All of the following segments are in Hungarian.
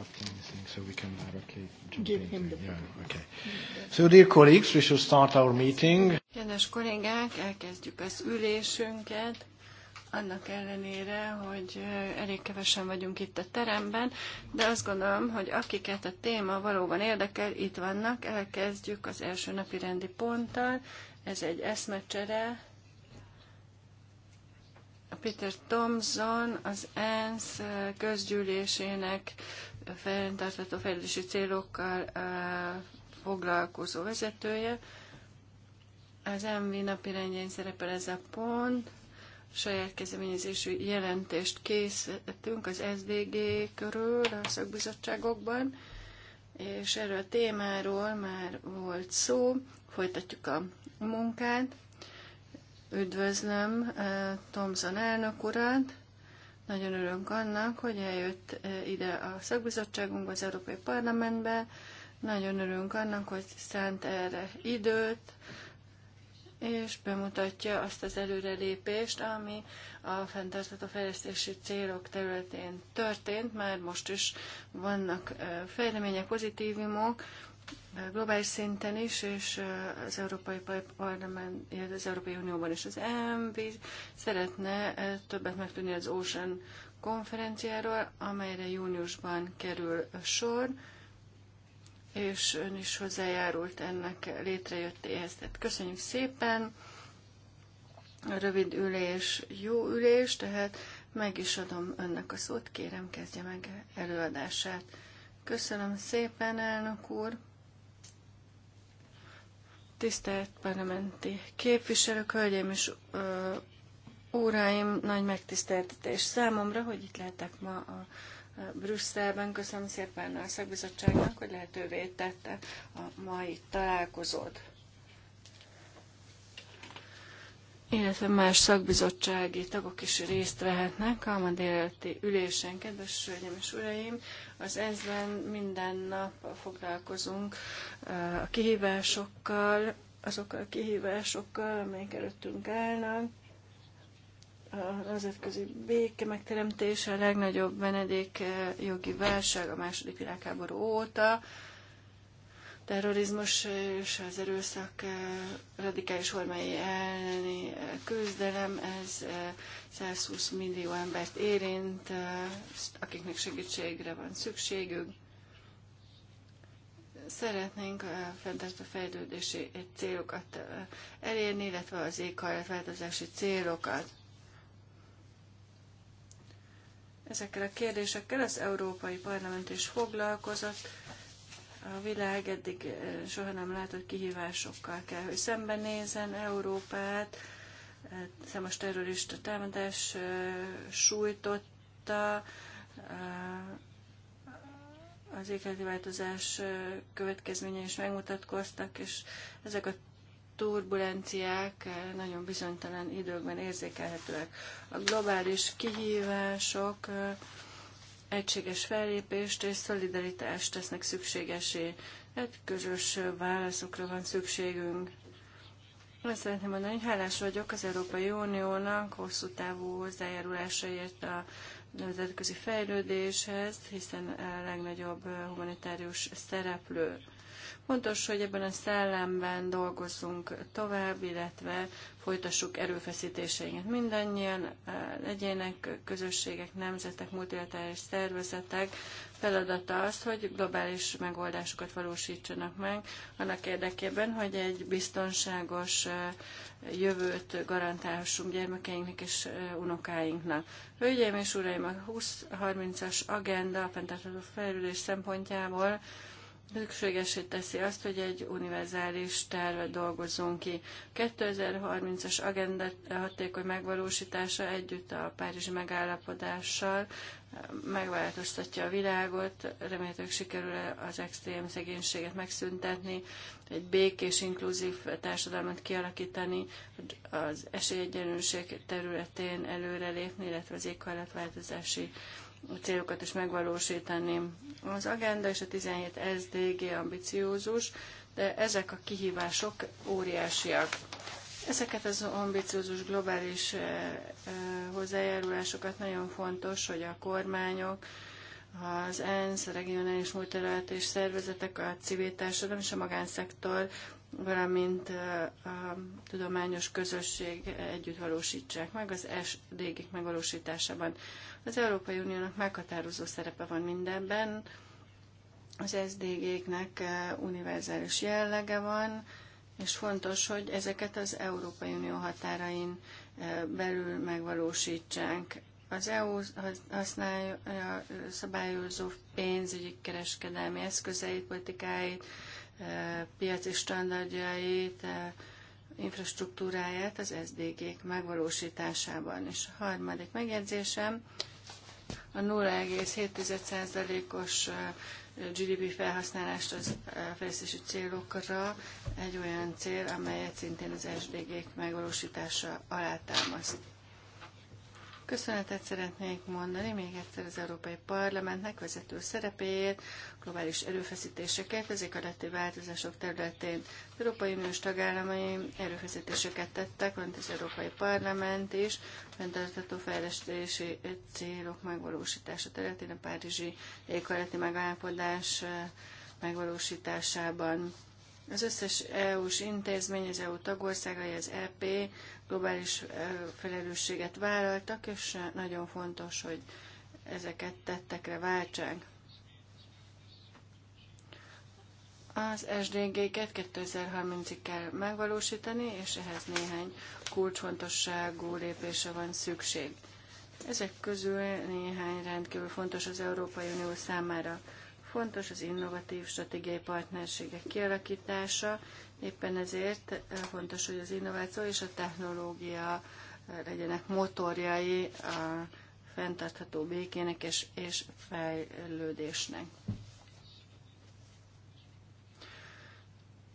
up asking anything, so we can directly jump Give into. him the yeah, okay. So, dear colleagues, we should start our meeting. Kedves kollégák, elkezdjük az ülésünket. Annak ellenére, hogy elég kevesen vagyunk itt a teremben, de azt gondolom, hogy akiket a téma valóban érdekel, itt vannak. Elkezdjük az első napi rendi ponttal. Ez egy eszmecsere Peter Thompson, az ENSZ közgyűlésének fenntartható fejlődési célokkal foglalkozó vezetője. Az MV napi rendjén szerepel ez a pont. A saját kezdeményezésű jelentést készítünk az SDG körül a szakbizottságokban, és erről a témáról már volt szó, folytatjuk a munkát. Üdvözlöm Tomson elnök urat, nagyon örülünk annak, hogy eljött e, ide a szakbizottságunkba, az Európai Parlamentbe. Nagyon örülünk annak, hogy szánt erre időt, és bemutatja azt az előrelépést, ami a fenntartható fejlesztési célok területén történt. Már most is vannak e, fejlemények, pozitívumok, globális szinten is, és az Európai Parlament, illetve az Európai Unióban is az EMB szeretne többet megtudni az Ocean konferenciáról, amelyre júniusban kerül a sor, és ön is hozzájárult ennek létrejöttéhez. Tehát köszönjük szépen! a Rövid ülés, jó ülés, tehát meg is adom önnek a szót, kérem kezdje meg előadását. Köszönöm szépen, elnök úr! Tisztelt parlamenti képviselők, hölgyeim és ö, óráim, nagy megtiszteltetés számomra, hogy itt lehetek ma a Brüsszelben. Köszönöm szépen a szakbizottságnak, hogy lehetővé tette a mai találkozót. illetve más szakbizottsági tagok is részt vehetnek a ma délelőtti ülésen. Kedves Hölgyeim és Uraim, az ezben minden nap foglalkozunk a kihívásokkal, azokkal a kihívásokkal, amelyek előttünk állnak. A nemzetközi béke megteremtése a legnagyobb Benedék jogi válság a második világháború óta, terrorizmus és az erőszak eh, radikális formai elleni eh, küzdelem, ez 120 eh, millió embert érint, akiknek segítségre van szükségük. Szeretnénk a fenntartó fejlődési célokat elérni, illetve az éghajlatváltozási célokat. Ezekkel a kérdésekkel az Európai Parlament is foglalkozott, a világ eddig eh, soha nem látott kihívásokkal kell, hogy szembenézen Európát. Eh, számos terrorista támadás eh, sújtotta az éghajlati változás következménye is megmutatkoztak, és ezek a turbulenciák nagyon bizonytalan időkben érzékelhetőek. A globális kihívások egységes fellépést és szolidaritást tesznek szükségesé. Egy közös válaszokra van szükségünk. Azt szeretném mondani, hogy hálás vagyok az Európai Uniónak hosszú távú hozzájárulásaért a nemzetközi fejlődéshez, hiszen a legnagyobb humanitárius szereplő. Fontos, hogy ebben a szellemben dolgozzunk tovább, illetve folytassuk erőfeszítéseinket mindannyian, legyenek eh, közösségek, nemzetek, multilaterális szervezetek. Feladata az, hogy globális megoldásokat valósítsanak meg, annak érdekében, hogy egy biztonságos eh, jövőt garantálhassunk gyermekeinknek és eh, unokáinknak. Hölgyeim és uraim, a 2030-as agenda a fenntartható fejlődés szempontjából Szükségesé teszi azt, hogy egy univerzális tervet dolgozzunk ki. 2030-as agenda hatékony megvalósítása együtt a Párizsi megállapodással eh, megváltoztatja a világot, remélhetőleg sikerül az extrém szegénységet megszüntetni, egy békés, inkluzív társadalmat kialakítani, az esélyegyenlőség területén előrelépni, illetve az éghajlatváltozási változási a célokat is megvalósítani. Az agenda és a 17 SDG ambiciózus, de ezek a kihívások óriásiak. Ezeket az ambiciózus globális eh, eh, hozzájárulásokat nagyon fontos, hogy a kormányok, az ENSZ, a regionális és szervezetek, a civil társadalom és a magánszektor, valamint eh, a tudományos közösség együtt valósítsák meg az SDG-k megvalósításában. Az Európai Uniónak meghatározó szerepe van mindenben, az SDG-knek eh, univerzális jellege van, és fontos, hogy ezeket az Európai Unió határain eh, belül megvalósítsák. Az EU használja szabályozó pénzügyi kereskedelmi eszközeit, politikáit, eh, piaci standardjait, infrastruktúráját az SDG-k megvalósításában. És a harmadik megjegyzésem, a 0,7%-os GDP felhasználást az fejlesztési célokra egy olyan cél, amelyet szintén az SDG-k megvalósítása alátámaszt. Köszönetet szeretnék mondani még egyszer az Európai Parlamentnek vezető szerepéért, globális erőfeszítéseket ezek a éghajlati változások területén. Az Európai Uniós tagállamai erőfeszítéseket tettek, mint az Európai Parlament is, fenntartható fejlesztési célok megvalósítása területén a Párizsi éghajlati megállapodás eh, megvalósításában. Az összes EU-s intézmény, az EU tagországai, az EP globális felelősséget vállaltak, és nagyon fontos, hogy ezeket tettekre váltsák. Az SDG-ket 2030-ig kell megvalósítani, és ehhez néhány kulcsfontosságú lépése van szükség. Ezek közül néhány rendkívül fontos az Európai Unió számára. Fontos az innovatív stratégiai partnerségek kialakítása, éppen ezért eh, fontos, hogy az innováció és a technológia eh, legyenek motorjai a fenntartható békének és, és fejlődésnek.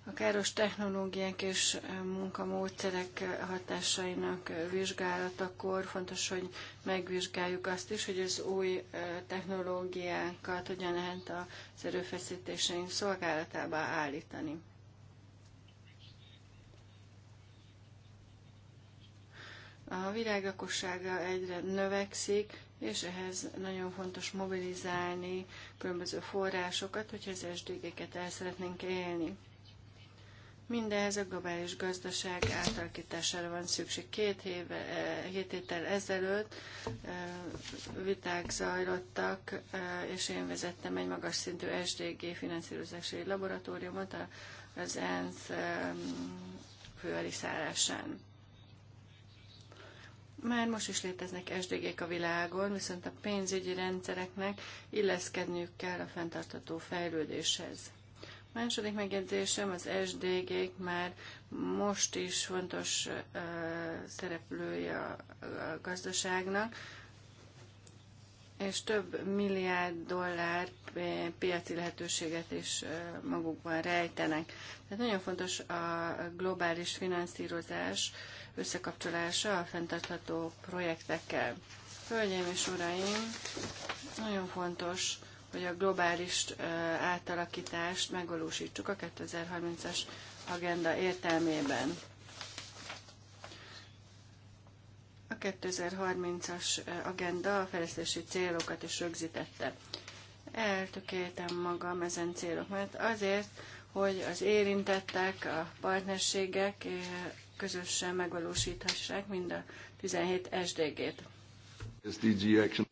a káros technológiák és munkamódszerek hatásainak vizsgálatakor fontos, hogy megvizsgáljuk azt is, hogy az új technológiákat hogyan lehet az erőfeszítéseink szolgálatába állítani. A világ lakossága egyre növekszik, és ehhez nagyon fontos mobilizálni különböző forrásokat, hogyha az SDG-ket el szeretnénk élni. Mindehez a globális gazdaság átalakítására van szükség. Két éve, eh, hét héttel ezelőtt eh, viták zajlottak, eh, és én vezettem egy magas szintű SDG finanszírozási laboratóriumot az ENSZ szállásán. Már most is léteznek sdg a világon, viszont a pénzügyi rendszereknek illeszkedniük kell a fenntartató fejlődéshez. Második megjegyzésem, az sdg már most is fontos uh, szereplője a, a gazdaságnak, és több milliárd dollár piaci lehetőséget is magukban rejtenek. Tehát nagyon fontos a globális finanszírozás összekapcsolása a fenntartható projektekkel. Hölgyeim és uraim, nagyon fontos, hogy a globális átalakítást megvalósítsuk a 2030-as agenda értelmében. A 2030-as agenda a fejlesztési célokat is rögzítette. Eltökéltem magam ezen célok, mert azért, hogy az érintettek, a partnerségek közösen megvalósíthassák mind a 17 SDG-t. SDG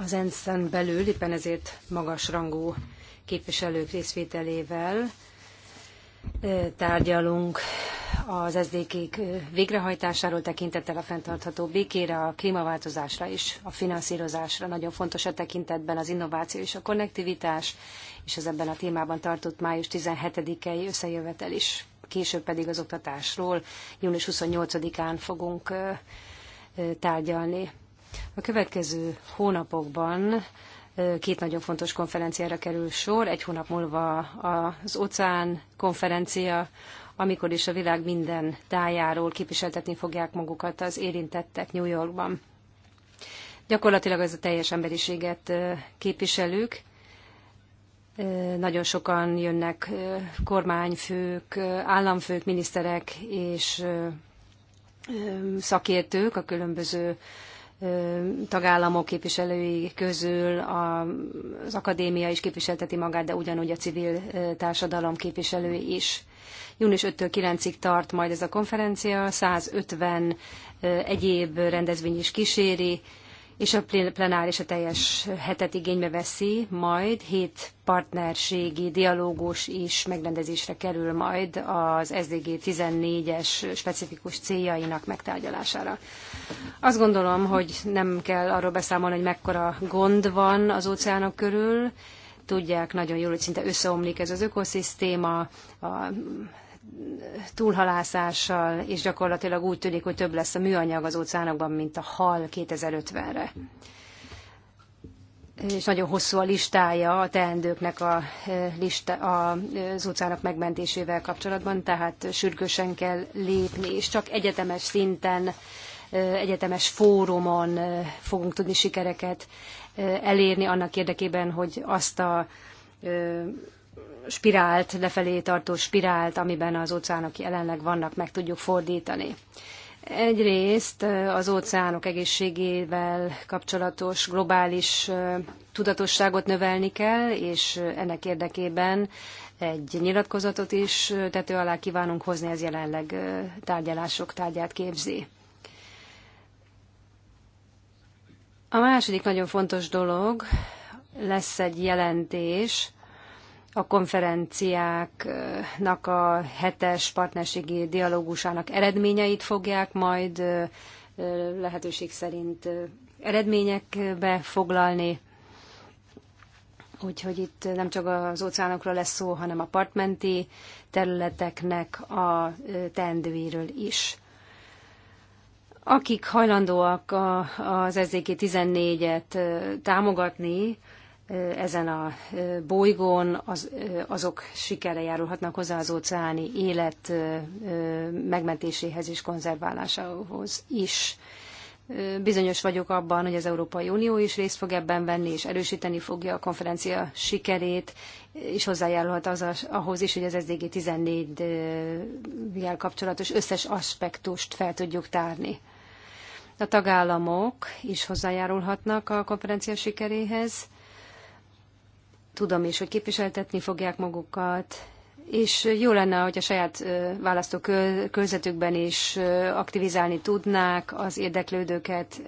az ENSZ-en belül, éppen ezért magas rangú képviselők részvételével tárgyalunk az SZDK végrehajtásáról tekintettel a fenntartható békére, a klímaváltozásra és a finanszírozásra. Nagyon fontos a tekintetben az innováció és a konnektivitás, és az ebben a témában tartott május 17-i összejövetel is. Később pedig az oktatásról június 28-án fogunk tárgyalni. A következő hónapokban két nagyon fontos konferenciára kerül sor. Egy hónap múlva az OCEAN konferencia, amikor is a világ minden tájáról képviseltetni fogják magukat az érintettek New Yorkban. Gyakorlatilag ez a teljes emberiséget képviselők. Nagyon sokan jönnek kormányfők, államfők, miniszterek és szakértők a különböző tagállamok képviselői közül az akadémia is képviselteti magát, de ugyanúgy a civil társadalom képviselői is. Június 5-től 9-ig tart majd ez a konferencia, 150 egyéb rendezvény is kíséri, és a plenáris a teljes hetet igénybe veszi, majd hét partnerségi dialógus is megrendezésre kerül majd az SDG 14-es specifikus céljainak megtárgyalására. Azt gondolom, hogy nem kell arról beszámolni, hogy mekkora gond van az óceánok körül. Tudják nagyon jól, hogy szinte összeomlik ez az ökoszisztéma, a túlhalászással, és gyakorlatilag úgy tűnik, hogy több lesz a műanyag az óceánokban, mint a hal 2050-re. És nagyon hosszú a listája a teendőknek a, e, lista, a, e, az óceánok megmentésével kapcsolatban, tehát sürgősen kell lépni, és csak egyetemes szinten, e, egyetemes fórumon fogunk tudni sikereket elérni annak érdekében, hogy azt a spirált, lefelé tartó spirált, amiben az óceánok jelenleg vannak, meg tudjuk fordítani. Egyrészt az óceánok egészségével kapcsolatos globális tudatosságot növelni kell, és ennek érdekében egy nyilatkozatot is tető alá kívánunk hozni, ez jelenleg tárgyalások tárgyát képzi. A második nagyon fontos dolog, lesz egy jelentés a konferenciáknak a hetes partnerségi dialógusának eredményeit fogják majd lehetőség szerint eredményekbe foglalni. Úgyhogy itt nem csak az óceánokról lesz szó, hanem a partmenti területeknek a teendőiről is. Akik hajlandóak az SZDK 14-et támogatni, ezen a bolygón az, azok sikere járulhatnak hozzá az óceáni élet megmentéséhez és konzerválásához is. Bizonyos vagyok abban, hogy az Európai Unió is részt fog ebben venni, és erősíteni fogja a konferencia sikerét, és hozzájárulhat az, ahhoz is, hogy az SDG 14-jel kapcsolatos összes aspektust fel tudjuk tárni. A tagállamok is hozzájárulhatnak a konferencia sikeréhez, tudom is, hogy képviseltetni fogják magukat, és jó lenne, hogy a saját választó körzetükben is aktivizálni tudnák az érdeklődőket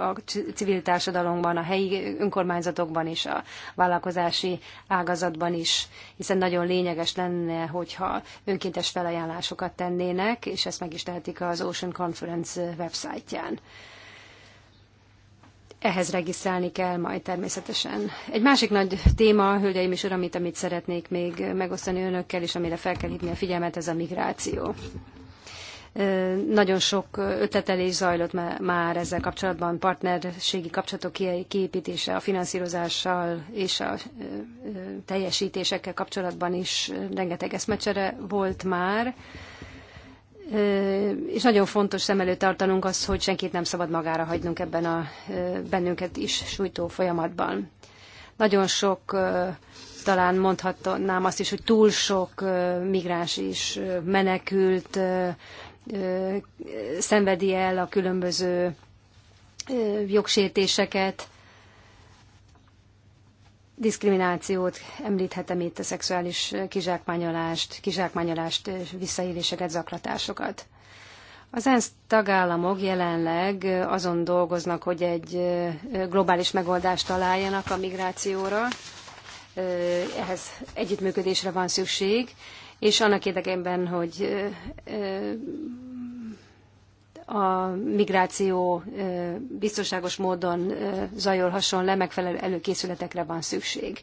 a civil társadalomban, a helyi önkormányzatokban és a vállalkozási ágazatban is, hiszen nagyon lényeges lenne, hogyha önkéntes felajánlásokat tennének, és ezt meg is tehetik az Ocean Conference websájtján ehhez regisztrálni kell majd természetesen. Egy másik nagy téma, hölgyeim és uram, itt amit szeretnék még megosztani önökkel, és amire fel kell hívni a figyelmet, ez a migráció. Nagyon sok ötletelés zajlott már ezzel kapcsolatban, partnerségi kapcsolatok kiépítése, a finanszírozással és a teljesítésekkel kapcsolatban is rengeteg eszmecsere volt már és nagyon fontos szem előtt tartanunk azt, hogy senkit nem szabad magára hagynunk ebben a bennünket is sújtó folyamatban. Nagyon sok, talán mondhatnám azt is, hogy túl sok migráns is menekült, szenvedi el a különböző jogsértéseket, diszkriminációt említhetem itt, a szexuális kizsákmányolást, kizsákmányolást, visszaéléseket, zaklatásokat. Az ENSZ tagállamok jelenleg azon dolgoznak, hogy egy globális megoldást találjanak a migrációra. Ehhez együttműködésre van szükség, és annak érdekében, hogy a migráció biztonságos módon zajolhasson le, megfelelő előkészületekre van szükség.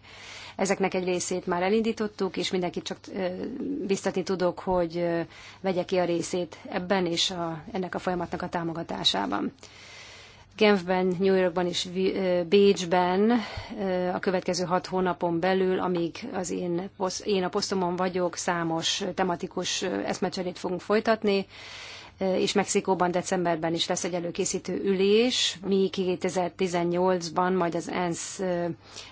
Ezeknek egy részét már elindítottuk, és mindenkit csak biztatni tudok, hogy vegye ki a részét ebben és a, ennek a folyamatnak a támogatásában. Genfben, New Yorkban és Bécsben a következő hat hónapon belül, amíg az én, én a posztomon vagyok, számos tematikus eszmecserét fogunk folytatni, Eh, és Mexikóban decemberben is lesz egy előkészítő ülés, mi 2018-ban majd az ENSZ eh,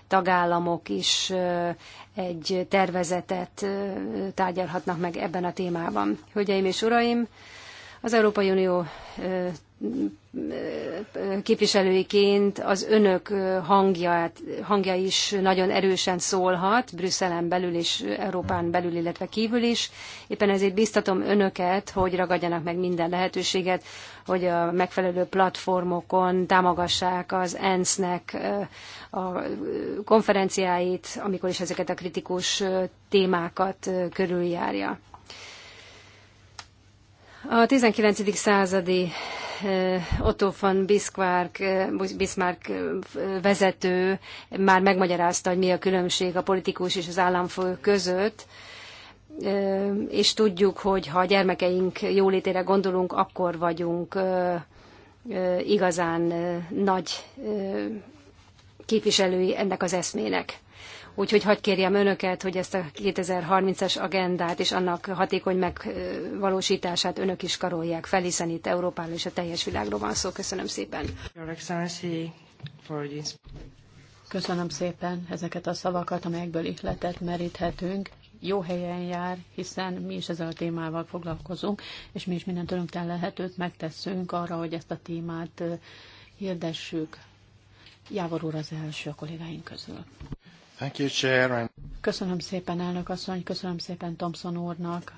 tagállamok is eh, egy tervezetet tárgyalhatnak meg ebben a témában. Hölgyeim és uraim, az Európai Unió képviselőiként az önök hangját, hangja is nagyon erősen szólhat, Brüsszelen belül és Európán belül, illetve kívül is. Éppen ezért biztatom önöket, hogy ragadjanak meg minden lehetőséget, hogy a megfelelő platformokon támogassák az ENSZ-nek eh, a konferenciáit, amikor is ezeket a kritikus eh, témákat eh, körüljárja. A 19. századi Eh, Otto von Bismarck, eh, Bismarck eh, vezető már megmagyarázta, hogy mi a különbség a politikus és az államfő között, és tudjuk, hogy ha a gyermekeink jólétére gondolunk, akkor vagyunk igazán nagy képviselői ennek az eszmének. Úgyhogy hagyd kérjem önöket, hogy ezt a 2030-as agendát és annak hatékony megvalósítását önök is karolják fel, hiszen itt Európáról és a teljes világról van szó. Köszönöm szépen. Köszönöm szépen ezeket a szavakat, amelyekből ihletet meríthetünk. Jó helyen jár, hiszen mi is ezzel a témával foglalkozunk, és mi is minden tőlünkten lehetőt megteszünk arra, hogy ezt a témát hirdessük. Jávor úr az első a kollégáink közül. Thank you, Chair. Köszönöm szépen, elnök asszony, köszönöm szépen Thompson úrnak.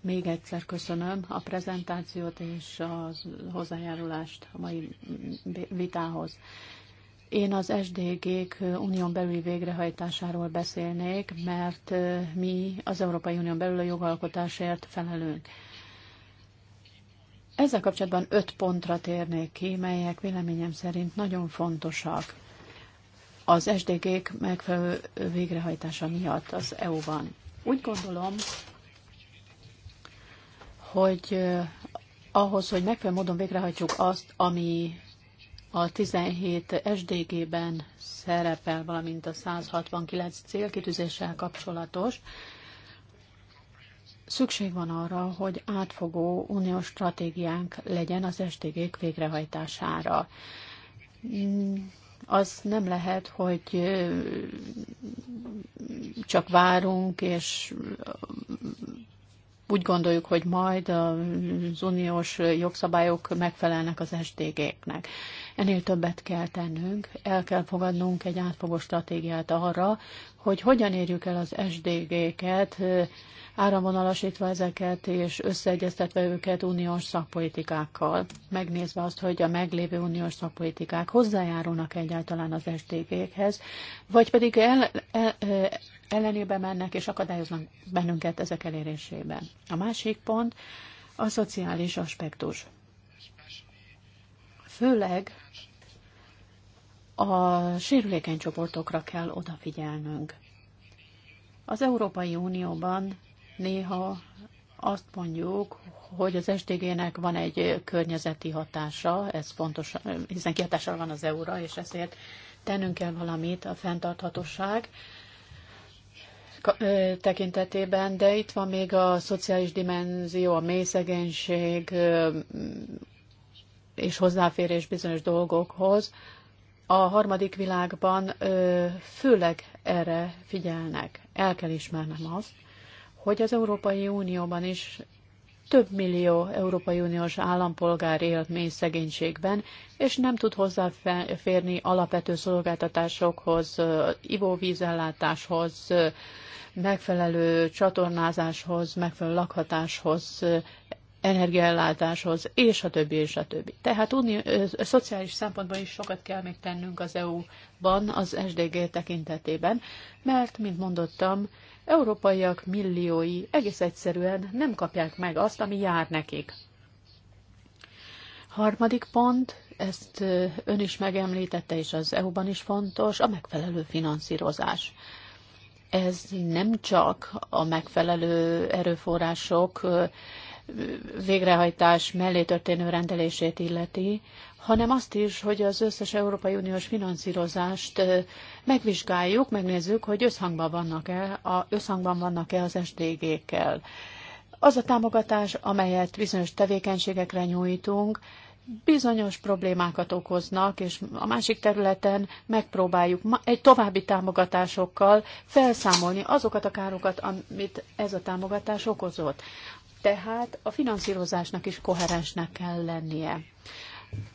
Még egyszer köszönöm a prezentációt és a hozzájárulást a mai vitához. Én az SDG-k unión belüli végrehajtásáról beszélnék, mert mi az Európai Unión belül a jogalkotásért felelünk. Ezzel kapcsolatban öt pontra térnék ki, melyek véleményem szerint nagyon fontosak az SDG-k megfelelő végrehajtása miatt az EU-ban. Úgy gondolom, hogy ahhoz, hogy megfelelő módon végrehajtjuk azt, ami a 17 SDG-ben szerepel, valamint a 169 célkitűzéssel kapcsolatos, szükség van arra, hogy átfogó uniós stratégiánk legyen az SDG-k végrehajtására az nem lehet, hogy csak várunk, és úgy gondoljuk, hogy majd az uniós jogszabályok megfelelnek az SDG-knek. Ennél többet kell tennünk, el kell fogadnunk egy átfogó stratégiát arra, hogy hogyan érjük el az SDG-ket, áramvonalasítva ezeket és összeegyeztetve őket uniós szakpolitikákkal, megnézve azt, hogy a meglévő uniós szakpolitikák hozzájárulnak egyáltalán az SDG-khez, vagy pedig el, el, ellenébe mennek és akadályoznak bennünket ezek elérésében. A másik pont a szociális aspektus. Főleg a sérülékeny csoportokra kell odafigyelnünk. Az Európai Unióban néha azt mondjuk, hogy az SDG-nek van egy környezeti hatása, ez fontos, hiszen kihatással van az EU-ra, és ezért tennünk kell valamit a fenntarthatóság tekintetében, de itt van még a szociális dimenzió, a mély szegénység és hozzáférés bizonyos dolgokhoz. A harmadik világban főleg erre figyelnek. El kell ismernem azt, hogy az Európai Unióban is több millió Európai Uniós állampolgár él mély szegénységben, és nem tud hozzáférni alapvető szolgáltatásokhoz, ivóvízellátáshoz, megfelelő csatornázáshoz, megfelelő lakhatáshoz, energiaellátáshoz, és a többi, és a többi. Tehát unió, szociális szempontból is sokat kell még tennünk az EU-ban, az SDG tekintetében, mert, mint mondottam, európaiak milliói egész egyszerűen nem kapják meg azt, ami jár nekik. Harmadik pont, ezt ön is megemlítette, és az EU-ban is fontos, a megfelelő finanszírozás ez nem csak a megfelelő erőforrások végrehajtás mellé történő rendelését illeti, hanem azt is, hogy az összes Európai Uniós finanszírozást megvizsgáljuk, megnézzük, hogy összhangban vannak-e, összhangban vannak-e az SDG-kkel. Az a támogatás, amelyet bizonyos tevékenységekre nyújtunk, bizonyos problémákat okoznak, és a másik területen megpróbáljuk egy további támogatásokkal felszámolni azokat a károkat, amit ez a támogatás okozott. Tehát a finanszírozásnak is koherensnek kell lennie.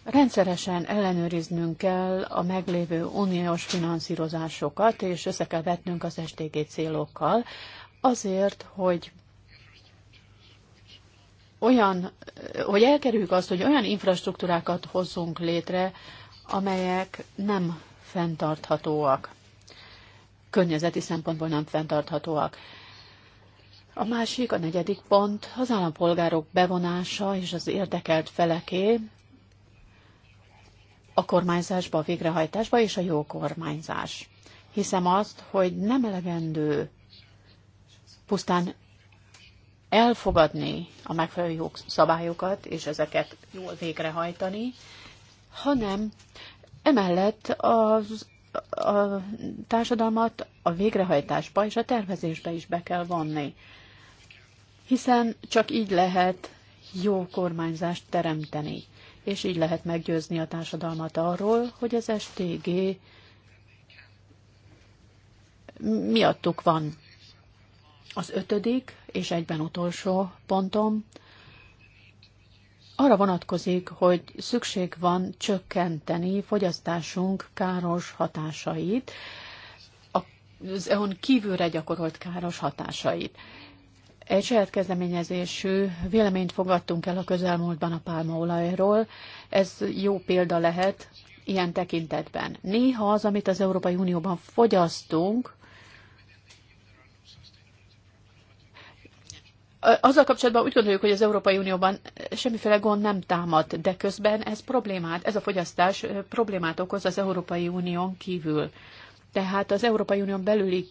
Rendszeresen ellenőriznünk kell a meglévő uniós finanszírozásokat, és össze kell vetnünk az STG célokkal, azért, hogy olyan, hogy elkerüljük azt, hogy olyan infrastruktúrákat hozzunk létre, amelyek nem fenntarthatóak. Környezeti szempontból nem fenntarthatóak. A másik, a negyedik pont az állampolgárok bevonása és az érdekelt feleké a kormányzásba, a végrehajtásba és a jó kormányzás. Hiszem azt, hogy nem elegendő pusztán elfogadni a megfelelő szabályokat és ezeket jól végrehajtani, hanem emellett az, a társadalmat a végrehajtásba és a tervezésbe is be kell vonni. Hiszen csak így lehet jó kormányzást teremteni, és így lehet meggyőzni a társadalmat arról, hogy az STG miattuk van. Az ötödik és egyben utolsó pontom arra vonatkozik, hogy szükség van csökkenteni fogyasztásunk káros hatásait, az EON kívülre gyakorolt káros hatásait. Egy saját kezdeményezésű véleményt fogadtunk el a közelmúltban a pálmaolajról. Ez jó példa lehet ilyen tekintetben. Néha az, amit az Európai Unióban fogyasztunk, azzal kapcsolatban úgy gondoljuk, hogy az Európai Unióban semmiféle gond nem támad, de közben ez problémát, ez a fogyasztás problémát okoz az Európai Unión kívül. Tehát az Európai Unión belüli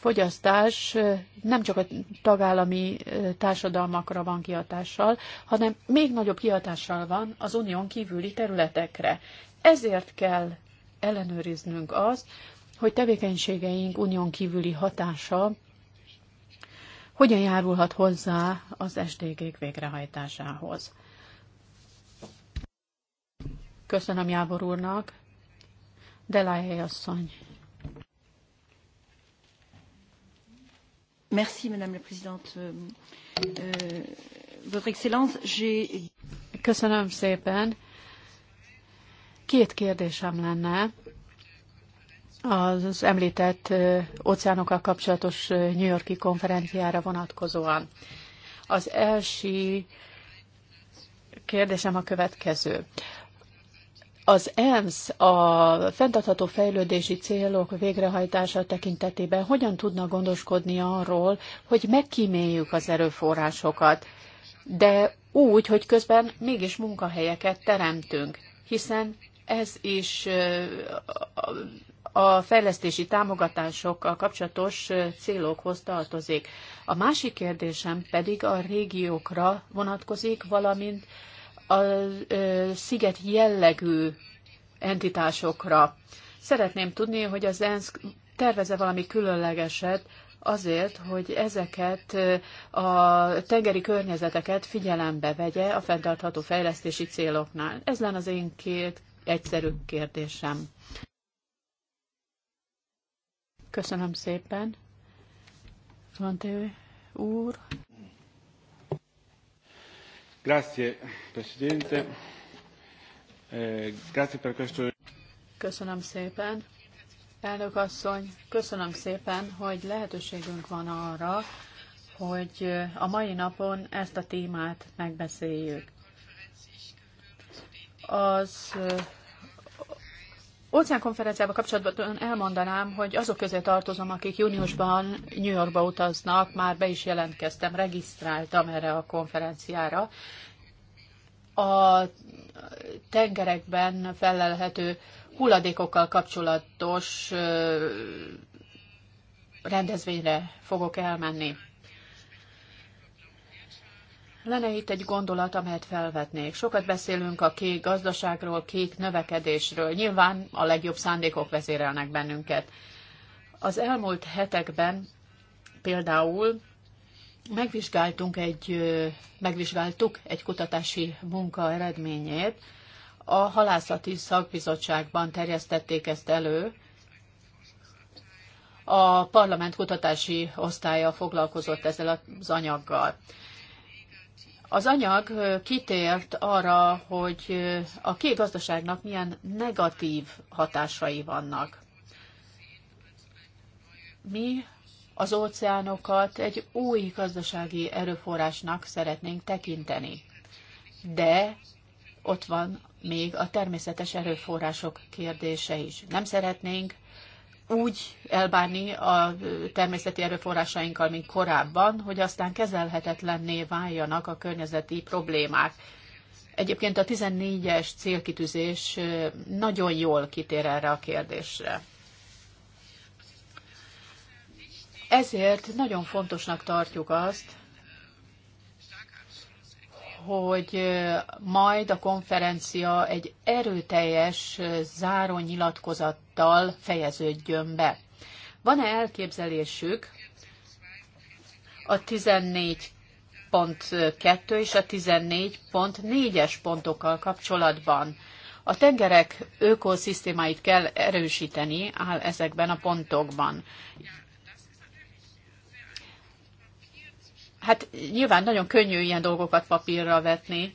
fogyasztás nem csak a tagállami társadalmakra van kihatással, hanem még nagyobb kihatással van az unión kívüli területekre. Ezért kell ellenőriznünk azt, hogy tevékenységeink unión kívüli hatása hogyan járulhat hozzá az sdg végrehajtásához. Köszönöm Jábor úrnak. Delahely asszony. Merci, Madame la Présidente. Euh, euh, votre Excellence, j'ai... Köszönöm szépen. Két kérdésem lenne az említett óceánokkal kapcsolatos New Yorki konferenciára vonatkozóan. Az első kérdésem a következő. Az ENSZ a fenntartható fejlődési célok végrehajtása tekintetében hogyan tudna gondoskodni arról, hogy megkíméljük az erőforrásokat, de úgy, hogy közben mégis munkahelyeket teremtünk, hiszen ez is a fejlesztési támogatásokkal kapcsolatos célokhoz tartozik. A másik kérdésem pedig a régiókra vonatkozik, valamint a sziget jellegű entitásokra. Szeretném tudni, hogy az ENSZ terveze valami különlegeset azért, hogy ezeket a tengeri környezeteket figyelembe vegye a fenntartható fejlesztési céloknál. Ez lenne az én két egyszerű kérdésem. Köszönöm szépen. Van úr. Grazie, Presidente. Eh, grazie per questo... Köszönöm szépen. Elnök asszony, köszönöm szépen, hogy lehetőségünk van arra, hogy a mai napon ezt a témát megbeszéljük. Az konferenciával kapcsolatban elmondanám, hogy azok közé tartozom, akik júniusban New Yorkba utaznak, már be is jelentkeztem, regisztráltam erre a konferenciára. A tengerekben felelhető hulladékokkal kapcsolatos rendezvényre fogok elmenni lenne itt egy gondolat, amelyet felvetnék. Sokat beszélünk a kék gazdaságról, kék növekedésről. Nyilván a legjobb szándékok vezérelnek bennünket. Az elmúlt hetekben például megvizsgáltunk egy, megvizsgáltuk egy kutatási munka eredményét. A halászati szakbizottságban terjesztették ezt elő, a parlament kutatási osztálya foglalkozott ezzel az anyaggal. Az anyag kitért arra, hogy a két gazdaságnak milyen negatív hatásai vannak. Mi az óceánokat egy új gazdasági erőforrásnak szeretnénk tekinteni. De ott van még a természetes erőforrások kérdése is. Nem szeretnénk úgy elbánni a természeti erőforrásainkkal, mint korábban, hogy aztán kezelhetetlenné váljanak a környezeti problémák. Egyébként a 14-es célkitűzés nagyon jól kitér erre a kérdésre. Ezért nagyon fontosnak tartjuk azt, hogy majd a konferencia egy erőteljes zárónyilatkozattal fejeződjön be. Van-e elképzelésük a 14.2 és a 14.4-es pontokkal kapcsolatban. A tengerek ökoszisztémáit kell erősíteni, áll ezekben a pontokban. hát nyilván nagyon könnyű ilyen dolgokat papírra vetni,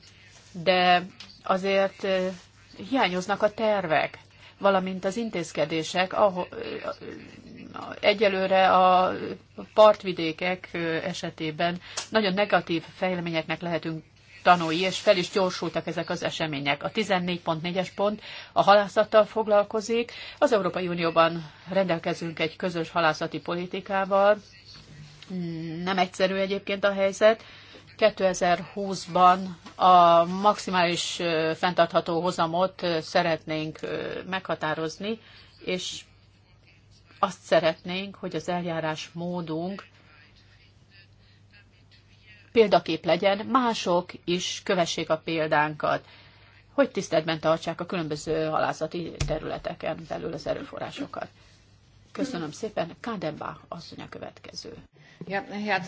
de azért hiányoznak a tervek, valamint az intézkedések, ahol egyelőre a partvidékek esetében nagyon negatív fejleményeknek lehetünk tanulni, és fel is gyorsultak ezek az események. A 14.4-es pont a halászattal foglalkozik. Az Európai Unióban rendelkezünk egy közös halászati politikával, nem egyszerű egyébként a helyzet. 2020-ban a maximális fenntartható hozamot szeretnénk meghatározni, és azt szeretnénk, hogy az eljárás módunk példakép legyen, mások is kövessék a példánkat, hogy tiszteletben tartsák a különböző halászati területeken belül az erőforrásokat. Köszönöm szépen. Kádemba asszony a következő. Eh,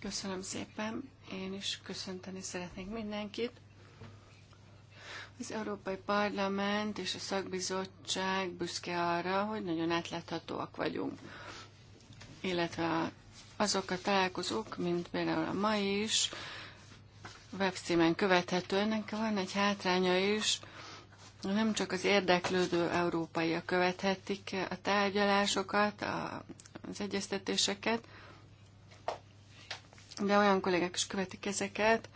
Köszönöm szépen. Én is köszönteni szeretnék mindenkit. Az Európai Parlament és a szakbizottság büszke arra, hogy nagyon átláthatóak vagyunk. Illetve azok a találkozók, mint például a mai is, webcímen követhető. Ennek van egy hátránya is, nem csak az érdeklődő európaiak követhetik a tárgyalásokat, az egyeztetéseket, de olyan kollégák is követik ezeket,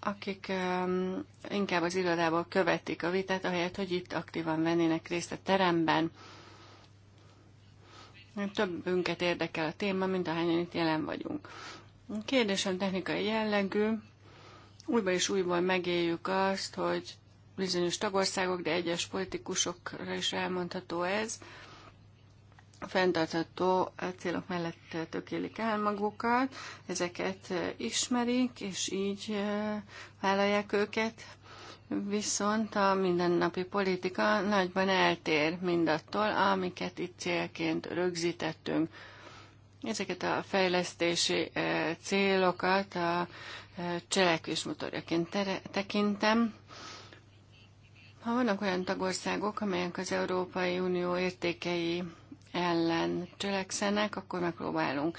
akik um, inkább az irodából követik a vitát, ahelyett, hogy itt aktívan vennének részt a teremben. Többünket érdekel a téma, mint ahányan itt jelen vagyunk. Kérdésem technikai jellegű, újban és újban megéljük azt, hogy bizonyos tagországok, de egyes politikusokra is elmondható ez, fenntartható célok mellett tökélik el magukat, ezeket ismerik, és így vállalják őket, viszont a mindennapi politika nagyban eltér mindattól, amiket itt célként rögzítettünk. Ezeket a fejlesztési célokat a cselekvés motorjaként tekintem. Ha vannak olyan tagországok, amelyek az Európai Unió értékei ellen cselekszenek, akkor megpróbálunk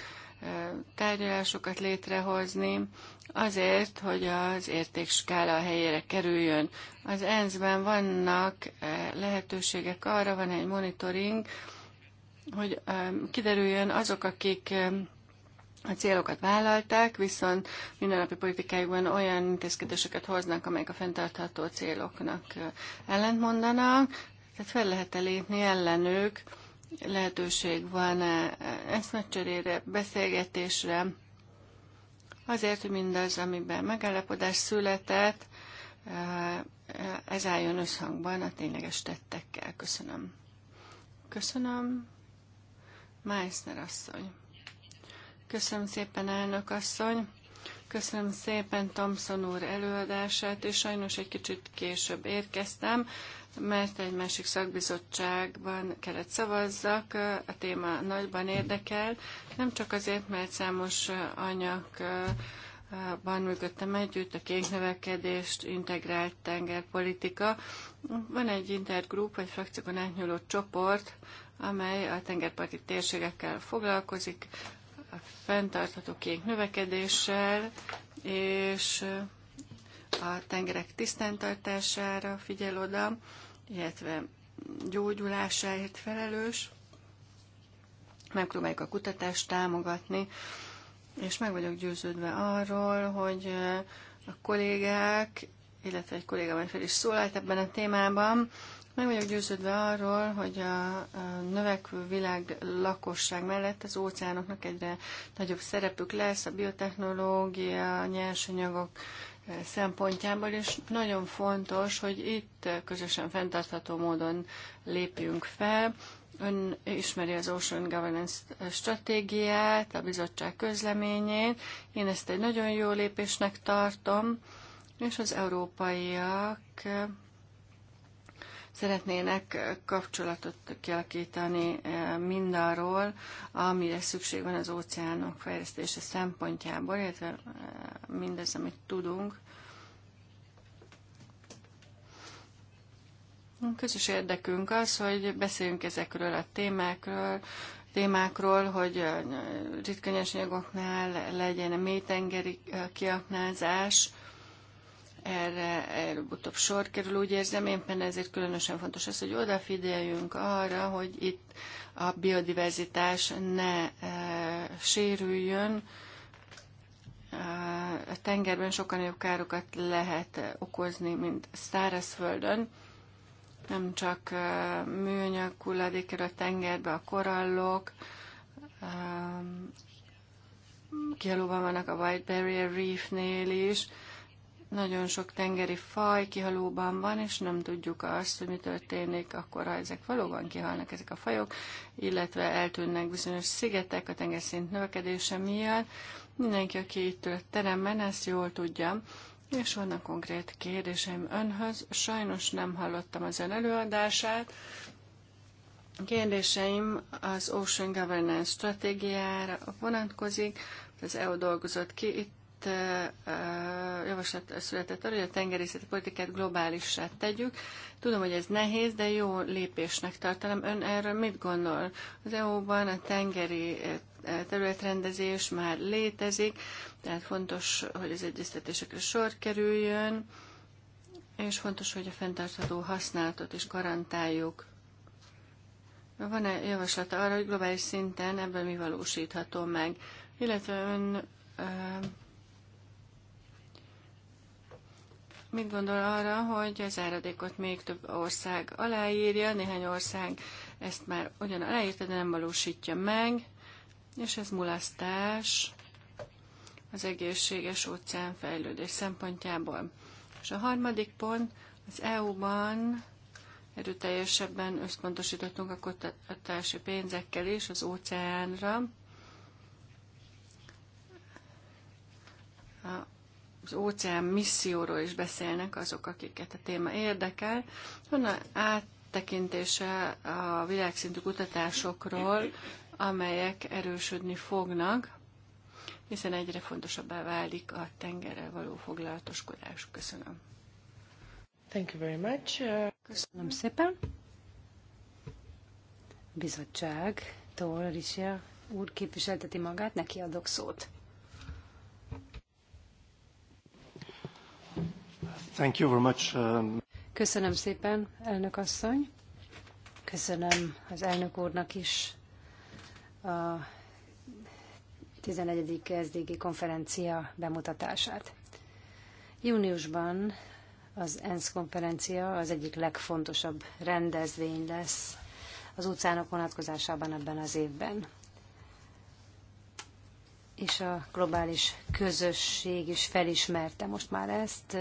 tárgyalásokat létrehozni, azért, hogy az értékskála a helyére kerüljön. Az ENSZ-ben vannak lehetőségek arra, van egy monitoring, hogy kiderüljön azok, akik a célokat vállalták, viszont mindennapi politikájukban olyan intézkedéseket hoznak, amelyek a fenntartható céloknak ellentmondanak, tehát fel lehet-e lépni ellenük, lehetőség van-e eszmecserére, beszélgetésre, azért, hogy mindaz, amiben megállapodás született, ez álljon összhangban a tényleges tettekkel. Köszönöm. Köszönöm. Meissner asszony. Köszönöm szépen, elnök asszony. Köszönöm szépen Thompson úr előadását, és sajnos egy kicsit később érkeztem, mert egy másik szakbizottságban kellett szavazzak, a téma nagyban érdekel, nem csak azért, mert számos anyagban működtem együtt, a kéknövekedést, integrált tengerpolitika. Van egy intergrup, egy frakciókon átnyúló csoport, amely a tengerparti térségekkel foglalkozik, a fenntartható kék növekedéssel és a tengerek tisztántartására figyel oda, illetve gyógyulásáért felelős. Megpróbáljuk a kutatást támogatni, és meg vagyok győződve arról, hogy a kollégák, illetve egy kollégám fel is szólalt ebben a témában, meg vagyok győződve arról, hogy a növekvő világ lakosság mellett az óceánoknak egyre nagyobb szerepük lesz a biotechnológia, a nyersanyagok eh, szempontjából, és nagyon fontos, hogy itt eh, közösen fenntartható módon lépjünk fel. Ön ismeri az Ocean Governance eh, stratégiát, a bizottság közleményét. Én ezt egy nagyon jó lépésnek tartom, és az európaiak szeretnének kapcsolatot kialakítani eh, mindarról, amire szükség van az óceánok fejlesztése szempontjából, illetve eh, mindez, amit tudunk. közös érdekünk az, hogy beszéljünk ezekről a témákról, témákról, hogy eh, ritka nyersanyagoknál legyen mélytengeri kiaknázás, erre előbb-utóbb sor kerül, úgy érzem, éppen ezért különösen fontos az, hogy odafigyeljünk arra, hogy itt a biodiverzitás ne e, sérüljön. A tengerben sokkal nagyobb károkat lehet okozni, mint szárazföldön. Nem csak e, műanyag hulladék a tengerbe, a korallok, e, kialóban vannak a White Barrier Reefnél is, nagyon sok tengeri faj kihalóban van, és nem tudjuk azt, hogy mi történik akkor, ha ezek valóban kihalnak ezek a fajok, illetve eltűnnek bizonyos szigetek a tengerszint növekedése miatt. Mindenki, aki itt a teremben, ezt jól tudja. És vannak konkrét kérdéseim önhöz. Sajnos nem hallottam az ön előadását. Kérdéseim az Ocean Governance stratégiára vonatkozik, az EU dolgozott ki. Itt javaslat, javaslat született arra, hogy a tengerészeti politikát globálisra tegyük. Tudom, hogy ez nehéz, de jó lépésnek tartalom. Ön erről mit gondol? Az EU-ban a tengeri területrendezés már létezik, tehát fontos, hogy az egyeztetésekre sor kerüljön, és fontos, hogy a fenntartható használatot is garantáljuk. Van-e javaslata arra, hogy globális szinten ebből mi valósítható meg? Illetve ön Mit gondol arra, hogy az áradékot még több ország aláírja, néhány ország ezt már ugyan aláírta, de nem valósítja meg, és ez mulasztás az egészséges óceán fejlődés szempontjából. És a harmadik pont, az EU-ban erőteljesebben összpontosítottunk a kutatási pénzekkel is az óceánra. A az óceán misszióról is beszélnek azok, akiket a téma érdekel. Honnan áttekintése a világszintű kutatásokról, amelyek erősödni fognak, hiszen egyre fontosabbá válik a tengerrel való foglalatoskodás. Köszönöm. Thank you very much. Köszönöm szépen. Bizottságtól Richard úr képviselteti magát, neki adok szót. Thank you very much. Um, Köszönöm szépen, elnök asszony. Köszönöm az elnök úrnak is a 11. SDG konferencia bemutatását. Júniusban az ENSZ konferencia az egyik legfontosabb rendezvény lesz az utcának vonatkozásában ebben az évben és a globális közösség is felismerte most már ezt,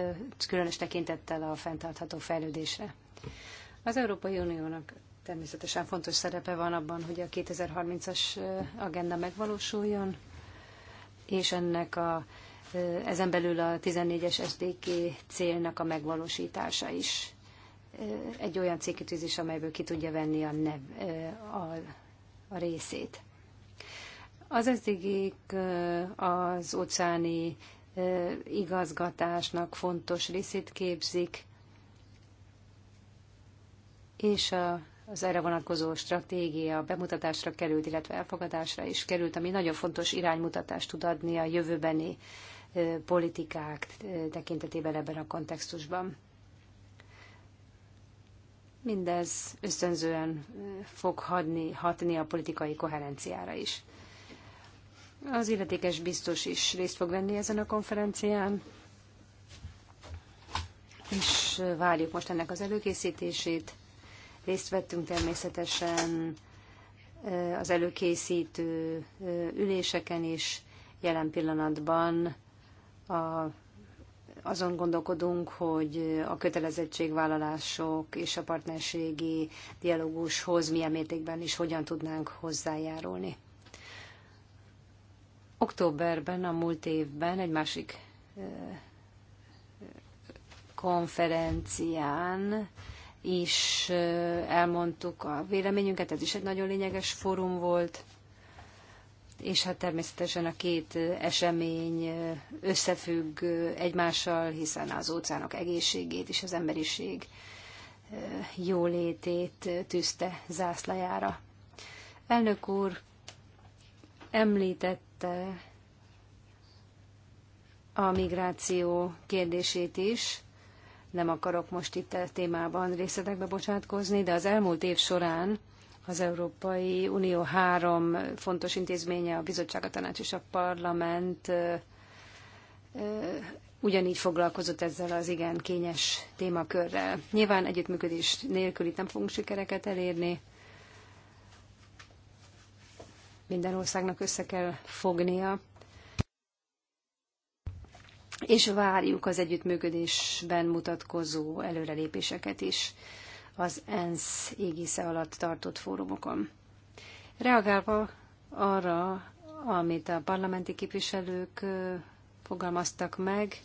különös tekintettel a fenntartható fejlődésre. Az Európai Uniónak természetesen fontos szerepe van abban, hogy a 2030-as agenda megvalósuljon, és ennek a, ezen belül a 14-es SDK célnak a megvalósítása is egy olyan cégkitűzés, amelyből ki tudja venni a, nev, a, a részét. Az eddigik az óceáni igazgatásnak fontos részét képzik, és a az erre vonatkozó stratégia bemutatásra került, illetve elfogadásra is került, ami nagyon fontos iránymutatást tud adni a jövőbeni politikák tekintetében ebben a kontextusban. Mindez ösztönzően fog hadni, hatni a politikai koherenciára is. Az illetékes biztos is részt fog venni ezen a konferencián, és várjuk most ennek az előkészítését. Részt vettünk természetesen az előkészítő üléseken is. Jelen pillanatban a, azon gondolkodunk, hogy a kötelezettségvállalások és a partnerségi dialógushoz milyen mértékben is hogyan tudnánk hozzájárulni. Októberben, a múlt évben egy másik konferencián is elmondtuk a véleményünket, ez is egy nagyon lényeges fórum volt, és hát természetesen a két esemény összefügg egymással, hiszen az óceánok egészségét és az emberiség jólétét tűzte zászlajára. Elnök úr említett említette a migráció kérdését is. Nem akarok most itt a e témában részletekbe bocsátkozni, de az elmúlt év során az Európai Unió három fontos intézménye, a bizottság, a tanács és a parlament ugyanígy foglalkozott ezzel az igen kényes témakörrel. Nyilván együttműködés nélkül itt nem fogunk sikereket elérni, minden országnak össze kell fognia, és várjuk az együttműködésben mutatkozó előrelépéseket is az ENSZ égisze alatt tartott fórumokon. Reagálva arra, amit a parlamenti képviselők fogalmaztak meg,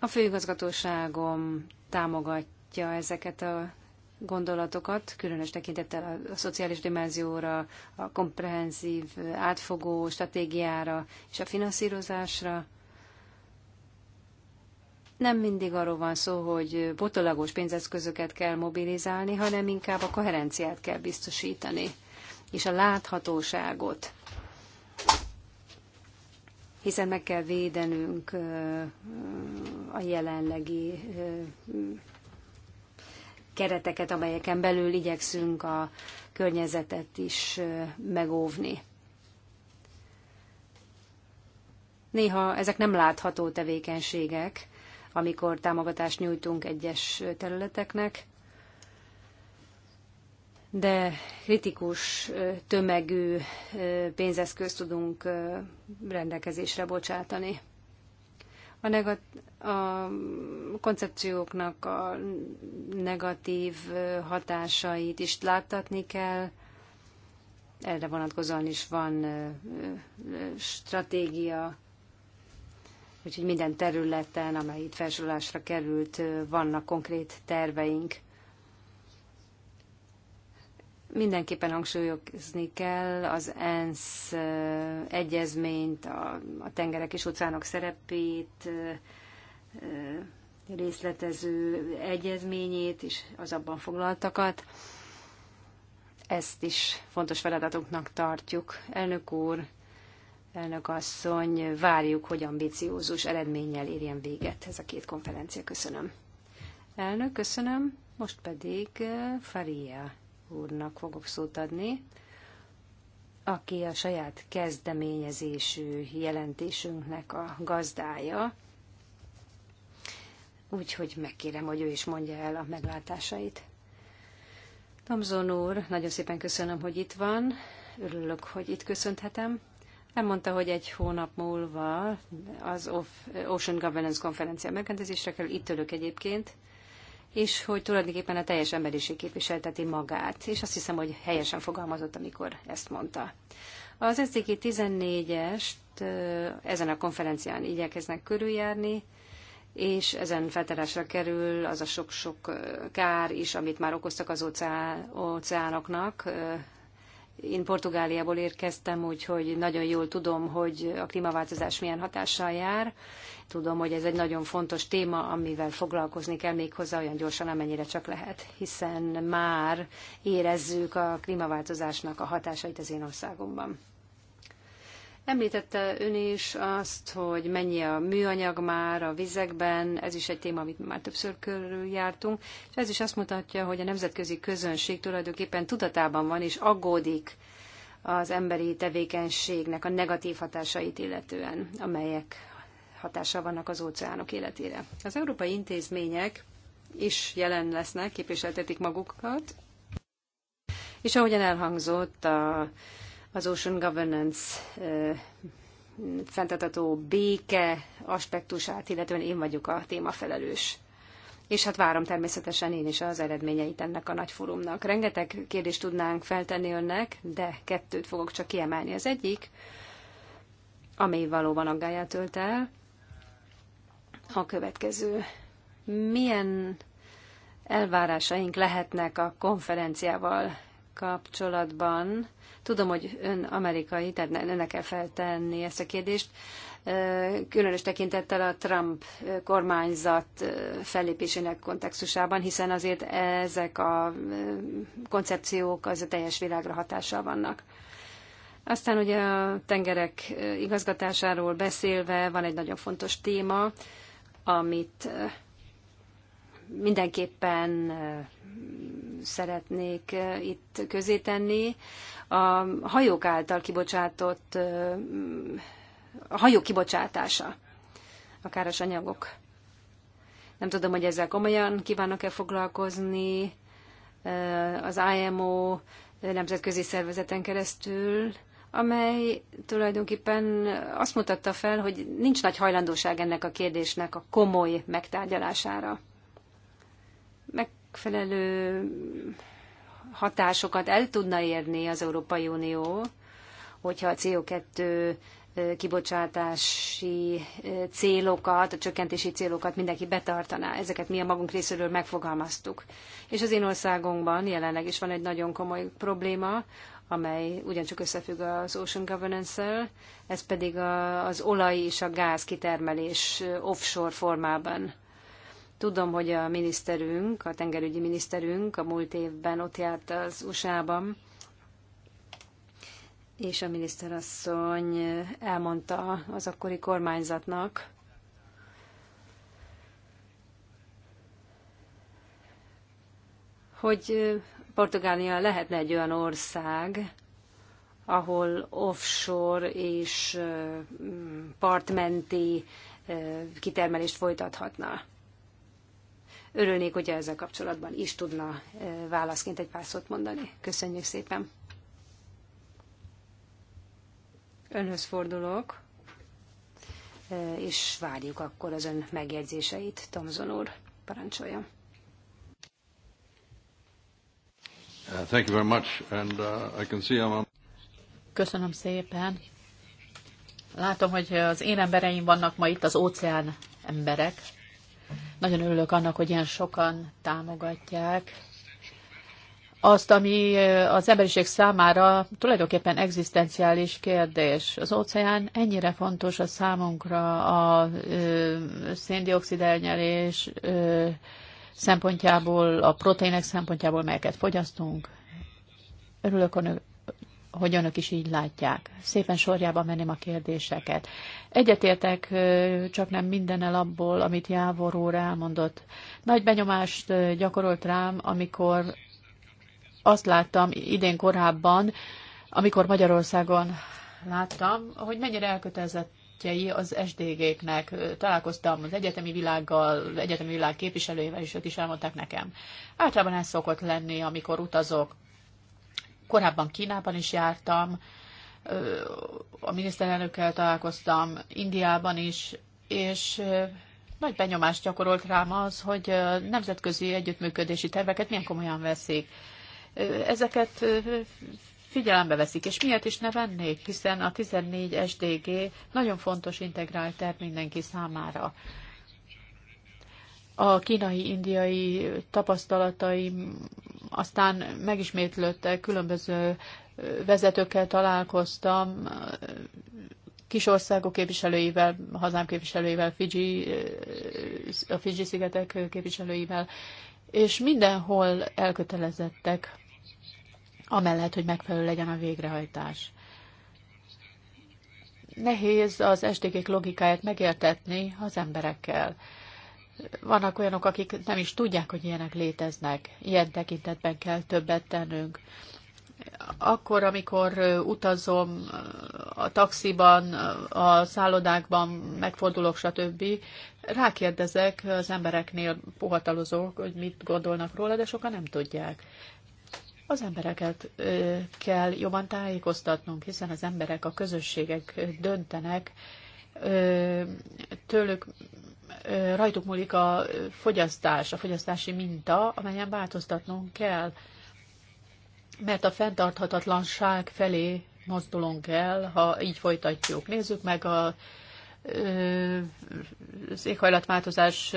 a főigazgatóságom támogatja ezeket a gondolatokat, különös tekintettel a, a szociális dimenzióra, a komprehenzív, átfogó stratégiára és a finanszírozásra. Nem mindig arról van szó, hogy botolagos pénzeszközöket kell mobilizálni, hanem inkább a koherenciát kell biztosítani, és a láthatóságot. Hiszen meg kell védenünk a jelenlegi kereteket, amelyeken belül igyekszünk a környezetet is megóvni. Néha ezek nem látható tevékenységek, amikor támogatást nyújtunk egyes területeknek, de kritikus tömegű pénzeszközt tudunk rendelkezésre bocsátani a, negat- a koncepcióknak a negatív hatásait is láttatni kell. Erre vonatkozóan is van stratégia, úgyhogy minden területen, amely itt felsorolásra került, vannak konkrét terveink mindenképpen hangsúlyozni kell az ENSZ egyezményt, a, a tengerek és óceánok szerepét, részletező egyezményét és az abban foglaltakat. Ezt is fontos feladatunknak tartjuk. Elnök úr, elnök asszony, várjuk, hogy ambiciózus eredménnyel érjen véget ez a két konferencia. Köszönöm. Elnök, köszönöm. Most pedig Faria úrnak fogok szót adni, aki a saját kezdeményezésű jelentésünknek a gazdája. Úgyhogy megkérem, hogy ő is mondja el a meglátásait. Tomzon úr, nagyon szépen köszönöm, hogy itt van. Örülök, hogy itt köszönhetem. Elmondta, hogy egy hónap múlva az Ocean Governance konferencia megrendezésre kerül. Itt ülök egyébként és hogy tulajdonképpen a teljes emberiség képviselteti magát, és azt hiszem, hogy helyesen fogalmazott, amikor ezt mondta. Az SZDG 14-est ezen a konferencián igyekeznek körüljárni, és ezen feltárásra kerül az a sok-sok kár is, amit már okoztak az óceánoknak én Portugáliából érkeztem, úgyhogy nagyon jól tudom, hogy a klímaváltozás milyen hatással jár. Tudom, hogy ez egy nagyon fontos téma, amivel foglalkozni kell még hozzá olyan gyorsan, amennyire csak lehet, hiszen már érezzük a klímaváltozásnak a hatásait az én országomban. Említette ön is azt, hogy mennyi a műanyag már a vizekben, ez is egy téma, amit már többször körüljártunk, és ez is azt mutatja, hogy a nemzetközi közönség tulajdonképpen tudatában van és aggódik az emberi tevékenységnek a negatív hatásait illetően, amelyek hatással vannak az óceánok életére. Az európai intézmények is jelen lesznek, képviseltetik magukat, és ahogyan elhangzott, a az Ocean Governance fenntartató béke aspektusát, illetően én vagyok a témafelelős. És hát várom természetesen én is az eredményeit ennek a nagy fórumnak. Rengeteg kérdést tudnánk feltenni önnek, de kettőt fogok csak kiemelni. Az egyik, ami valóban aggáját tölt el, a következő. Milyen elvárásaink lehetnek a konferenciával kapcsolatban, tudom, hogy ön amerikai, tehát ne, ne kell feltenni ezt a kérdést, különös tekintettel a Trump kormányzat fellépésének kontextusában, hiszen azért ezek a koncepciók az a teljes világra hatással vannak. Aztán ugye a tengerek igazgatásáról beszélve van egy nagyon fontos téma, amit mindenképpen szeretnék itt közé tenni. A hajók által kibocsátott, a hajók kibocsátása, a káros anyagok. Nem tudom, hogy ezzel komolyan kívánok-e foglalkozni az IMO nemzetközi szervezeten keresztül, amely tulajdonképpen azt mutatta fel, hogy nincs nagy hajlandóság ennek a kérdésnek a komoly megtárgyalására megfelelő hatásokat el tudna érni az Európai Unió, hogyha a CO2 kibocsátási célokat, a csökkentési célokat mindenki betartaná. Ezeket mi a magunk részéről megfogalmaztuk. És az én országunkban jelenleg is van egy nagyon komoly probléma, amely ugyancsak összefügg az Ocean Governance-szel, ez pedig az olaj és a gáz kitermelés offshore formában. Tudom, hogy a miniszterünk, a tengerügyi miniszterünk a múlt évben ott járt az USA-ban, és a miniszterasszony elmondta az akkori kormányzatnak, hogy Portugália lehetne egy olyan ország, ahol offshore és partmenti kitermelést folytathatna. Örülnék, hogy ezzel kapcsolatban is tudna e, válaszként egy pár szót mondani. Köszönjük szépen. Önhöz fordulok, e, és várjuk akkor az ön megjegyzéseit. Tomzon úr, parancsolja. Uh, thank you very much, and uh, I can see I'm on... Köszönöm szépen. Látom, hogy az én embereim vannak ma itt, az óceán emberek. Nagyon örülök annak, hogy ilyen sokan támogatják azt, ami eh, az emberiség számára tulajdonképpen egzisztenciális kérdés. Az óceán ennyire fontos a számunkra a eh, széndiokszid elnyelés eh, szempontjából, a proteinek szempontjából, melyeket fogyasztunk. Örülök, hogy önök is így látják. Szépen sorjában menném a kérdéseket. Egyetértek csak nem mindennel abból, amit Jávor úr elmondott. Nagy benyomást gyakorolt rám, amikor azt láttam idén korábban, amikor Magyarországon láttam, hogy mennyire elkötelezettjei az SDG-knek. Találkoztam az egyetemi világgal, egyetemi világ képviselőjével, és ők is elmondták nekem. Általában ez szokott lenni, amikor utazok. Korábban Kínában is jártam, a miniszterelnökkel találkoztam Indiában is, és nagy benyomást gyakorolt rám az, hogy nemzetközi együttműködési terveket milyen komolyan veszik. Ezeket figyelembe veszik, és miért is ne vennék, hiszen a 14 SDG nagyon fontos integrált terv mindenki számára. A kínai-indiai tapasztalataim aztán megismétlődtek különböző vezetőkkel találkoztam, kis országok képviselőivel, hazám képviselőivel, Fiji, a Fiji-szigetek képviselőivel, és mindenhol elkötelezettek amellett, hogy megfelelő legyen a végrehajtás. Nehéz az estékék logikáját megértetni az emberekkel. Vannak olyanok, akik nem is tudják, hogy ilyenek léteznek. Ilyen tekintetben kell többet tennünk akkor, amikor utazom a taxiban, a szállodákban, megfordulok, stb., rákérdezek az embereknél, puhatalozók, hogy mit gondolnak róla, de sokan nem tudják. Az embereket kell jobban tájékoztatnunk, hiszen az emberek, a közösségek döntenek, tőlük rajtuk múlik a fogyasztás, a fogyasztási minta, amelyen változtatnunk kell mert a fenntarthatatlanság felé mozdulunk el, ha így folytatjuk. Nézzük meg a az éghajlatváltozás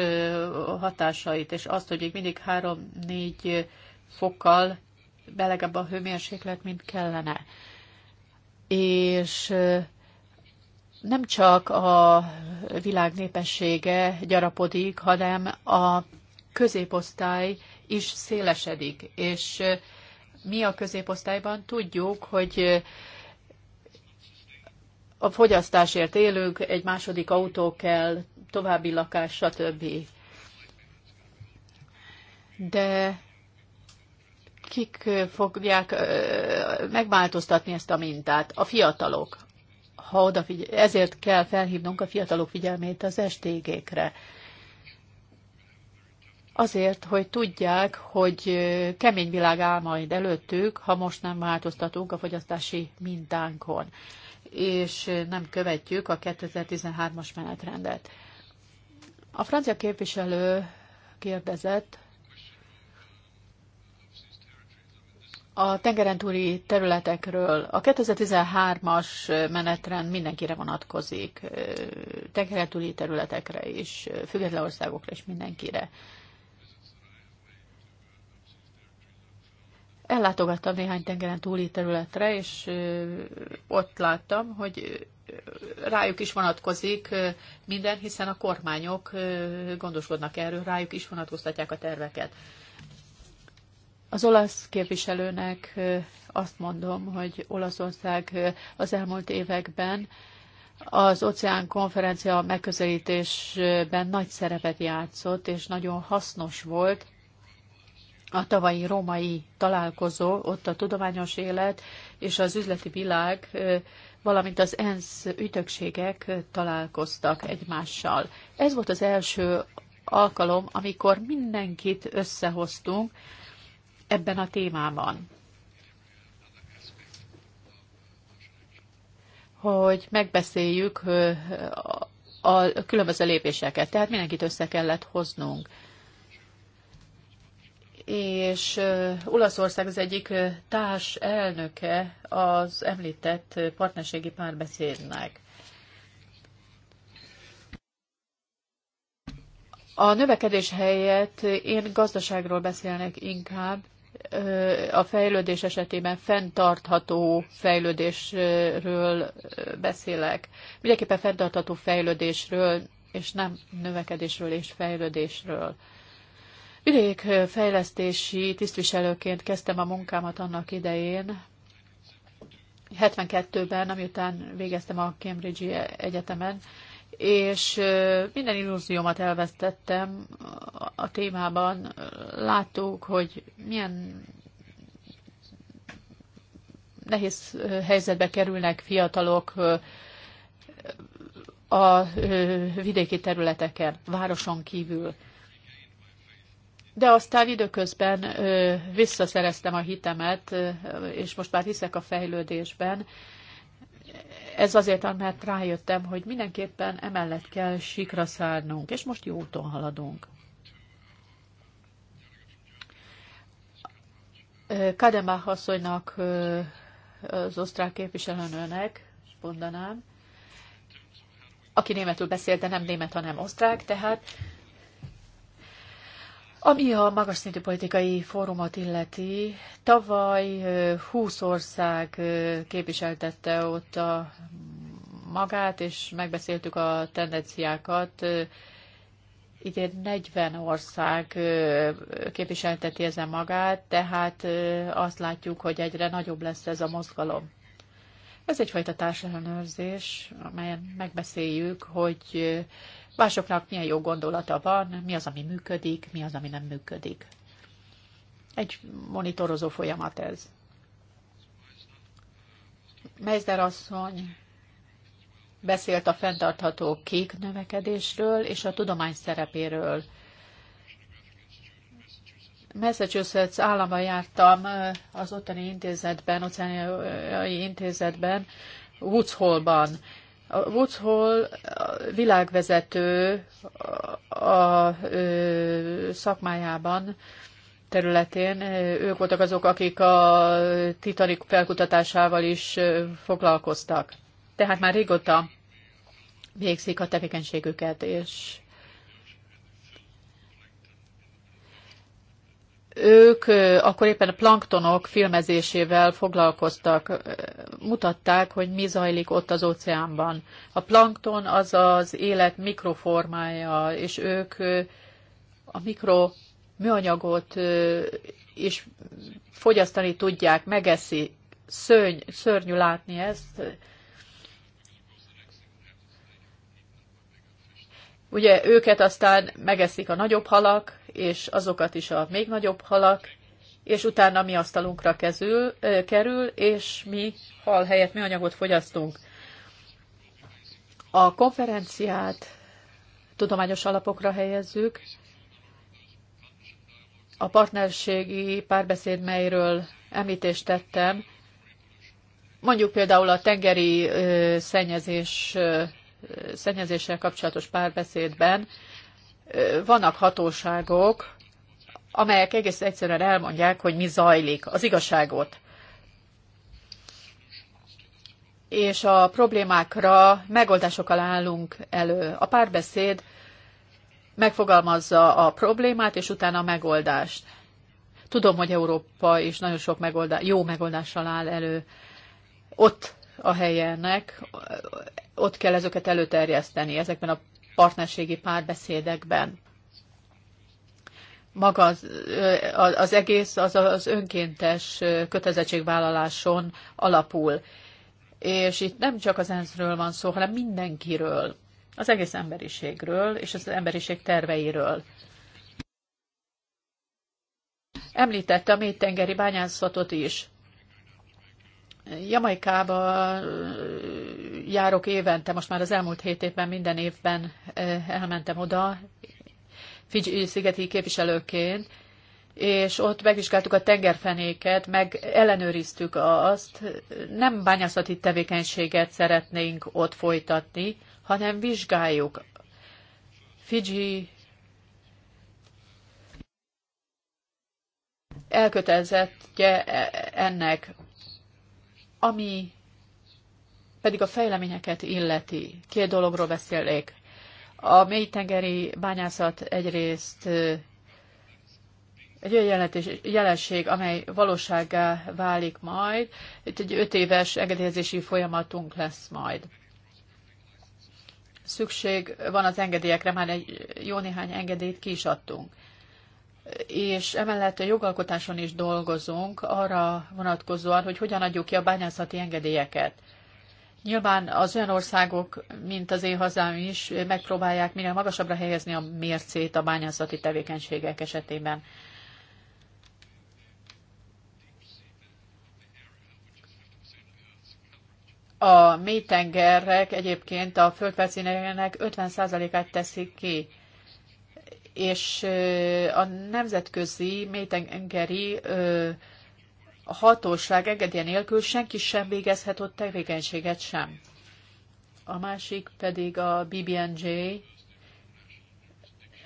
hatásait, és azt, hogy még mindig 3-4 fokkal belegebb a hőmérséklet, mint kellene. És nem csak a világ népessége gyarapodik, hanem a középosztály is szélesedik, és mi a középosztályban tudjuk, hogy eh, a fogyasztásért élünk, egy második autó kell, további lakás, stb. De kik fogják eh, megváltoztatni ezt a mintát? A fiatalok. Ha odafigy- ezért kell felhívnunk a fiatalok figyelmét az STG-kre azért, hogy tudják, hogy kemény világ áll majd előttük, ha most nem változtatunk a fogyasztási mintánkon, és nem követjük a 2013-as menetrendet. A francia képviselő kérdezett a tengeren túli területekről. A 2013-as menetrend mindenkire vonatkozik, tengeren túli területekre is, független országokra is mindenkire. Ellátogattam néhány tengeren túli területre, és ott láttam, hogy rájuk is vonatkozik minden, hiszen a kormányok gondoskodnak erről, rájuk is vonatkoztatják a terveket. Az olasz képviselőnek azt mondom, hogy Olaszország az elmúlt években az Oceán konferencia megközelítésben nagy szerepet játszott, és nagyon hasznos volt a tavalyi római találkozó, ott a tudományos élet és az üzleti világ, valamint az ENSZ ütökségek találkoztak egymással. Ez volt az első alkalom, amikor mindenkit összehoztunk ebben a témában. Hogy megbeszéljük a különböző lépéseket, tehát mindenkit össze kellett hoznunk és Olaszország az egyik társ elnöke az említett partnerségi párbeszédnek. A növekedés helyett én gazdaságról beszélnek inkább, a fejlődés esetében fenntartható fejlődésről beszélek. Mindenképpen fenntartható fejlődésről, és nem növekedésről és fejlődésről. Vidékfejlesztési tisztviselőként kezdtem a munkámat annak idején, 72-ben, amiután végeztem a Cambridge Egyetemen, és minden illúziómat elvesztettem a témában. Láttuk, hogy milyen nehéz helyzetbe kerülnek fiatalok a vidéki területeken, városon kívül de aztán időközben ö, visszaszereztem a hitemet, ö, és most már hiszek a fejlődésben. Ez azért, mert rájöttem, hogy mindenképpen emellett kell sikra szárnunk, és most jó úton haladunk. Kademá asszonynak, az osztrák képviselőnőnek, mondanám, aki németül beszélt, de nem német, hanem osztrák, tehát ami a magas szintű politikai fórumot illeti, tavaly 20 ország képviseltette ott a magát, és megbeszéltük a tendenciákat. Idén 40 ország képviselteti ezen magát, tehát azt látjuk, hogy egyre nagyobb lesz ez a mozgalom. Ez egyfajta társadalmi őrzés, amelyen megbeszéljük, hogy másoknak milyen jó gondolata van, mi az, ami működik, mi az, ami nem működik. Egy monitorozó folyamat ez. Meisner asszony beszélt a fenntartható kék növekedésről és a tudomány szerepéről. Massachusetts államban jártam az ottani intézetben, oceániai intézetben, Woods Hallban, a Woods Hall világvezető a szakmájában, területén. Ők voltak azok, akik a titanik felkutatásával is foglalkoztak. Tehát már régóta végzik a tevékenységüket, és ők akkor éppen a planktonok filmezésével foglalkoztak, mutatták, hogy mi zajlik ott az óceánban. A plankton az az élet mikroformája, és ők a mikro műanyagot is fogyasztani tudják, megeszi. Szörny, szörnyű látni ezt, Ugye őket aztán megeszik a nagyobb halak, és azokat is a még nagyobb halak, és utána mi asztalunkra kezül, kerül, és mi hal helyett mi anyagot fogyasztunk. A konferenciát tudományos alapokra helyezzük. A partnerségi párbeszéd, melyről említést tettem, mondjuk például a tengeri ö, szennyezés ö, szennyezéssel kapcsolatos párbeszédben vannak hatóságok, amelyek egész egyszerűen elmondják, hogy mi zajlik, az igazságot. És a problémákra megoldásokkal állunk elő. A párbeszéd megfogalmazza a problémát, és utána a megoldást. Tudom, hogy Európa is nagyon sok megoldás, jó megoldással áll elő. Ott a helyenek, ott kell ezeket előterjeszteni ezekben a partnerségi párbeszédekben. Maga az, az egész az az önkéntes kötelezettségvállaláson alapul. És itt nem csak az ENSZ-ről van szó, hanem mindenkiről, az egész emberiségről és az emberiség terveiről. Említette a mélytengeri bányászatot is. Jamaikába járok évente, most már az elmúlt hét évben minden évben elmentem oda, Fidzsi szigeti képviselőként, és ott megvizsgáltuk a tengerfenéket, meg ellenőriztük azt, nem bányászati tevékenységet szeretnénk ott folytatni, hanem vizsgáljuk. Fiji elkötelezettje ennek ami pedig a fejleményeket illeti, két dologról beszélnék. A mélytengeri bányászat egyrészt egy olyan jelenség, amely valósággá válik majd. Itt egy öt éves engedélyezési folyamatunk lesz majd. Szükség van az engedélyekre, már egy jó néhány engedélyt ki is adtunk és emellett a jogalkotáson is dolgozunk arra vonatkozóan, hogy hogyan adjuk ki a bányászati engedélyeket. Nyilván az olyan országok, mint az én hazám is, megpróbálják minél magasabbra helyezni a mércét a bányászati tevékenységek esetében. A mélytengerek egyébként a földfelszínének 50%-át teszik ki és a nemzetközi mélytengeri hatóság engedje nélkül senki sem végezhet ott tevékenységet sem. A másik pedig a BBNJ,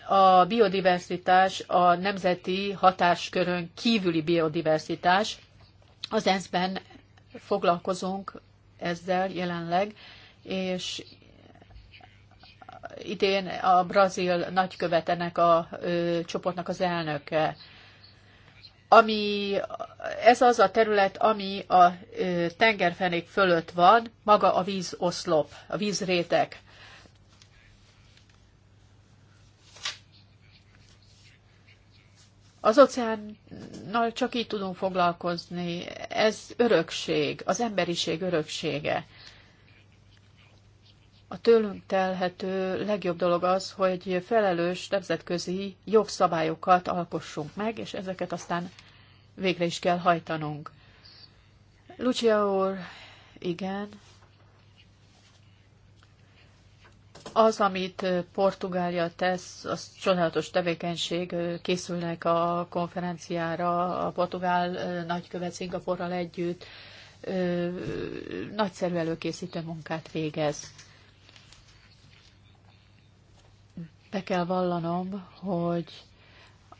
a biodiverzitás, a nemzeti hatáskörön kívüli biodiverzitás. Az ENSZ-ben foglalkozunk ezzel jelenleg, és idén a brazil nagykövetenek a ö, csoportnak az elnöke. Ami, ez az a terület, ami a ö, tengerfenék fölött van, maga a vízoszlop, a vízrétek. Az óceánnal csak így tudunk foglalkozni. Ez örökség, az emberiség öröksége. A tőlünk telhető legjobb dolog az, hogy felelős nemzetközi jogszabályokat alkossunk meg, és ezeket aztán végre is kell hajtanunk. Lucia úr, igen. Az, amit Portugália tesz, az csodálatos tevékenység. Készülnek a konferenciára a portugál nagykövet Szingaporral együtt. Nagyszerű előkészítő munkát végez. Be kell vallanom, hogy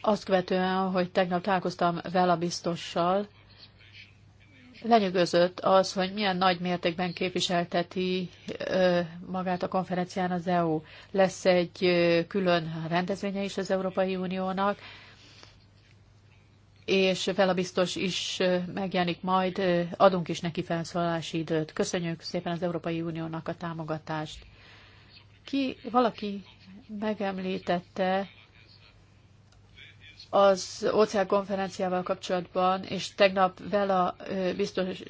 azt követően, hogy tegnap találkoztam vele biztossal, lenyűgözött az, hogy milyen nagy mértékben képviselteti magát a konferencián az EU. Lesz egy külön rendezvénye is az Európai Uniónak, és vele biztos is megjelenik majd, adunk is neki felszólalási időt. Köszönjük szépen az Európai Uniónak a támogatást. Ki, valaki megemlítette az OCEA konferenciával kapcsolatban, és tegnap Vela biztos,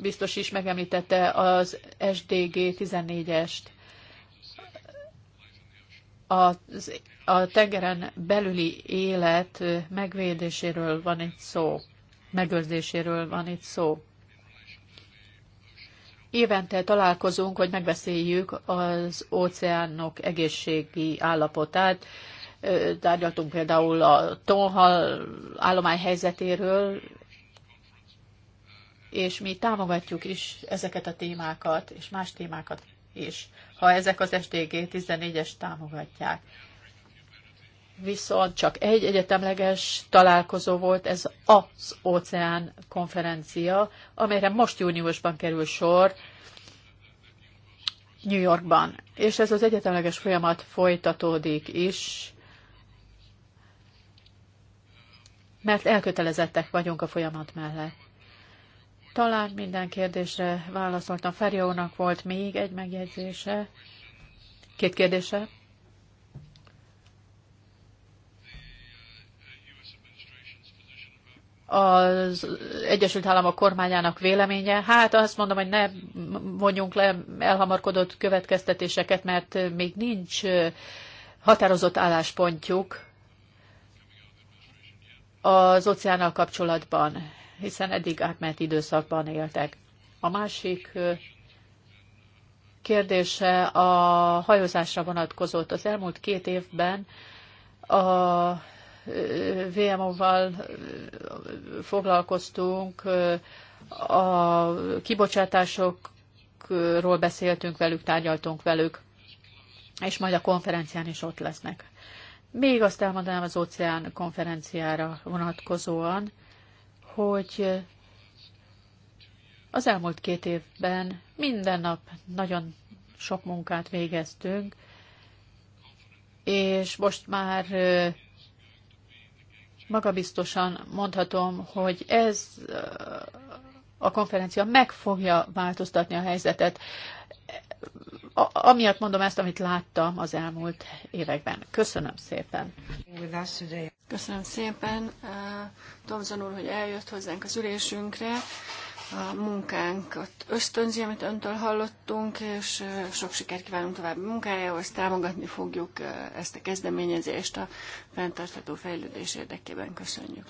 biztos is megemlítette az SDG 14-est. A, a tengeren belüli élet megvédéséről van itt szó, megőrzéséről van itt szó. Évente találkozunk, hogy megbeszéljük az óceánok egészségi állapotát. Tárgyaltunk például a tonhal állomány helyzetéről, és mi támogatjuk is ezeket a témákat, és más témákat is, ha ezek az SDG 14-es támogatják viszont csak egy egyetemleges találkozó volt, ez az óceán konferencia, amelyre most júniusban kerül sor New Yorkban. És ez az egyetemleges folyamat folytatódik is, mert elkötelezettek vagyunk a folyamat mellett. Talán minden kérdésre válaszoltam. Ferjónak volt még egy megjegyzése, két kérdése. az Egyesült Államok kormányának véleménye. Hát azt mondom, hogy ne vonjunk le elhamarkodott következtetéseket, mert még nincs határozott álláspontjuk az óceánnal kapcsolatban, hiszen eddig átmeneti időszakban éltek. A másik kérdése a hajózásra vonatkozott. Az elmúlt két évben a VMO-val foglalkoztunk, a kibocsátásokról beszéltünk velük, tárgyaltunk velük, és majd a konferencián is ott lesznek. Még azt elmondanám az óceán konferenciára vonatkozóan, hogy az elmúlt két évben minden nap nagyon sok munkát végeztünk, és most már magabiztosan mondhatom, hogy ez a konferencia meg fogja változtatni a helyzetet. A, amiatt mondom ezt, amit láttam az elmúlt években. Köszönöm szépen. Köszönöm szépen, eh, Tomzan úr, hogy eljött hozzánk az ülésünkre a munkánkat ösztönzi, amit öntől hallottunk, és sok sikert kívánunk további munkájához, támogatni fogjuk ezt a kezdeményezést a fenntartható fejlődés érdekében. Köszönjük!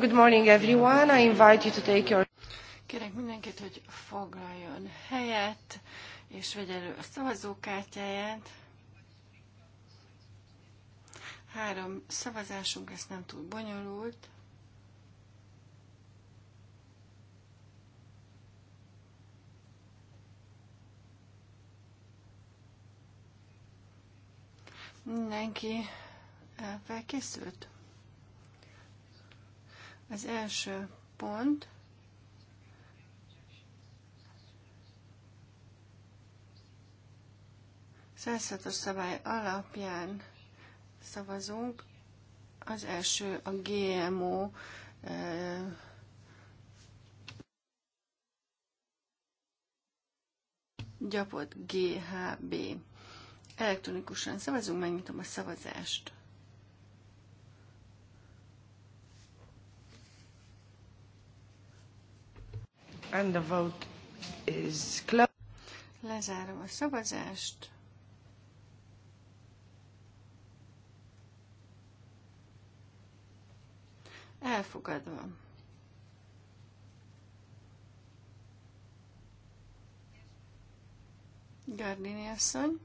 Good morning everyone. I invite you to take your... Kérek mindenkit, hogy foglaljon helyet, és vegye elő a szavazókártyáját. Három szavazásunk, ez nem túl bonyolult. Mindenki eh, felkészült? Az első pont Százszatos szabály alapján szavazunk. Az első a GMO gyapot GHB. Elektronikusan szavazunk, megnyitom a szavazást. And the vote is closed. Lezárom a szavazást. Elfogadva. Gardini asszony.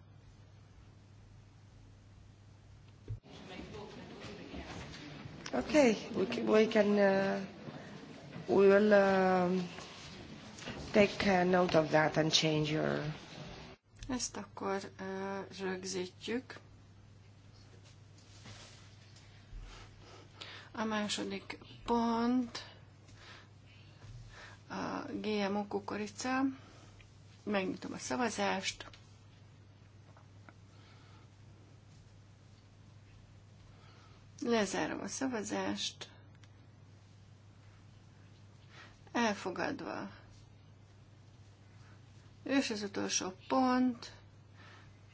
Okay, we can, we can uh, we will uh, take uh, note of that and change your... Ezt akkor uh, rögzítjük. A második pont a GMO kukorica. Megnyitom a szavazást. Lezárom a szavazást. Elfogadva. És az utolsó pont,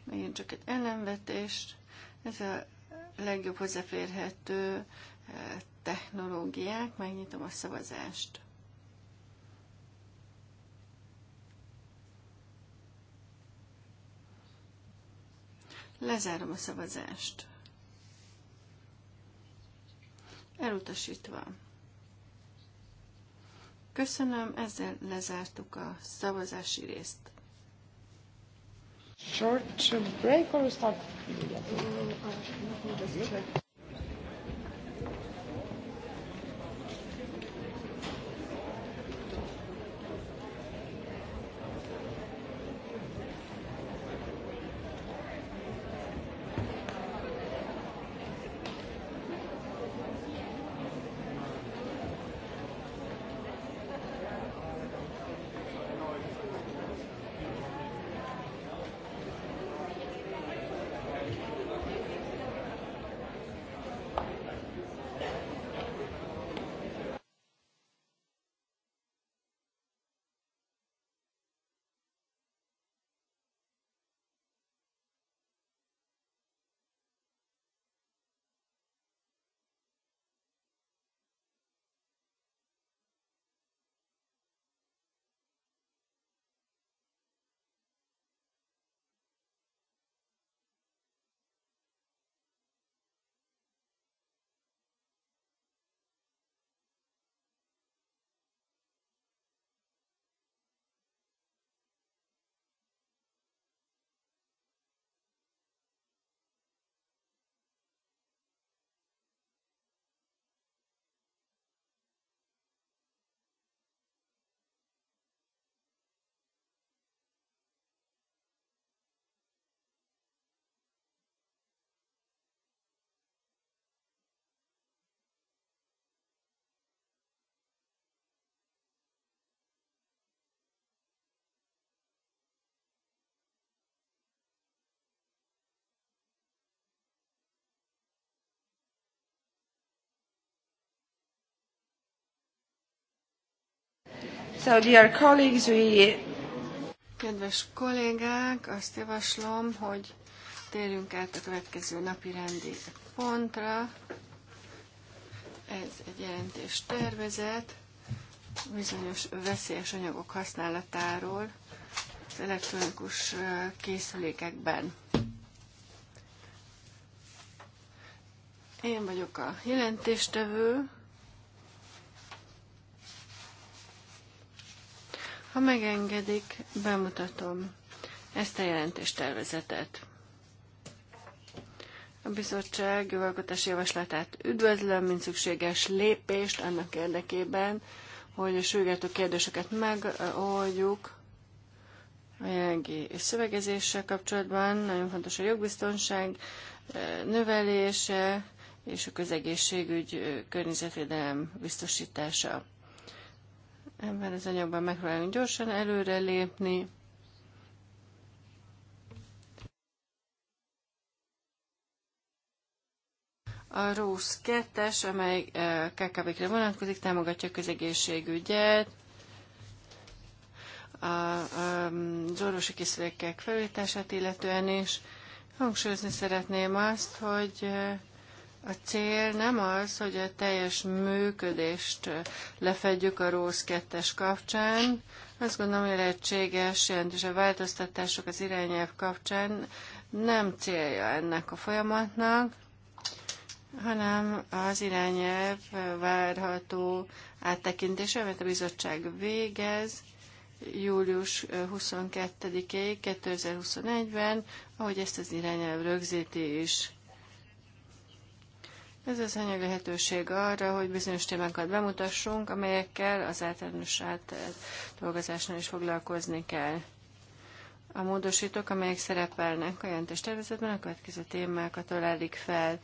megint csak egy ellenvetést, ez a legjobb hozzáférhető eh, technológiák, megnyitom a szavazást. Lezárom a szavazást. Elutasítva. Köszönöm, ezzel lezártuk a szavazási részt. Short break or start? So, dear colleagues, we... Kedves kollégák, azt javaslom, hogy térjünk át a következő napi rendi pontra. Ez egy jelentés tervezet bizonyos veszélyes anyagok használatáról az elektronikus készülékekben. Én vagyok a jelentéstevő, Ha megengedik, bemutatom ezt a jelentést tervezetet. A bizottság jogalkotási javaslatát üdvözlöm, mint szükséges lépést annak érdekében, hogy a sürgető kérdéseket megoldjuk a jelenlegi szövegezéssel kapcsolatban. Nagyon fontos a jogbiztonság eh, növelése és a közegészségügy eh, környezetvédelem biztosítása. Ebben az anyagban megpróbálunk gyorsan előrelépni. A RUSZ 2-es, amely eh, KKV-kre vonatkozik, támogatja a közegészségügyet, a, a, ehm, az orvosi készülékek felújítását illetően is. Hangsúlyozni szeretném azt, hogy eh, a cél nem az, hogy a teljes működést lefedjük a rossz kettes kapcsán. Azt gondolom, hogy lehetséges jelentős a változtatások az irányelv kapcsán nem célja ennek a folyamatnak, hanem az irányelv várható áttekintése, amit a bizottság végez július 22-ig 2021-ben, ahogy ezt az irányelv rögzíti is. Ez az anyag lehetőség arra, hogy bizonyos témákat bemutassunk, amelyekkel az általános dolgozásnál is foglalkozni kell. A módosítók, amelyek szerepelnek a jelentés tervezetben, a következő témákat ölelik fel.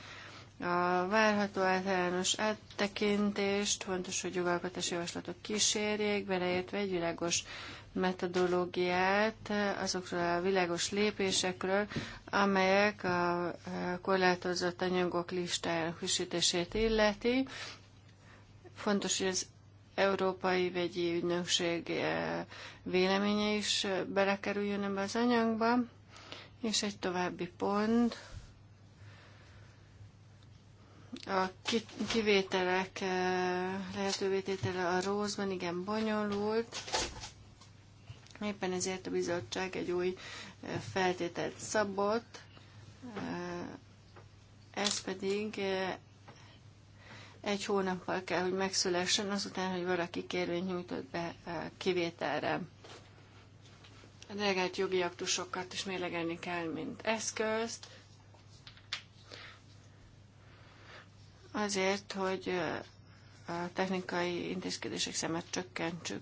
A várható általános áttekintést, fontos, hogy jogalkotási javaslatok kísérjék, beleértve egy világos metodológiát azokról a világos lépésekről, amelyek a korlátozott anyagok listájának frissítését illeti. Fontos, hogy az Európai Vegyi Ügynökség e, véleménye is belekerüljön ebbe az anyagba. És egy további pont, a kivételek e, lehetővé tétele a rózban igen bonyolult, Éppen ezért a bizottság egy új feltételt szabott, ez pedig egy hónappal kell, hogy megszülessen, azután, hogy valaki kérvényt nyújtott be kivételre. A delegált jogi aktusokat is mérlegelni kell, mint eszközt, azért, hogy a technikai intézkedések szemet csökkentsük.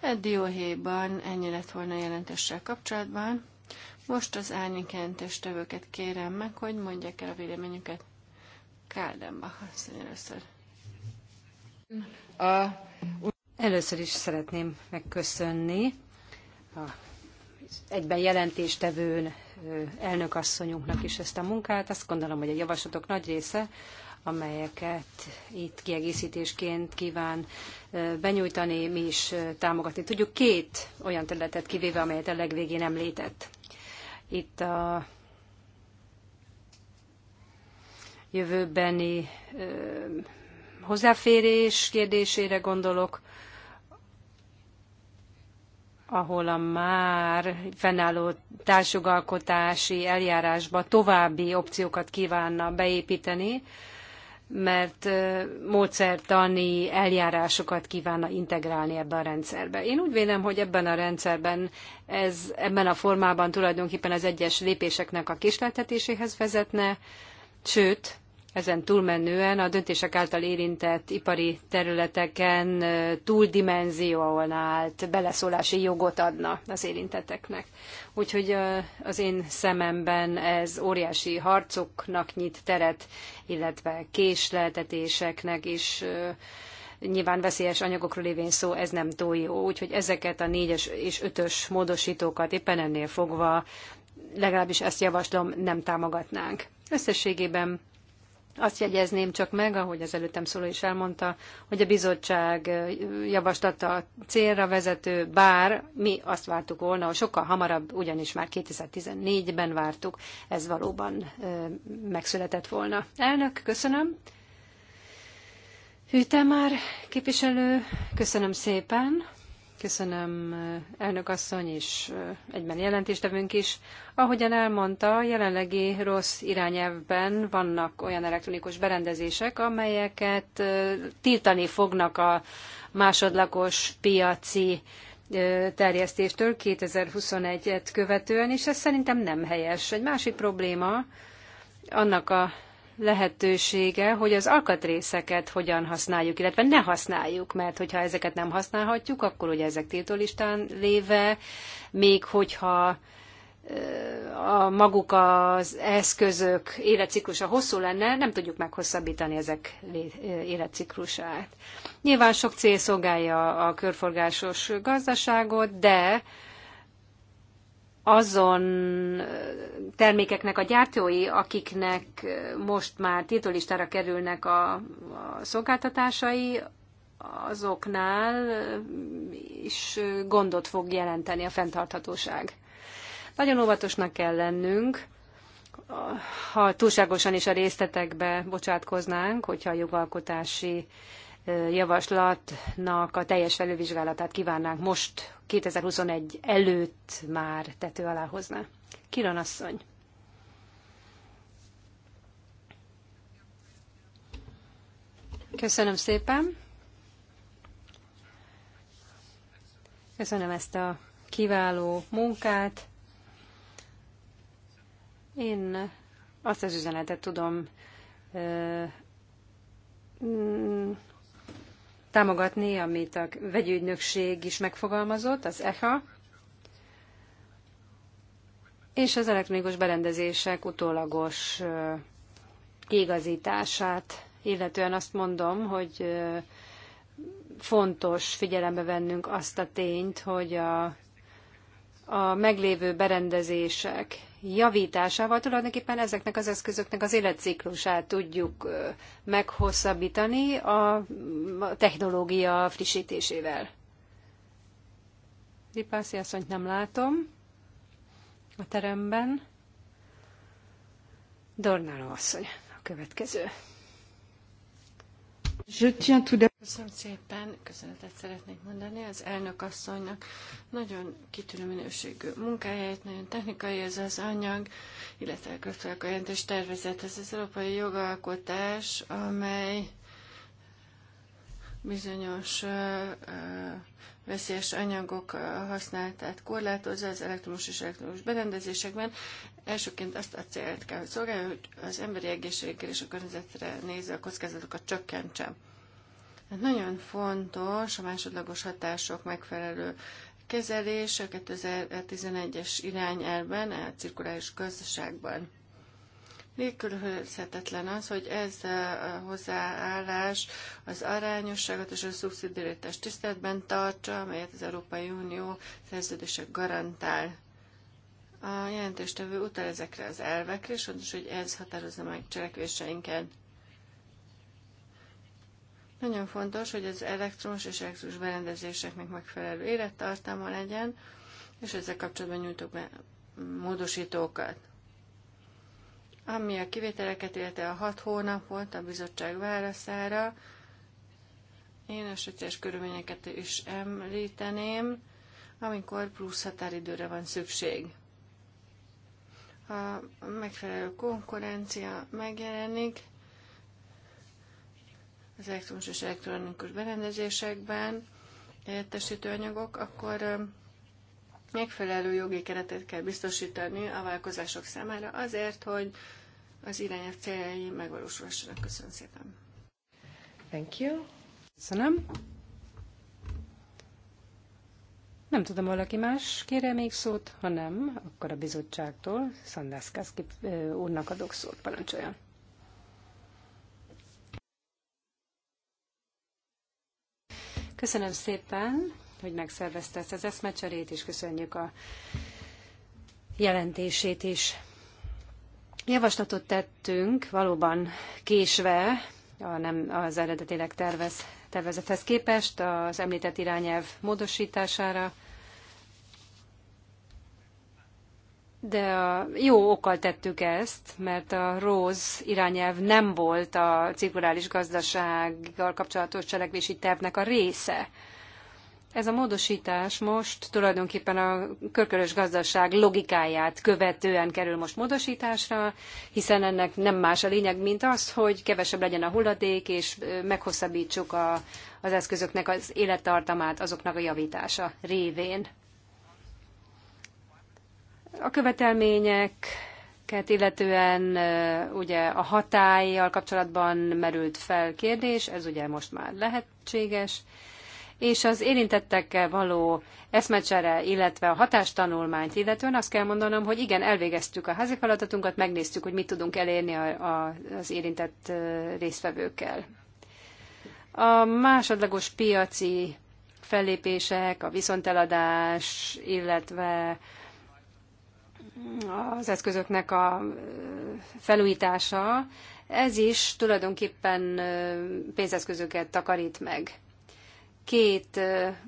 De dióhéjban ennyi lett volna jelentéssel kapcsolatban. Most az árnyék tevőket kérem meg, hogy mondják el a véleményüket. Káldenbach asszony először. Először is szeretném megköszönni a egyben jelentéstevőn elnökasszonyunknak is ezt a munkát. Azt gondolom, hogy a javaslatok nagy része amelyeket itt kiegészítésként kíván benyújtani, mi is támogatni tudjuk. Két olyan területet kivéve, amelyet a legvégén említett. Itt a jövőbeni hozzáférés kérdésére gondolok, ahol a már fennálló társjogalkotási eljárásba további opciókat kívánna beépíteni, mert módszertani eljárásokat kívánna integrálni ebbe a rendszerbe. Én úgy vélem, hogy ebben a rendszerben, ez, ebben a formában tulajdonképpen az egyes lépéseknek a kisletetéséhez vezetne, sőt, ezen túlmenően a döntések által érintett ipari területeken túldimenzionált beleszólási jogot adna az érintetteknek. Úgyhogy az én szememben ez óriási harcoknak nyit teret, illetve késleltetéseknek is nyilván veszélyes anyagokról lévén szó, ez nem túl jó. Úgyhogy ezeket a négyes és ötös módosítókat éppen ennél fogva legalábbis ezt javaslom, nem támogatnánk. Összességében azt jegyezném csak meg, ahogy az előttem szóló is elmondta, hogy a bizottság javaslata a célra vezető, bár mi azt vártuk volna, hogy sokkal hamarabb, ugyanis már 2014-ben vártuk, ez valóban megszületett volna. Elnök, köszönöm. Hűte már képviselő, köszönöm szépen. Köszönöm elnök asszony is, egyben jelentéstevünk is. Ahogyan elmondta, jelenlegi rossz irányelvben vannak olyan elektronikus berendezések, amelyeket tiltani fognak a másodlagos piaci terjesztéstől 2021-et követően, és ez szerintem nem helyes. Egy másik probléma annak a lehetősége, hogy az alkatrészeket hogyan használjuk, illetve ne használjuk, mert hogyha ezeket nem használhatjuk, akkor ugye ezek tiltólistán léve, még hogyha a maguk az eszközök életciklusa hosszú lenne, nem tudjuk meghosszabbítani ezek életciklusát. Nyilván sok cél szolgálja a körforgásos gazdaságot, de azon termékeknek a gyártói, akiknek most már tiltólistára kerülnek a, a szolgáltatásai, azoknál is gondot fog jelenteni a fenntarthatóság. Nagyon óvatosnak kell lennünk, ha túlságosan is a részletekbe bocsátkoznánk, hogyha a jogalkotási javaslatnak a teljes felülvizsgálatát kívánnánk most 2021 előtt már tető alá hozná. Kiran asszony. Köszönöm szépen. Köszönöm ezt a kiváló munkát. Én azt az üzenetet tudom támogatni, amit a vegyügynökség is megfogalmazott, az EHA, és az elektronikus berendezések utólagos kiigazítását, illetően azt mondom, hogy fontos figyelembe vennünk azt a tényt, hogy a, a meglévő berendezések javításával tulajdonképpen ezeknek az eszközöknek az életciklusát tudjuk meghosszabbítani a technológia frissítésével. Ripászi asszonyt nem látom a teremben. Dornáló asszony a következő. Köszönöm szépen, köszönetet szeretnék mondani az elnök asszonynak. Nagyon kitűnő minőségű munkáját, nagyon technikai ez az anyag, illetve gratulálok a jelentés tervezethez. Az európai jogalkotás, amely bizonyos veszélyes anyagok használatát korlátozza az elektromos és elektromos berendezésekben. Elsőként azt a célt kell, hogy szolgálja, hogy az emberi egészségre és a környezetre nézve a kockázatokat csökkentse. Hát nagyon fontos a másodlagos hatások megfelelő kezelés a 2011-es irányelben, a cirkuláris gazdaságban. Nélkülözhetetlen az, hogy ez a hozzáállás az arányosságot és a szubszidiaritást tiszteletben tartsa, amelyet az Európai Unió szerződések garantál. A jelentéstevő utal ezekre az elvekre, és fontos, hogy ez határozza meg cselekvéseinket. Nagyon fontos, hogy az elektromos és elektromos berendezéseknek megfelelő élettartama legyen, és ezzel kapcsolatban nyújtok be módosítókat. Ami a kivételeket, illetve a hat hónap volt a bizottság válaszára, én a sötétes körülményeket is említeném, amikor plusz határidőre van szükség. Ha megfelelő konkurencia megjelenik az elektromos és elektronikus berendezésekben, értesítő anyagok, akkor megfelelő jogi keretet kell biztosítani a vállalkozások számára azért, hogy az irányelv céljai megvalósulásának. Köszönöm szépen. Thank you. Köszönöm. Nem tudom, valaki más kére még szót, ha nem, akkor a bizottságtól Szandászkászki úrnak adok szót, parancsoljon. Köszönöm szépen, hogy megszervezte ezt az eszmecserét, és köszönjük a jelentését is. Javaslatot tettünk valóban késve, a nem az eredetileg tervez, tervezethez képest az említett irányelv módosítására, de a jó okkal tettük ezt, mert a roz irányelv nem volt a cirkulális gazdasággal kapcsolatos cselekvési tervnek a része. Ez a módosítás most tulajdonképpen a körkörös gazdaság logikáját követően kerül most módosításra, hiszen ennek nem más a lényeg, mint az, hogy kevesebb legyen a hulladék, és meghosszabbítsuk a, az eszközöknek az élettartamát azoknak a javítása révén. A követelmények illetően ugye a hatállyal kapcsolatban merült fel kérdés, ez ugye most már lehetséges és az érintettekkel való eszmecsere, illetve a hatástanulmányt illetően azt kell mondanom, hogy igen, elvégeztük a házi feladatunkat, megnéztük, hogy mit tudunk elérni a, a, az érintett résztvevőkkel. A másodlagos piaci fellépések, a viszonteladás, illetve az eszközöknek a felújítása, ez is tulajdonképpen pénzeszközöket takarít meg két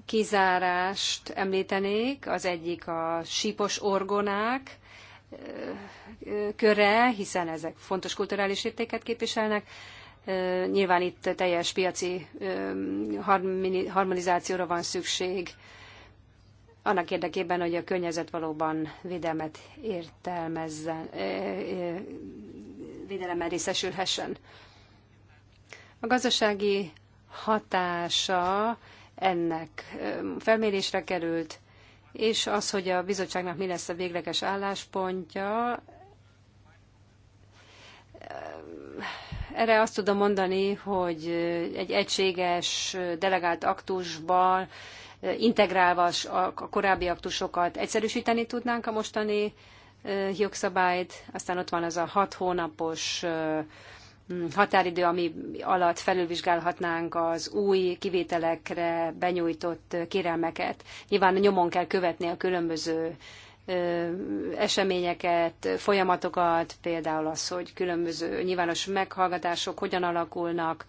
kizárást említenék, az egyik a sípos orgonák köre, hiszen ezek fontos kulturális értéket képviselnek. Nyilván itt teljes piaci harmonizációra van szükség, annak érdekében, hogy a környezet valóban védelmet értelmezzen, védelemmel részesülhessen. A gazdasági hatása ennek felmérésre került, és az, hogy a bizottságnak mi lesz a végleges álláspontja, erre azt tudom mondani, hogy egy egységes delegált aktusban integrálva a korábbi aktusokat egyszerűsíteni tudnánk a mostani jogszabályt, aztán ott van az a hat hónapos Mm, határidő, ami alatt felülvizsgálhatnánk az új kivételekre benyújtott kérelmeket. Nyilván nyomon kell követni a különböző eseményeket, folyamatokat, például az, hogy különböző nyilvános meghallgatások hogyan alakulnak.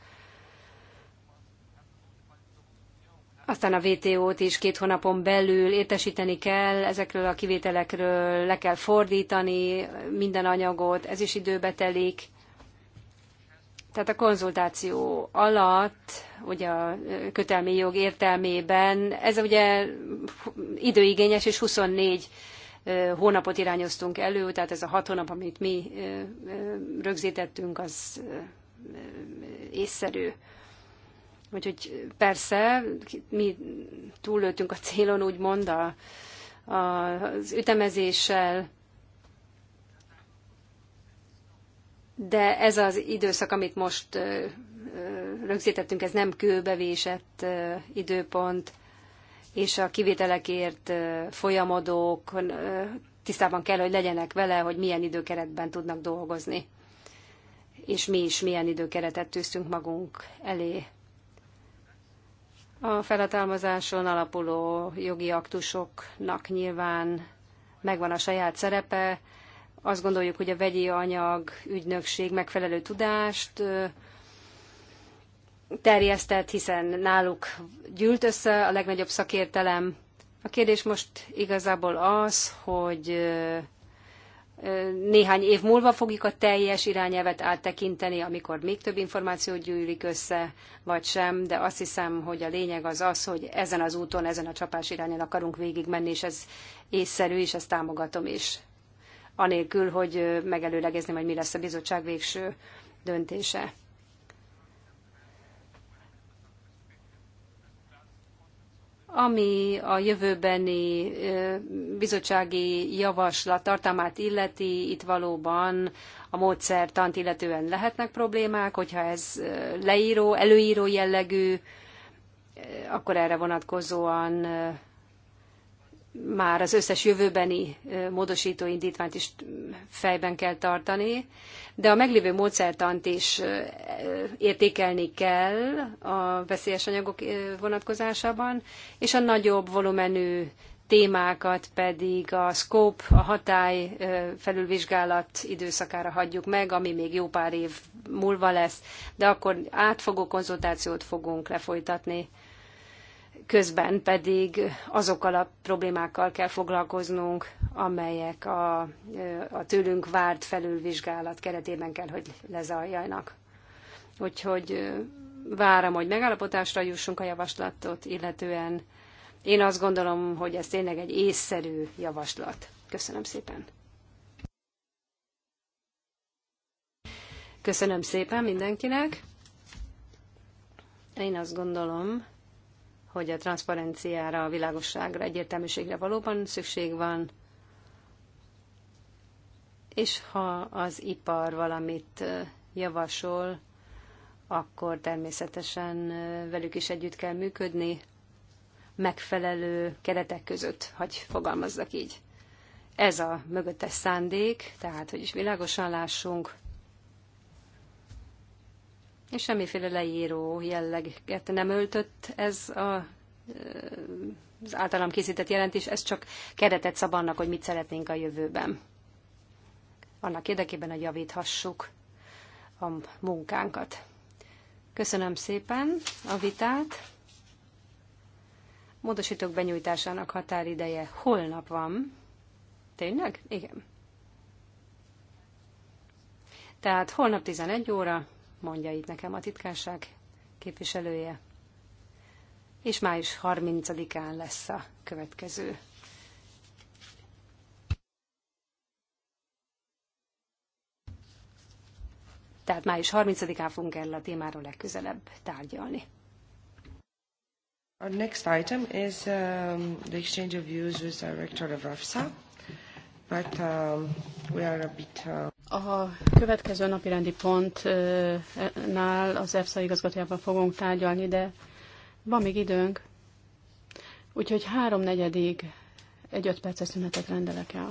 Aztán a VTO-t is két hónapon belül értesíteni kell, ezekről a kivételekről le kell fordítani minden anyagot, ez is időbe telik tehát a konzultáció alatt, ugye a kötelmi jog értelmében, ez ugye időigényes, és 24 hónapot irányoztunk elő, tehát ez a hat hónap, amit mi rögzítettünk, az észszerű. Úgyhogy persze, mi túllőttünk a célon, úgymond, a, a, az ütemezéssel, de ez az időszak, amit most rögzítettünk, ez nem kőbevésett időpont, és a kivételekért folyamodók tisztában kell, hogy legyenek vele, hogy milyen időkeretben tudnak dolgozni, és mi is milyen időkeretet tűztünk magunk elé. A felhatalmazáson alapuló jogi aktusoknak nyilván megvan a saját szerepe, azt gondoljuk, hogy a vegyi anyag ügynökség megfelelő tudást terjesztett, hiszen náluk gyűlt össze a legnagyobb szakértelem. A kérdés most igazából az, hogy néhány év múlva fogjuk a teljes irányelvet áttekinteni, amikor még több információ gyűlik össze, vagy sem, de azt hiszem, hogy a lényeg az az, hogy ezen az úton, ezen a csapás irányon akarunk végigmenni, és ez észszerű, és ezt támogatom is anélkül, hogy megelőlegezném, hogy mi lesz a bizottság végső döntése. Ami a jövőbeni bizottsági javaslat tartalmát illeti, itt valóban a módszertant illetően lehetnek problémák, hogyha ez leíró, előíró jellegű, akkor erre vonatkozóan már az összes jövőbeni módosító indítványt is fejben kell tartani, de a meglévő módszertant is értékelni kell a veszélyes anyagok vonatkozásában, és a nagyobb volumenű témákat pedig a scope, a hatály felülvizsgálat időszakára hagyjuk meg, ami még jó pár év múlva lesz, de akkor átfogó konzultációt fogunk lefolytatni közben pedig azokkal a problémákkal kell foglalkoznunk, amelyek a, a tőlünk várt felülvizsgálat keretében kell, hogy lezajjanak. Úgyhogy várom, hogy megállapotásra jussunk a javaslatot, illetően én azt gondolom, hogy ez tényleg egy észszerű javaslat. Köszönöm szépen. Köszönöm szépen mindenkinek. Én azt gondolom, hogy a transzparenciára, a világosságra, egyértelműségre valóban szükség van, és ha az ipar valamit javasol, akkor természetesen velük is együtt kell működni, megfelelő keretek között, hogy fogalmazzak így. Ez a mögöttes szándék, tehát hogy is világosan lássunk, és semmiféle leíró jelleget nem öltött ez a az általam készített jelentés, ez csak keretet szab annak, hogy mit szeretnénk a jövőben. Annak érdekében, hogy javíthassuk a munkánkat. Köszönöm szépen a vitát. Módosítók benyújtásának határideje holnap van. Tényleg? Igen. Tehát holnap 11 óra, mondja itt nekem a titkárság képviselője. És május 30-án lesz a következő Tehát május 30-án fogunk erről a témáról legközelebb tárgyalni. Our next item is um, the exchange of views with the director of AFSA, but um, we are a bit... Uh... A következő napi rendi pontnál az EFSA igazgatójával fogunk tárgyalni, de van még időnk. Úgyhogy háromnegyedig egy öt perces szünetet rendelek el.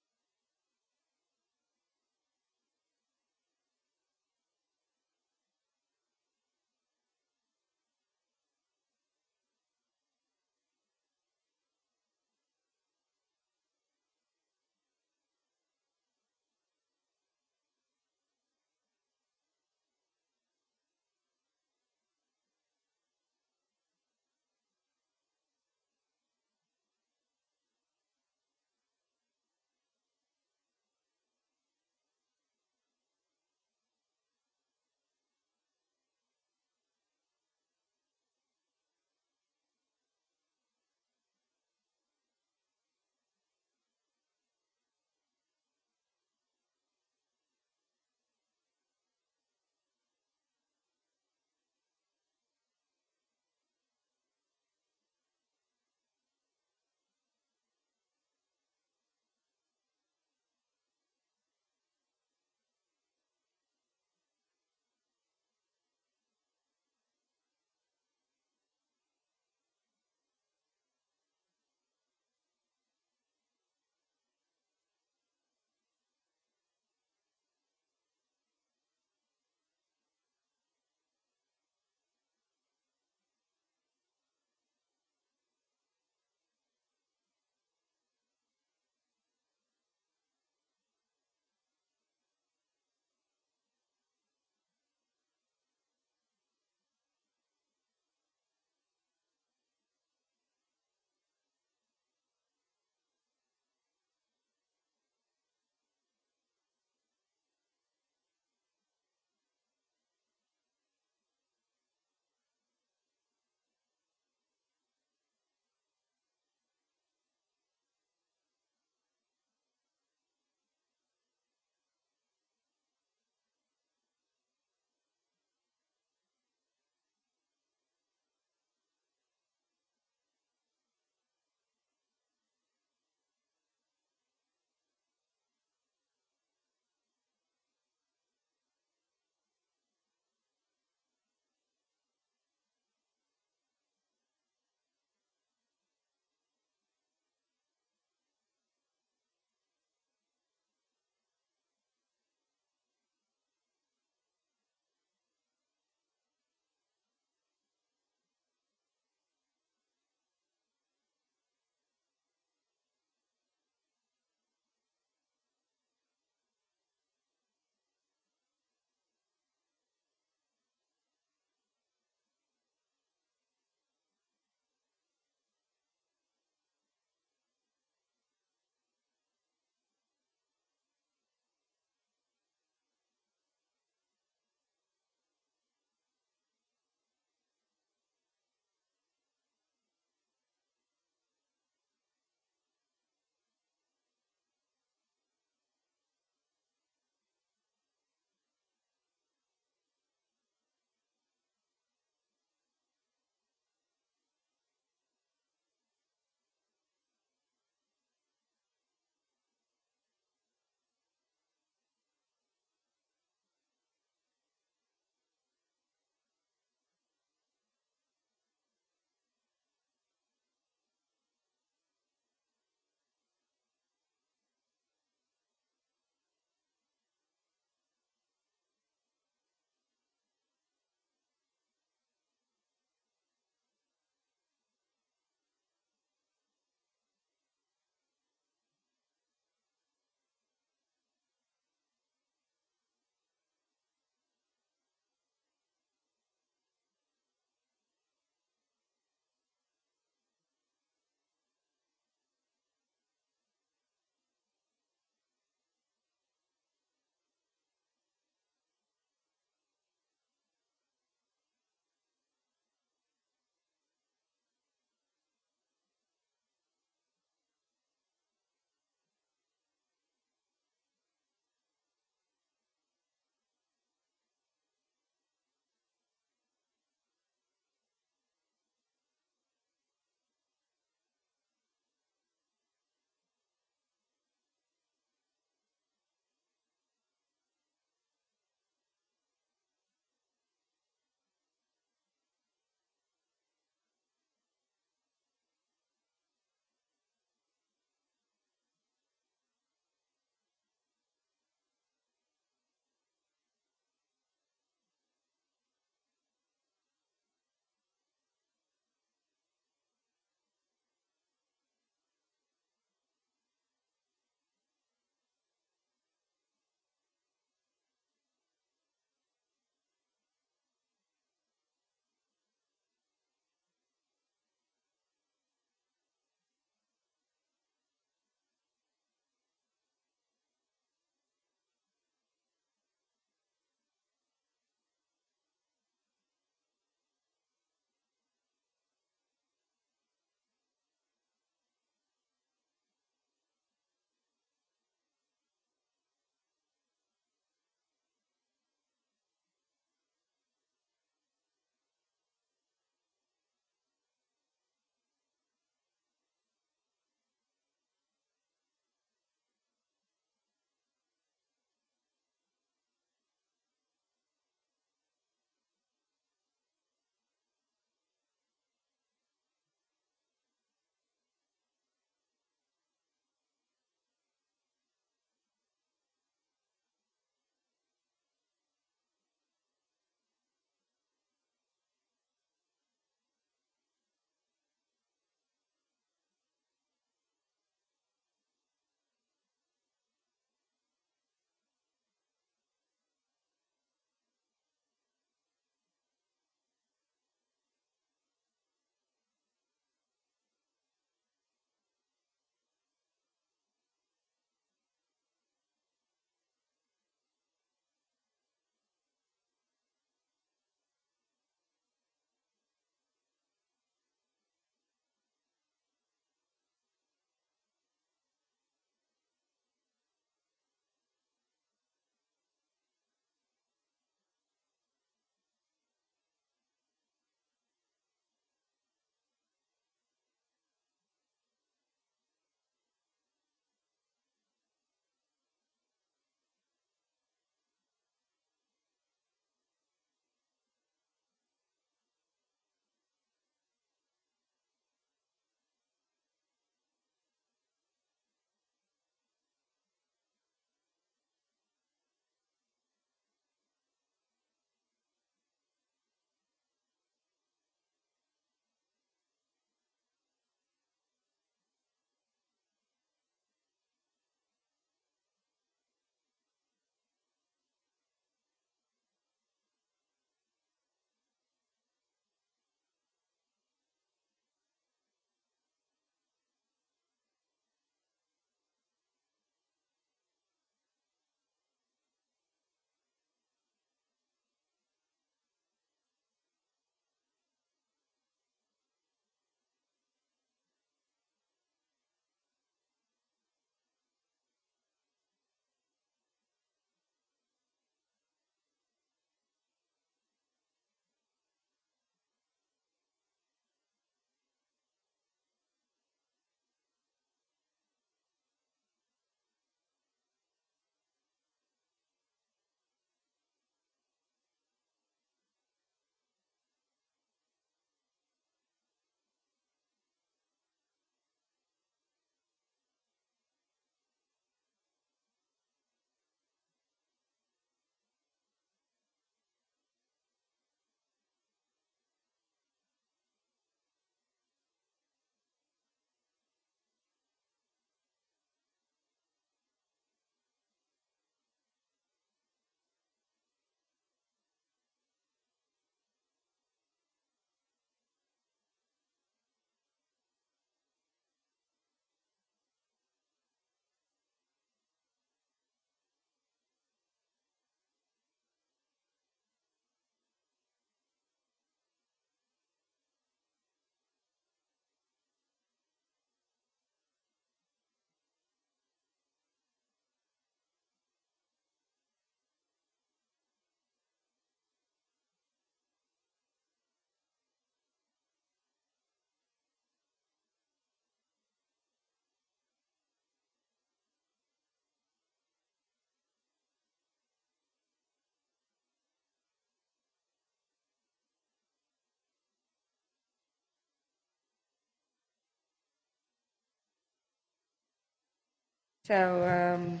So, um...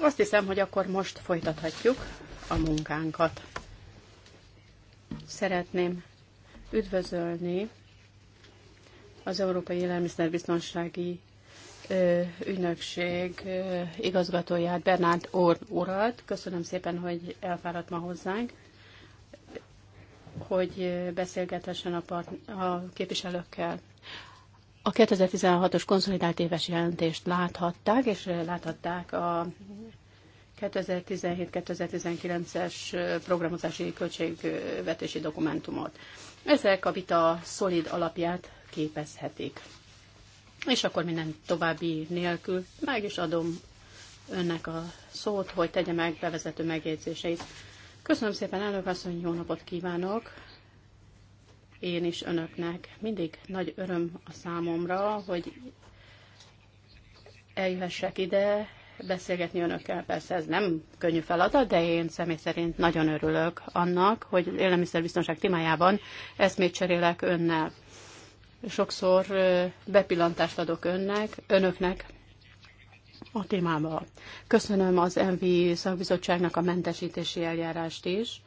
Azt hiszem, hogy akkor most folytathatjuk a munkánkat. Szeretném üdvözölni az Európai Élelmiszerbiztonsági Ügynökség igazgatóját, Bernát Orr urat. Köszönöm szépen, hogy elfáradt ma hozzánk, hogy beszélgethessen a, part- a képviselőkkel. A 2016-os konszolidált éves jelentést láthatták, és láthatták a 2017-2019-es programozási költségvetési dokumentumot. Ezek a vita szolid alapját képezhetik. És akkor minden további nélkül meg is adom önnek a szót, hogy tegye meg bevezető megjegyzéseit. Köszönöm szépen, elnök asszony, jó napot kívánok! én is önöknek. Mindig nagy öröm a számomra, hogy eljöhessek ide, beszélgetni önökkel. Persze ez nem könnyű feladat, de én személy szerint nagyon örülök annak, hogy élelmiszerbiztonság témájában eszmét cserélek önnel. Sokszor bepillantást adok önnek, önöknek a témába. Köszönöm az MV szakbizottságnak a mentesítési eljárást is,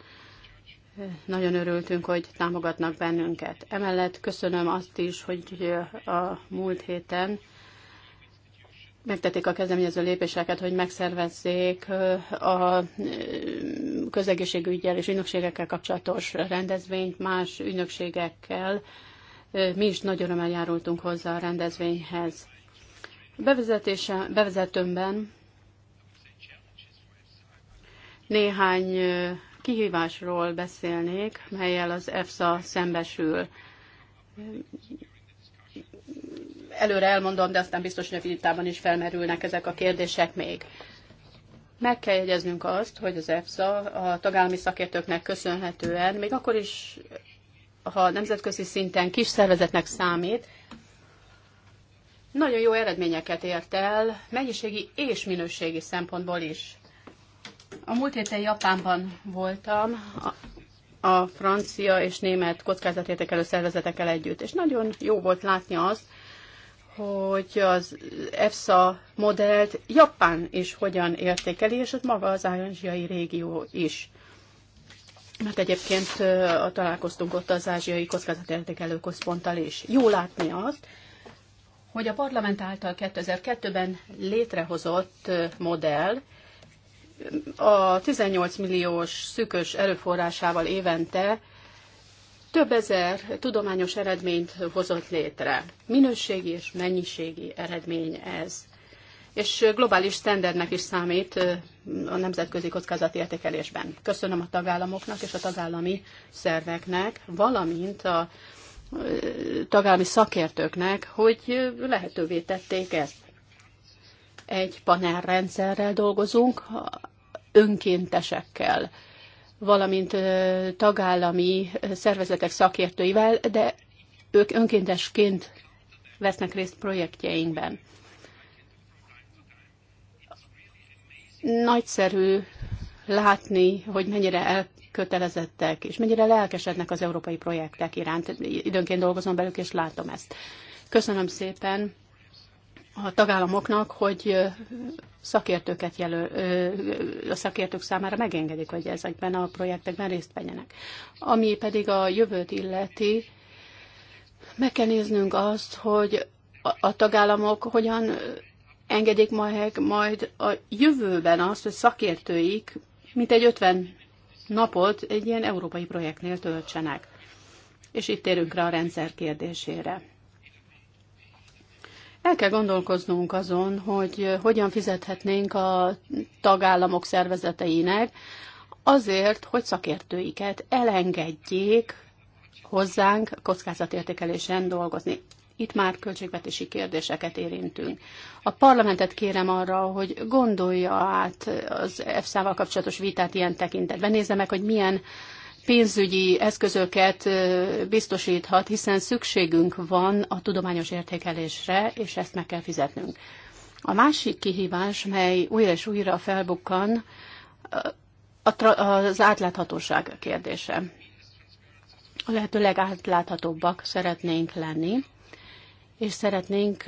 nagyon örültünk, hogy támogatnak bennünket. Emellett köszönöm azt is, hogy a múlt héten megtették a kezdeményező lépéseket, hogy megszervezzék a közegészségügyel és ügynökségekkel kapcsolatos rendezvényt más ügynökségekkel. Mi is nagy örömmel járultunk hozzá a rendezvényhez. Bevezetése, bevezetőmben néhány kihívásról beszélnék, melyel az EFSA szembesül. Előre elmondom, de aztán biztos, hogy a vitában is felmerülnek ezek a kérdések még. Meg kell jegyeznünk azt, hogy az EFSA a tagállami szakértőknek köszönhetően, még akkor is, ha nemzetközi szinten kis szervezetnek számít, nagyon jó eredményeket ért el, mennyiségi és minőségi szempontból is. A múlt héten Japánban voltam a, a francia és német kockázatértékelő szervezetekkel együtt, és nagyon jó volt látni azt, hogy az EFSA modellt Japán is hogyan értékeli, és ott maga az ázsiai régió is. Mert egyébként találkoztunk ott az ázsiai kockázatértékelő központtal is. Jó látni azt, hogy a parlament által 2002-ben létrehozott modell, a 18 milliós szűkös erőforrásával évente több ezer tudományos eredményt hozott létre. Minőségi és mennyiségi eredmény ez. És globális standardnek is számít a nemzetközi kockázati értékelésben. Köszönöm a tagállamoknak és a tagállami szerveknek, valamint a tagállami szakértőknek, hogy lehetővé tették ezt egy panelrendszerrel dolgozunk, önkéntesekkel, valamint tagállami szervezetek szakértőivel, de ők önkéntesként vesznek részt projektjeinkben. Nagyszerű látni, hogy mennyire elkötelezettek, és mennyire lelkesednek az európai projektek iránt. Időnként dolgozom velük, és látom ezt. Köszönöm szépen a tagállamoknak, hogy szakértőket jelöl, a szakértők számára megengedik, hogy ezekben a projektekben részt vegyenek. Ami pedig a jövőt illeti, meg kell néznünk azt, hogy a tagállamok hogyan engedik majd, majd a jövőben azt, hogy szakértőik mint egy 50 napot egy ilyen európai projektnél töltsenek. És itt térünk rá a rendszer kérdésére. El kell gondolkoznunk azon, hogy eh, hogyan fizethetnénk a tagállamok szervezeteinek azért, hogy szakértőiket elengedjék hozzánk kockázatértékelésen dolgozni. Itt már költségvetési kérdéseket érintünk. A parlamentet kérem arra, hogy gondolja át az EFSA-val kapcsolatos vitát ilyen tekintetben. Nézze meg, hogy milyen uh, pénzügyi eszközöket biztosíthat, hiszen szükségünk van a tudományos értékelésre, és ezt meg kell fizetnünk. A másik kihívás, mely újra és újra felbukkan, az átláthatóság kérdése. A lehető legátláthatóbbak szeretnénk lenni, és szeretnénk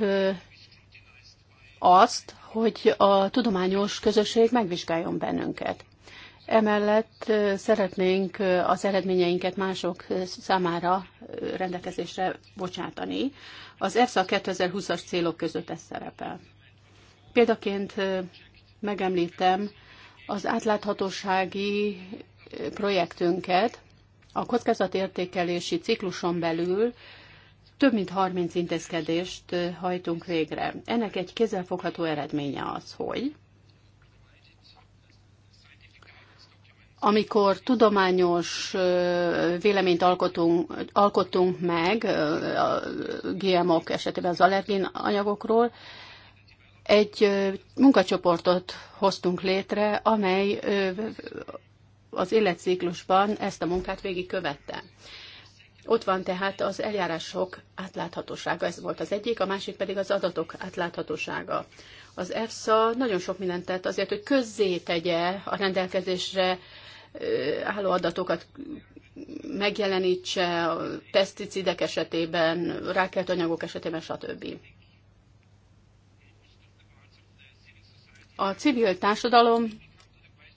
azt, hogy a tudományos közösség megvizsgáljon bennünket. Emellett szeretnénk az eredményeinket mások számára rendelkezésre bocsátani. Az EFSA 2020-as célok között ez szerepel. Példaként megemlítem az átláthatósági projektünket. A kockázatértékelési cikluson belül több mint 30 intézkedést hajtunk végre. Ennek egy kézzelfogható eredménye az, hogy amikor tudományos véleményt alkotunk, alkotunk meg a GMO-k esetében az allergén anyagokról, egy munkacsoportot hoztunk létre, amely az életciklusban ezt a munkát végigkövette. Ott van tehát az eljárások átláthatósága, ez volt az egyik, a másik pedig az adatok átláthatósága. Az EFSA nagyon sok mindent tett azért, hogy közzé tegye a rendelkezésre álló adatokat megjelenítse a peszticidek esetében, rákelt anyagok esetében, stb. A civil társadalom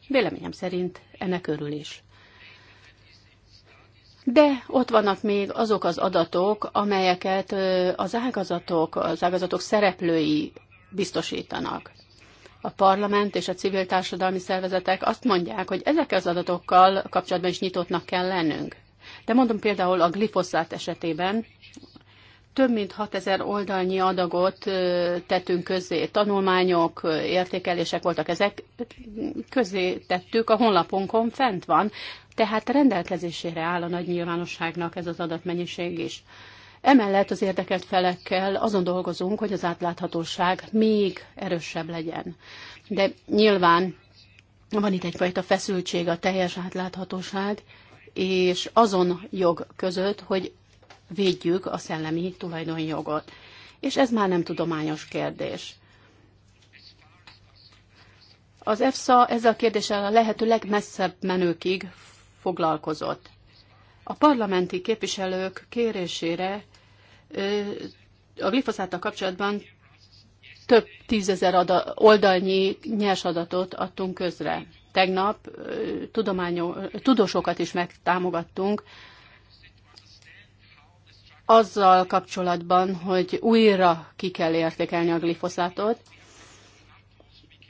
véleményem szerint ennek örül is. De ott vannak még azok az adatok, amelyeket az ágazatok, az ágazatok szereplői biztosítanak a parlament és a civil társadalmi szervezetek azt mondják, hogy ezekkel az adatokkal kapcsolatban is nyitottnak kell lennünk. De mondom például a glifoszát esetében, több mint 6000 oldalnyi adagot tettünk közzé, tanulmányok, értékelések voltak ezek, közé tettük, a honlapunkon fent van, tehát rendelkezésére áll a nagy nyilvánosságnak ez az adatmennyiség is. Emellett az érdekelt felekkel azon dolgozunk, hogy az átláthatóság még erősebb legyen. De nyilván van itt egyfajta feszültség a teljes átláthatóság és azon jog között, hogy védjük a szellemi tulajdonjogot. És ez már nem tudományos kérdés. Az EFSA ezzel a kérdéssel a lehető legmesszebb menőkig foglalkozott. A parlamenti képviselők kérésére a glifoszáttal kapcsolatban több tízezer oldalnyi nyers adatot adtunk közre. Tegnap tudományos, tudósokat is megtámogattunk azzal kapcsolatban, hogy újra ki kell értékelni a glifoszátot.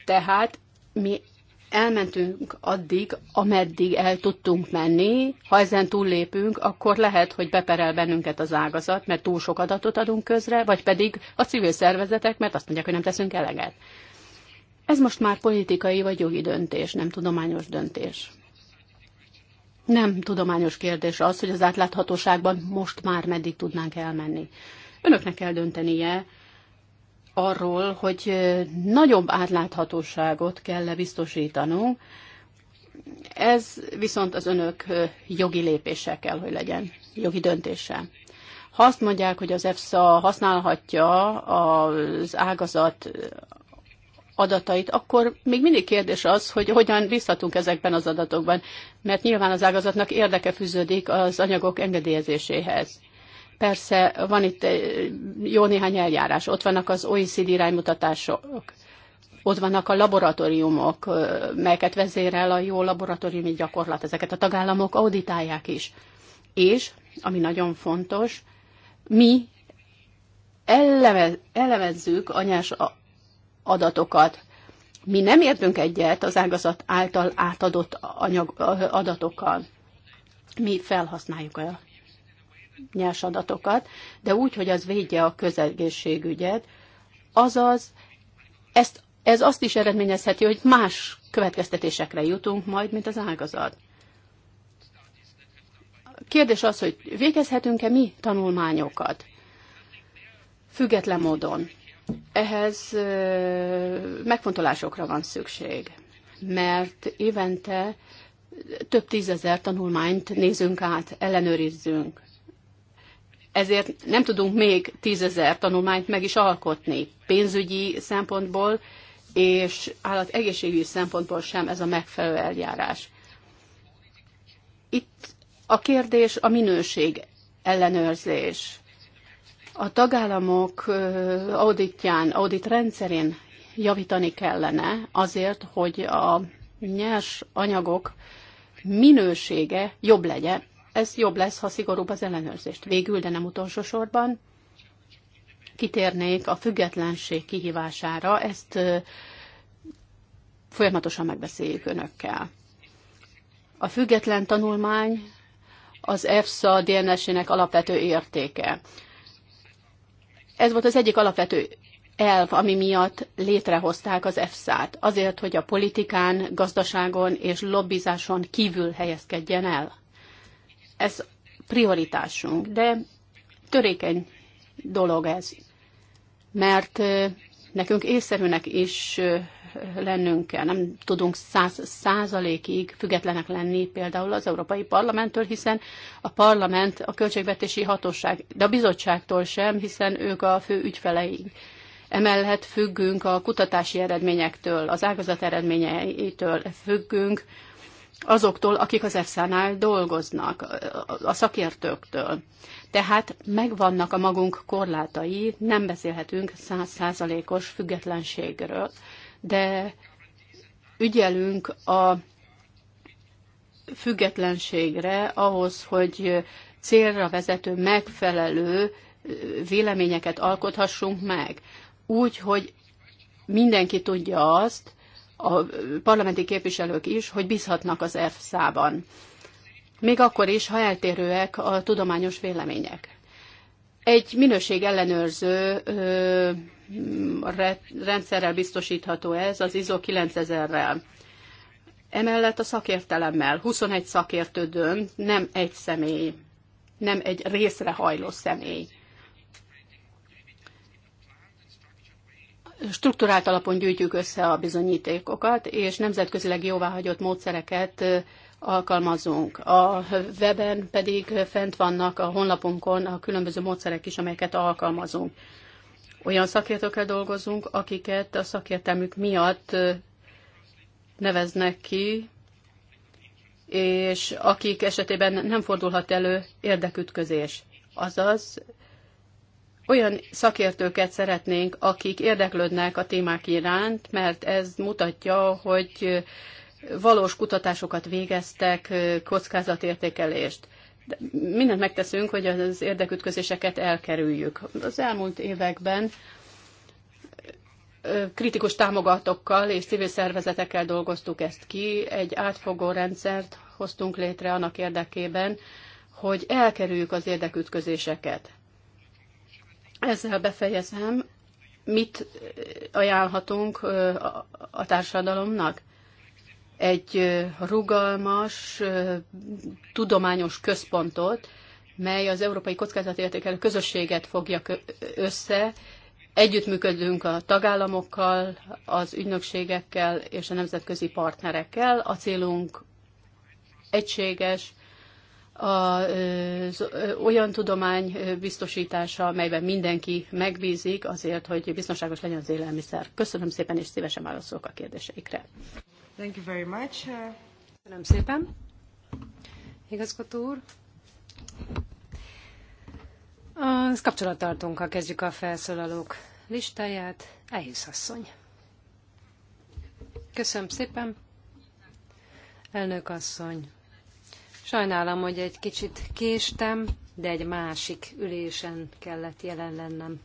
Tehát mi elmentünk addig, ameddig el tudtunk menni, ha ezen túllépünk, akkor lehet, hogy beperel bennünket az ágazat, mert túl sok adatot adunk közre, vagy pedig a civil szervezetek, mert azt mondják, hogy nem teszünk eleget. Ez most már politikai vagy jogi döntés, nem tudományos döntés. Nem tudományos kérdés az, hogy az átláthatóságban most már meddig tudnánk elmenni. Önöknek kell döntenie, arról, hogy nagyobb átláthatóságot kell biztosítanunk, ez viszont az önök jogi lépése kell, hogy legyen, jogi döntése. Ha azt mondják, hogy az EFSA használhatja az ágazat adatait, akkor még mindig kérdés az, hogy hogyan bízhatunk ezekben az adatokban, mert nyilván az ágazatnak érdeke fűződik az anyagok engedélyezéséhez. Persze van itt eh, jó néhány eljárás, ott vannak az OECD iránymutatások, ott vannak a laboratóriumok, eh, melyeket vezérel a jó laboratóriumi gyakorlat, ezeket a tagállamok auditálják is. És, ami nagyon fontos, mi eleve, elemezzük a nyers adatokat. Mi nem értünk egyet az ágazat által átadott anyag, eh, adatokkal. Mi felhasználjuk a nyers adatokat, de úgy, hogy az védje a közegészségügyet, azaz ezt, ez azt is eredményezheti, hogy más következtetésekre jutunk majd, mint az ágazat. Kérdés az, hogy végezhetünk-e mi tanulmányokat független módon. Ehhez megfontolásokra van szükség, mert évente több tízezer tanulmányt nézünk át, ellenőrizzünk ezért nem tudunk még tízezer tanulmányt meg is alkotni pénzügyi szempontból, és állat egészségügyi szempontból sem ez a megfelelő eljárás. Itt a kérdés a minőség ellenőrzés. A tagállamok auditján, audit rendszerén javítani kellene azért, hogy a nyers anyagok minősége jobb legyen ez jobb lesz, ha szigorúbb az ellenőrzést. Végül, de nem utolsó sorban, kitérnék a függetlenség kihívására, ezt folyamatosan megbeszéljük önökkel. A független tanulmány az EFSA DNS-ének alapvető értéke. Ez volt az egyik alapvető elv, ami miatt létrehozták az EFSA-t, azért, hogy a politikán, gazdaságon és lobbizáson kívül helyezkedjen el ez prioritásunk, de törékeny dolog ez, mert nekünk észszerűnek is lennünk kell. Nem tudunk száz, százalékig függetlenek lenni például az Európai Parlamenttől, hiszen a parlament a költségvetési hatóság, de a bizottságtól sem, hiszen ők a fő ügyfeleink. Emellett függünk a kutatási eredményektől, az ágazat eredményeitől, függünk azoktól, akik az EFSA-nál dolgoznak, a szakértőktől. Tehát megvannak a magunk korlátai, nem beszélhetünk százszázalékos függetlenségről, de ügyelünk a függetlenségre ahhoz, hogy célra vezető, megfelelő véleményeket alkothassunk meg. Úgy, hogy mindenki tudja azt, a parlamenti képviselők is, hogy bízhatnak az EFSA-ban. Még akkor is, ha eltérőek a tudományos vélemények. Egy minőség ellenőrző ö, rendszerrel biztosítható ez, az ISO 9000-rel. Emellett a szakértelemmel 21 szakértő dönt, nem egy személy, nem egy részre hajló személy. strukturált alapon gyűjtjük össze a bizonyítékokat, és nemzetközileg jóváhagyott módszereket alkalmazunk. A weben pedig fent vannak a honlapunkon a különböző módszerek is, amelyeket alkalmazunk. Olyan szakértőkkel dolgozunk, akiket a szakértelmük miatt neveznek ki, és akik esetében nem fordulhat elő érdekütközés. Azaz olyan szakértőket szeretnénk, akik érdeklődnek a témák iránt, mert ez mutatja, hogy valós kutatásokat végeztek, kockázatértékelést. De mindent megteszünk, hogy az érdekütközéseket elkerüljük. Az elmúlt években kritikus támogatókkal és civil szervezetekkel dolgoztuk ezt ki, egy átfogó rendszert hoztunk létre annak érdekében, hogy elkerüljük az érdekütközéseket. Ezzel befejezem. Mit ajánlhatunk a társadalomnak? Egy rugalmas, tudományos központot, mely az Európai Kockázatértékelő Közösséget fogja össze. Együttműködünk a tagállamokkal, az ügynökségekkel és a nemzetközi partnerekkel. A célunk egységes, az olyan tudomány biztosítása, melyben mindenki megbízik azért, hogy biztonságos legyen az élelmiszer. Köszönöm szépen, és szívesen válaszolok a kérdéseikre. Thank you very much. Köszönöm szépen. Igazgató úr. Az kapcsolattartónkkal kezdjük a felszólalók listáját. Eljusz asszony. Köszönöm szépen. Elnök asszony, Sajnálom, hogy egy kicsit késtem, de egy másik ülésen kellett jelen lennem.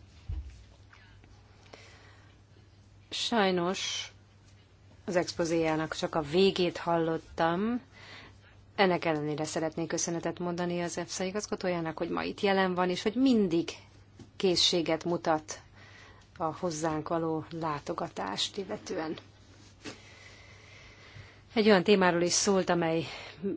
Sajnos az expozéjának csak a végét hallottam. Ennek ellenére szeretnék köszönetet mondani az EFSA igazgatójának, hogy ma itt jelen van, és hogy mindig készséget mutat a hozzánk való látogatást illetően egy olyan témáról is szólt, amely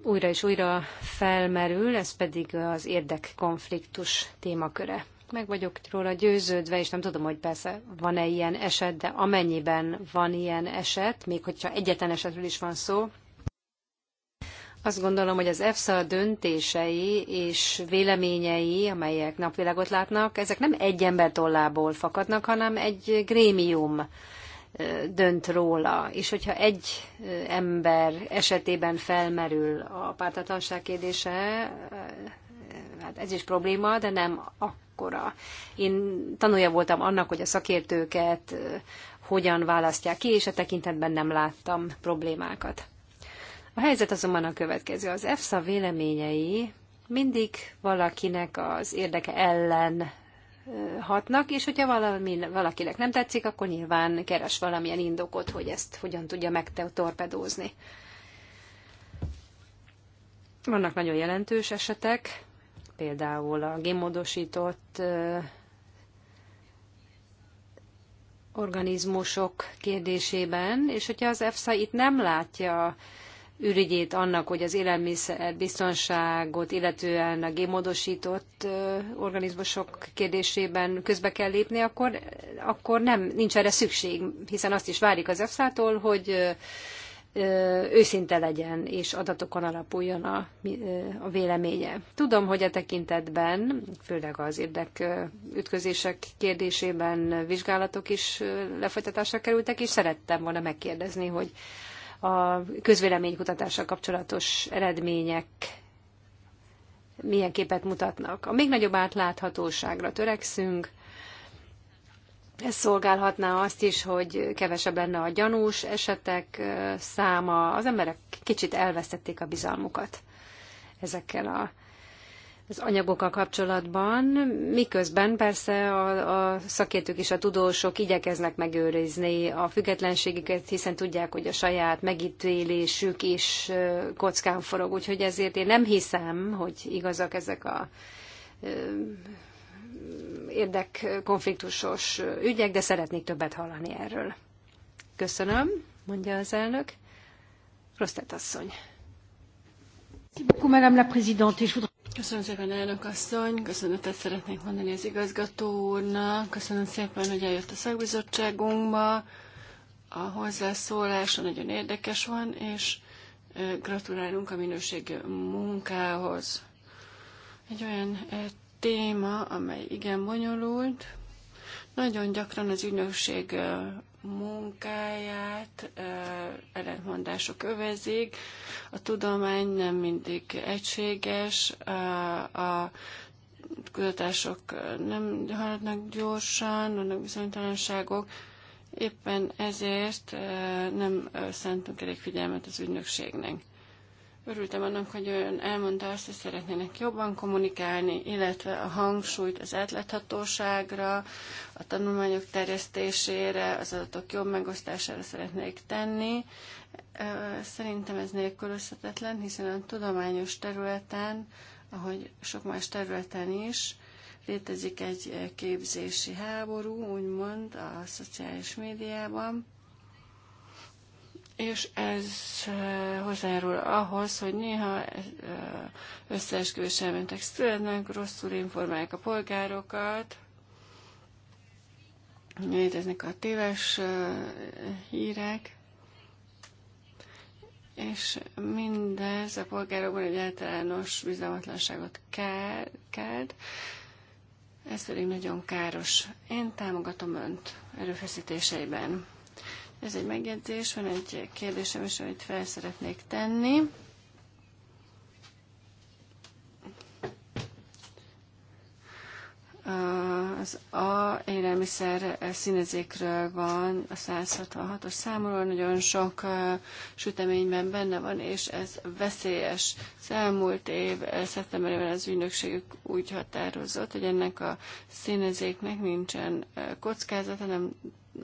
újra és újra felmerül, ez pedig az érdekkonfliktus témaköre. Meg vagyok róla győződve, és nem tudom, hogy persze van-e ilyen eset, de amennyiben van ilyen eset, még hogyha egyetlen esetről is van szó, azt gondolom, hogy az EFSA döntései és véleményei, amelyek napvilágot látnak, ezek nem egy ember tollából fakadnak, hanem egy grémium dönt róla, és hogyha egy ember esetében felmerül a pártatlanság kérdése, hát ez is probléma, de nem akkora. Én tanulja voltam annak, hogy a szakértőket hogyan választják ki, és a tekintetben nem láttam problémákat. A helyzet azonban a következő. Az EFSA véleményei mindig valakinek az érdeke ellen hatnak, és hogyha valami, valakinek nem tetszik, akkor nyilván keres valamilyen indokot, hogy ezt hogyan tudja megtorpedózni. Vannak nagyon jelentős esetek, például a gémmódosított organizmusok kérdésében, és hogyha az EFSA itt nem látja ürügyét annak, hogy az élelmiszer biztonságot, illetően a gémódosított organizmusok kérdésében közbe kell lépni, akkor, akkor nem, nincs erre szükség, hiszen azt is várjuk az EFSA-tól, hogy őszinte legyen, és adatokon alapuljon a, a véleménye. Tudom, hogy a e tekintetben, főleg az érdek ütközések kérdésében vizsgálatok is lefolytatásra kerültek, és szerettem volna megkérdezni, hogy a közvéleménykutatással kapcsolatos eredmények milyen képet mutatnak. A még nagyobb átláthatóságra törekszünk. Ez szolgálhatná azt is, hogy kevesebb lenne a gyanús esetek száma. Az emberek kicsit elvesztették a bizalmukat ezekkel a az anyagokkal kapcsolatban, miközben persze a, a szakértők és a tudósok igyekeznek megőrizni a függetlenségüket, hiszen tudják, hogy a saját megítélésük is kockán forog. Úgyhogy ezért én nem hiszem, hogy igazak ezek a érdekkonfliktusos ügyek, de szeretnék többet hallani erről. Köszönöm, mondja az elnök. Rosztett asszony. Merci beaucoup, Madame la Présidente. Köszönöm szépen, elnök asszony, köszönetet szeretnék mondani az igazgató úrnak, köszönöm szépen, hogy eljött a szakbizottságunkba, a hozzászólása nagyon érdekes van, és gratulálunk a minőség munkához. Egy olyan téma, amely igen bonyolult, nagyon gyakran az ügynökség munkáját ellentmondások övezik, a tudomány nem mindig egységes, a kutatások nem haladnak gyorsan, vannak bizonytalanságok, éppen ezért nem szentünk elég figyelmet az ügynökségnek. Örültem annak, hogy ön elmondta azt, hogy szeretnének jobban kommunikálni, illetve a hangsúlyt az átláthatóságra, a tanulmányok terjesztésére, az adatok jobb megosztására szeretnék tenni. Szerintem ez nélkülözhetetlen, hiszen a tudományos területen, ahogy sok más területen is, létezik egy képzési háború, úgymond a szociális médiában és ez eh, hozzájárul ahhoz, hogy néha eh, összeesküvés elmentek születnek, rosszul informálják a polgárokat, léteznek a téves eh, hírek, és mindez a polgárokban egy általános bizalmatlanságot kelt, ez pedig nagyon káros. Én támogatom Önt erőfeszítéseiben. Ez egy megjegyzés, van egy kérdésem is, amit fel szeretnék tenni. Az A élelmiszer színezékről van a 166-os számról, nagyon sok süteményben benne van, és ez veszélyes. Az elmúlt év szeptemberében az ügynökségük úgy határozott, hogy ennek a színezéknek nincsen kockázata, nem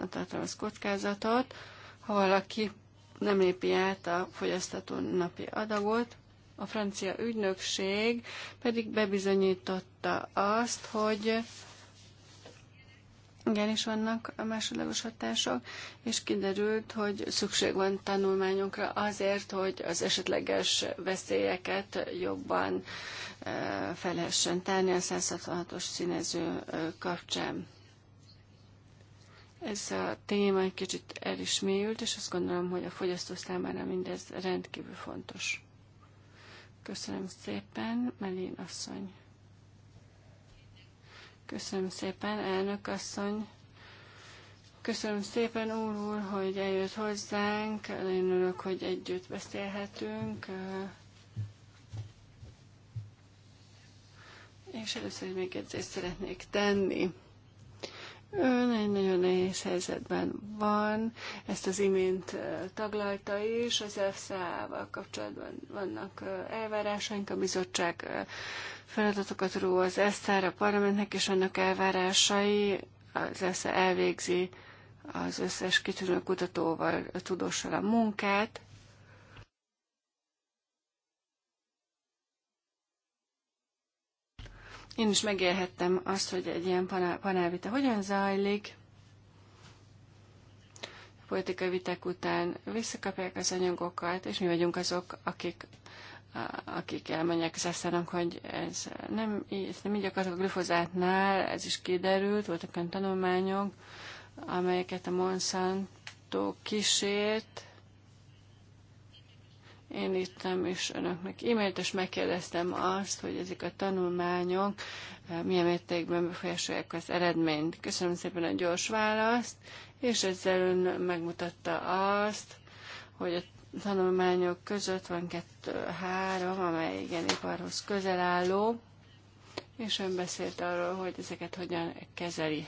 tartalmaz kockázatot, ha valaki nem lépi át a fogyasztató napi adagot. A francia ügynökség pedig bebizonyította azt, hogy igenis vannak a másodlagos hatások, és kiderült, hogy szükség van tanulmányokra azért, hogy az esetleges veszélyeket jobban eh, fel lehessen tárni a 166-os színező eh, kapcsán. Ez a téma egy kicsit mélyült, és azt gondolom, hogy a fogyasztó számára mindez rendkívül fontos. Köszönöm szépen, Melin asszony. Köszönöm szépen, elnök asszony. Köszönöm szépen, úr úr, hogy eljött hozzánk. Én örülök, hogy együtt beszélhetünk. És először egy megjegyzést szeretnék tenni. Ön egy nagyon nehéz helyzetben van, ezt az imént taglalta is, az EFSA-val kapcsolatban vannak elvárásaink, a bizottság feladatokat ró az eszá a parlamentnek is vannak elvárásai, az ESZA elvégzi az összes kitűnő kutatóval, a tudóssal a munkát, Én is megélhettem azt, hogy egy ilyen panelvita hogyan zajlik. A politikai viták után visszakapják az anyagokat, és mi vagyunk azok, akik akik elmondják az asztalnak, hogy ez nem, ez nem így akartak a glifozátnál, ez is kiderült, voltak olyan tanulmányok, amelyeket a Monsanto kísért, én írtam is önöknek e-mailt, és megkérdeztem azt, hogy ezek a tanulmányok eh, milyen mértékben befolyásolják az eredményt. Köszönöm szépen a gyors választ, és ezzel ön megmutatta azt, hogy a tanulmányok között van kettő-három, amely igen iparhoz közel álló, és ön beszélt arról, hogy ezeket hogyan kezeli.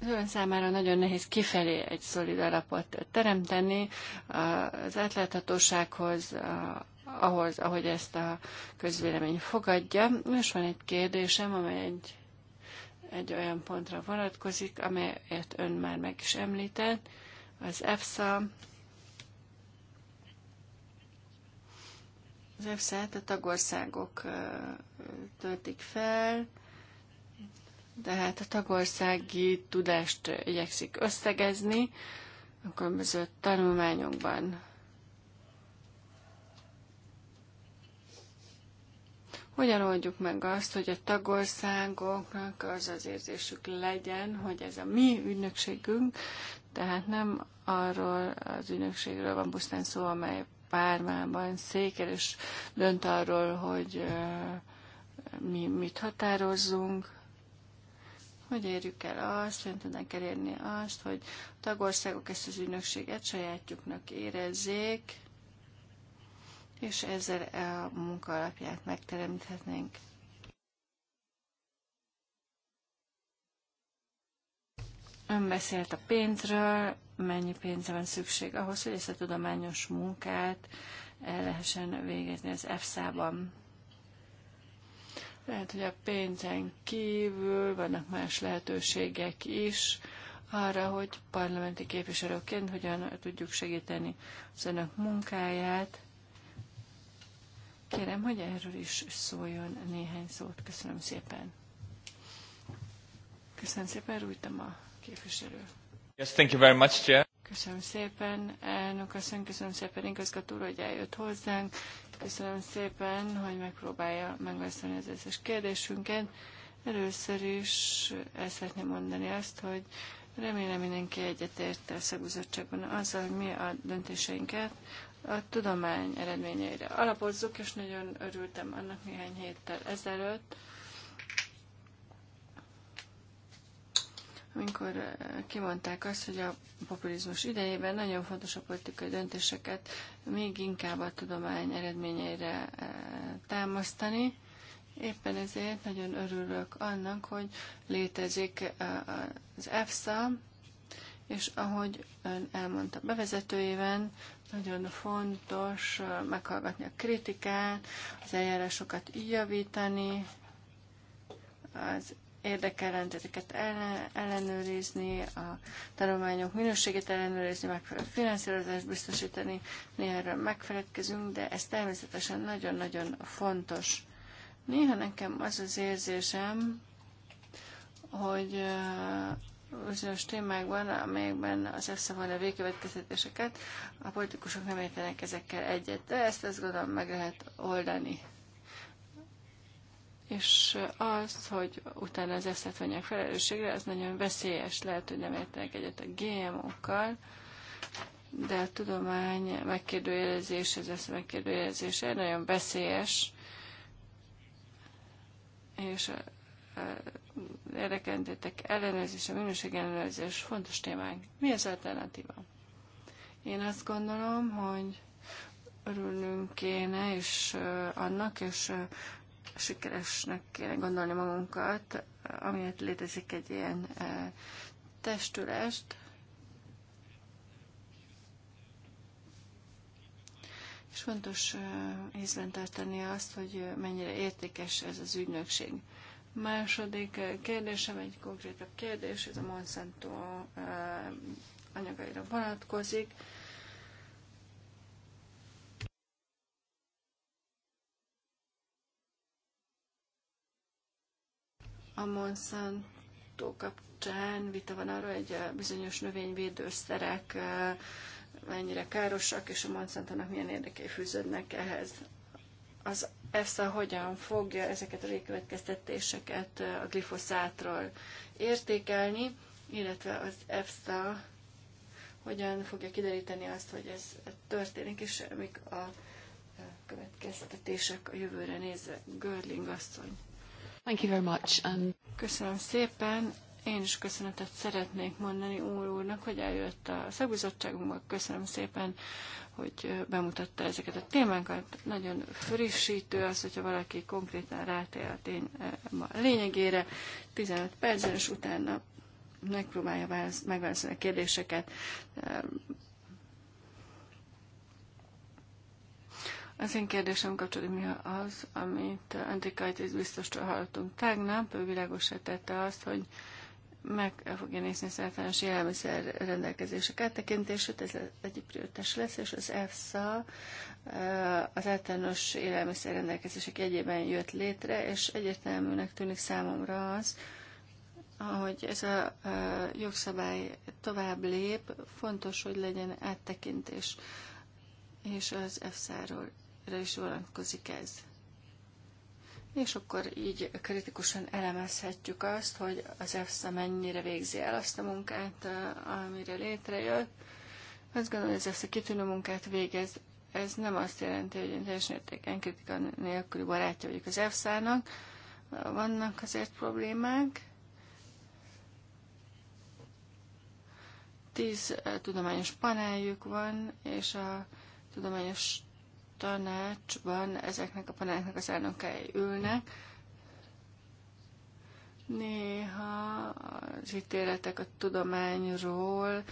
az ön számára nagyon nehéz kifelé egy szolid alapot teremteni az átláthatósághoz, ahhoz, ahogy ezt a közvélemény fogadja. Most van egy kérdésem, amely egy, egy olyan pontra vonatkozik, amelyet ön már meg is említett. Az EFSA az EFSA-t a tagországok töltik fel, hát a tagországi tudást igyekszik összegezni a különböző tanulmányokban. Hogyan oldjuk meg azt, hogy a tagországoknak az az érzésük legyen, hogy ez a mi ügynökségünk, tehát nem arról az ügynökségről van pusztán szó, amely Pármában székel, és dönt arról, hogy mi mit határozzunk, hogy érjük el azt, hogy tudnánk elérni azt, hogy a tagországok ezt az ügynökséget sajátjuknak érezzék, és ezzel a munka alapját megteremthetnénk. Ön beszélt a pénzről, mennyi pénze van szükség ahhoz, hogy ezt a tudományos munkát el lehessen végezni az EFSA-ban. Lehet, hogy a pénzen kívül vannak más lehetőségek is arra, hogy parlamenti képviselőként hogyan tudjuk segíteni az önök munkáját. Kérem, hogy erről is szóljon néhány szót. Köszönöm szépen. Köszönöm szépen, Rújtam a képviselő. Yes, thank you very much, Chair. Köszönöm szépen, elnök asszony, köszönöm szépen igazgató, hogy eljött hozzánk, Köszönöm szépen, hogy megpróbálja megválaszolni az összes kérdésünket. Először is el szeretném mondani azt, hogy remélem mindenki egyetért a szakbizottságban azzal, hogy mi a döntéseinket a tudomány eredményeire alapozzuk, és nagyon örültem annak néhány héttel ezelőtt, amikor eh, kimondták azt, hogy a populizmus idejében nagyon fontos a politikai döntéseket még inkább a tudomány eredményeire eh, támasztani. Éppen ezért nagyon örülök annak, hogy létezik eh, az EFSA, és ahogy ön elmondta bevezetőjében, nagyon fontos meghallgatni a kritikát, az eljárásokat javítani, az érdekellentéteket ellenőrizni, a tanulmányok minőségét ellenőrizni, megfelelő finanszírozást biztosítani. Néha erről megfeledkezünk, de ez természetesen nagyon-nagyon fontos. Néha nekem az az érzésem, hogy bizonyos témákban, amelyekben az EFSA van a végkövetkeztetéseket, a politikusok nem értenek ezekkel egyet, de ezt azt gondolom meg lehet oldani és az, hogy utána az eszet vonják felelősségre, az nagyon veszélyes, lehet, hogy nem értenek egyet a GMO-kkal, de a tudomány megkérdőjelezés, az esz megkérdőjelezése nagyon veszélyes, és a, a érdekentétek ellenőrzés, a minőség ellenőrzés fontos témánk. Mi az alternatíva? Én azt gondolom, hogy örülnünk kéne, és annak, és sikeresnek kéne gondolni magunkat, amiért létezik egy ilyen e, testülést. És fontos e, észben tartani azt, hogy mennyire értékes ez az ügynökség. Második e, kérdésem, egy konkrétabb kérdés, ez a Monsanto anyagaira vonatkozik. A Monsanto kapcsán vita van arról, hogy eh, bizonyos növényvédőszerek eh, mennyire károsak, és a Monsanto-nak milyen érdekei fűződnek ehhez. Az EFSA hogyan fogja ezeket a végkövetkeztetéseket eh, a glifoszátról értékelni, illetve az EFSA hogyan fogja kideríteni azt, hogy ez történik, és mik a következtetések a jövőre nézve. Görling asszony. Thank you very much. And... Um, Köszönöm szépen. Én is köszönetet szeretnék mondani úr úrnak, hogy eljött a szakbizottságunkba. Köszönöm szépen, hogy bemutatta ezeket a témákat. Nagyon frissítő az, hogyha valaki konkrétan rátér a tény a lényegére. 15 percen, és utána megpróbálja megválaszolni a kérdéseket. Az én kérdésem kapcsolatban mi az, amit Antikaitis biztosra hallottunk tegnap, ő világosra tette azt, hogy meg fogja nézni az általános élelmiszer rendelkezések áttekintését, ez egyik prioritás lesz, és az EFSA eh, az általános élelmiszer rendelkezések jegyében jött létre, és egyértelműnek tűnik számomra az, ahogy ez a eh, jogszabály tovább lép, fontos, hogy legyen áttekintés és az EFSA-ról is vonatkozik ez. És akkor így kritikusan elemezhetjük azt, hogy az EFSA mennyire végzi el azt a munkát, amire létrejött. Azt gondolom, hogy az EFSA kitűnő munkát végez. Ez nem azt jelenti, hogy én teljes mértékben kritika nélküli barátja vagyok az EFSA-nak. Vannak azért problémák. Tíz tudományos paneljük van, és a tudományos tanácsban ezeknek a paneleknek az elnökei ülnek. Néha az ítéletek a tudományról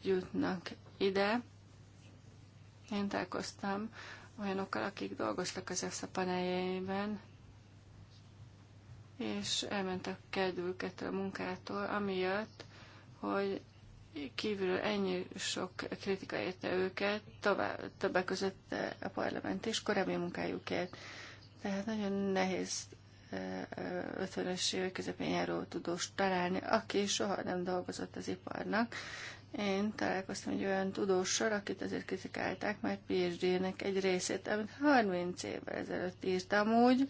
átjutnak ide. Én találkoztam olyanokkal, akik dolgoztak az EFSA paneljeiben, és elmentek kedvüket a munkától, amiatt, hogy kívülről ennyi sok kritika érte őket, tovább, többek között eh, a parlament és korábbi munkájukért. Tehát nagyon nehéz 50-es eh, eh, évek közepén járó tudós találni, aki soha nem dolgozott az iparnak. Én találkoztam egy olyan tudóssal, akit azért kritikálták, mert PhD-nek egy részét, amit 30 évvel ezelőtt írtam úgy,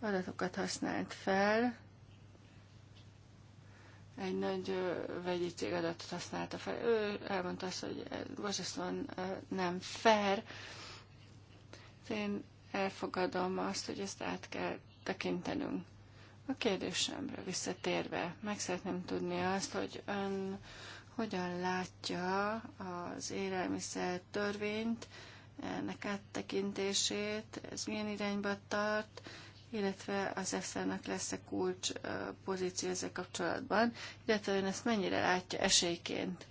adatokat használt fel, egy nagy vegyi cég adatot használta fel. Ő elmondta azt, hogy borzasztóan nem fair. Én elfogadom azt, hogy ezt át kell tekintenünk. A kérdésemre visszatérve, meg szeretném tudni azt, hogy ön hogyan látja az élelmiszer törvényt, ennek áttekintését, ez milyen irányba tart, illetve az EFSA-nak lesz a kulcs pozíció ezzel kapcsolatban, illetve ön ezt mennyire látja esélyként.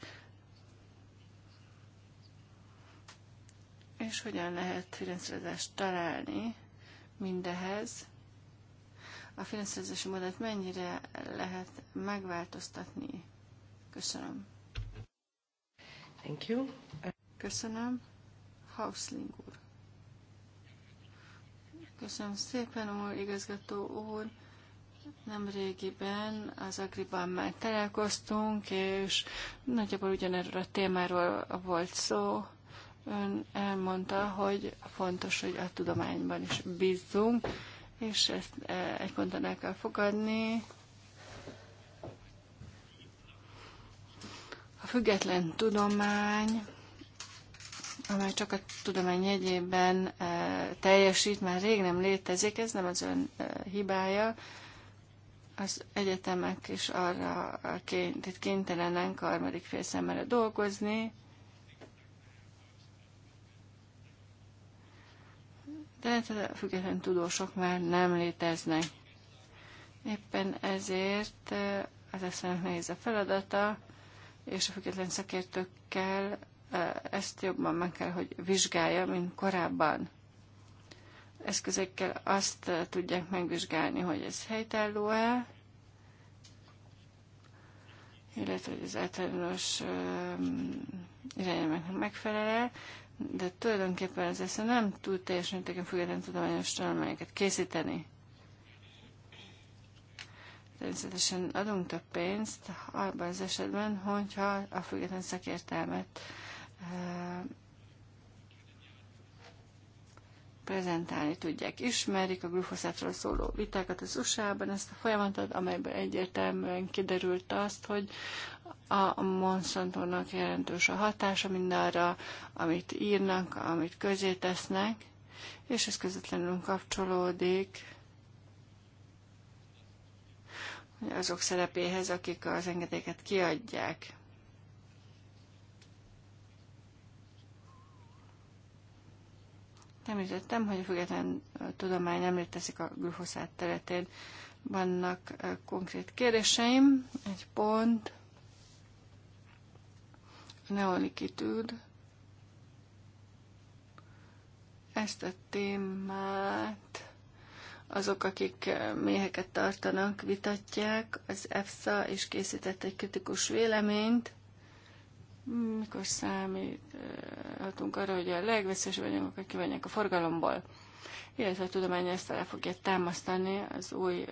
És hogyan lehet finanszírozást találni mindehez? A finanszírozási modellt mennyire lehet megváltoztatni? Köszönöm. Thank you. Köszönöm. Hausling úr. Köszönöm szépen, úr igazgató úr. nem régiben az Agriban már találkoztunk, és nagyjából ugyanerről a témáról volt szó. Ön elmondta, hogy fontos, hogy a tudományban is bízzunk, és ezt e, egy ponton el kell fogadni. A független tudomány amely csak a tudomány jegyében eh, teljesít, már rég nem létezik, ez nem az ön eh, hibája. Az egyetemek is arra kényt, kénytelenek harmadik fél számára dolgozni, de hát független tudósok már nem léteznek. Éppen ezért eh, az eszemnek nehéz a feladata, és a független szakértőkkel ezt jobban meg kell, hogy vizsgálja, mint korábban. Eszközökkel azt tudják megvizsgálni, hogy ez helytálló-e, illetve hogy az általános irányelveknek megfelel de tulajdonképpen ez ezt nem tud teljes mértékben független tudományos tanulmányokat készíteni. Természetesen adunk több pénzt abban az esetben, hogyha a független szakértelmet prezentálni tudják. Ismerik a glufoszátról szóló vitákat az USA-ban, ezt a folyamatot, amelyben egyértelműen kiderült azt, hogy a Monsantónak jelentős a hatása mindarra, amit írnak, amit közé tesznek, és ez közvetlenül kapcsolódik azok szerepéhez, akik az engedéket kiadják. Említettem, hogy a független tudomány nem teszik a glifoszát területén. Vannak konkrét kérdéseim, egy pont, a Ezt a témát azok, akik méheket tartanak, vitatják. Az EFSA is készített egy kritikus véleményt, mikor számíthatunk arra, hogy a legveszélyesebb akik kivonják a forgalomból, illetve a tudomány ezt el fogja támasztani az új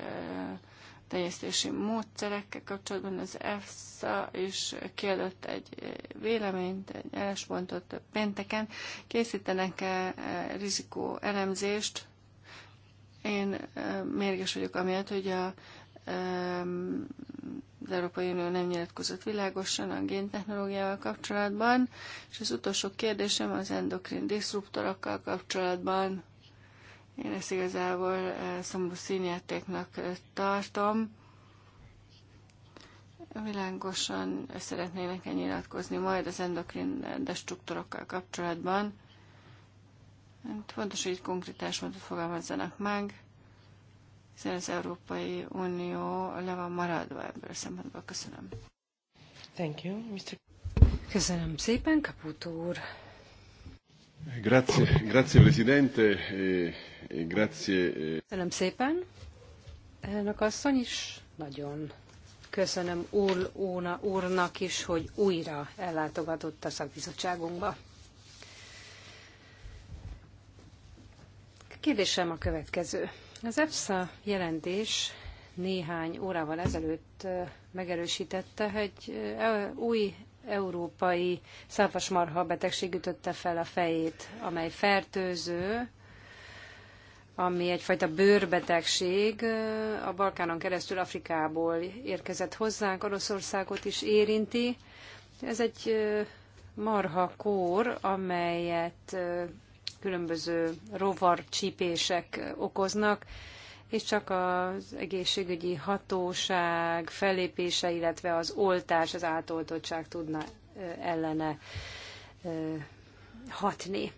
tenyésztési módszerekkel kapcsolatban. Az EFSA is kiadott egy véleményt, egy álláspontot pénteken. készítenek -e rizikó elemzést. Én mérges vagyok amiatt, hogy a az Európai Unió nem nyilatkozott világosan a géntechnológiával kapcsolatban, és az utolsó kérdésem az endokrin diszruptorokkal kapcsolatban. Én ezt igazából szomorú színjátéknak tartom. Világosan szeretnének -e nyilatkozni majd az endokrin destruktorokkal kapcsolatban. Fontos, hogy konkrétás ásmódot fogalmazzanak meg szóval az Európai Unió le van maradva ebből a szempontból. Köszönöm. Thank you, Mr. Köszönöm szépen, Caputo úr. Grazie, grazie Presidente, e, e grazie. E- köszönöm szépen. Elnök asszony is nagyon köszönöm Úr Óna úrnak is, hogy újra ellátogatott a szakbizottságunkba. Kérdésem a következő. Az EFSA jelentés néhány órával ezelőtt megerősítette, hogy e, új európai szarvasmarha betegség ütötte fel a fejét, amely fertőző, ami egyfajta bőrbetegség a Balkánon keresztül Afrikából érkezett hozzánk, Oroszországot is érinti. Ez egy marha kór, amelyet különböző rovarcsípések okoznak, és csak az egészségügyi hatóság fellépése, illetve az oltás, az átoltottság tudna ellene hatni.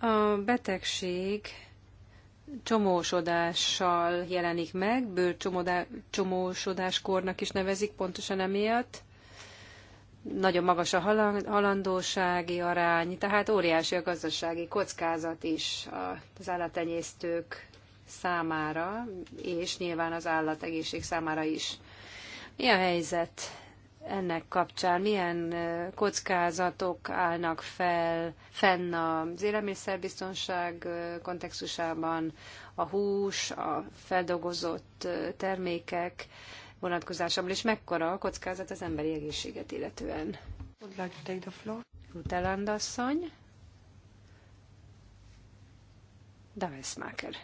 A betegség csomósodással jelenik meg, bőrcsomósodáskórnak is nevezik pontosan emiatt nagyon magas a halandósági arány, tehát óriási a gazdasági kockázat is az állattenyésztők számára, és nyilván az állategészség számára is. Mi a helyzet ennek kapcsán? Milyen kockázatok állnak fel, fenn az élelmiszerbiztonság kontextusában, a hús, a feldolgozott termékek, vonatkozásában, és mekkora a kockázat az emberi egészséget illetően. Would like to take the floor. asszony. Davesmaker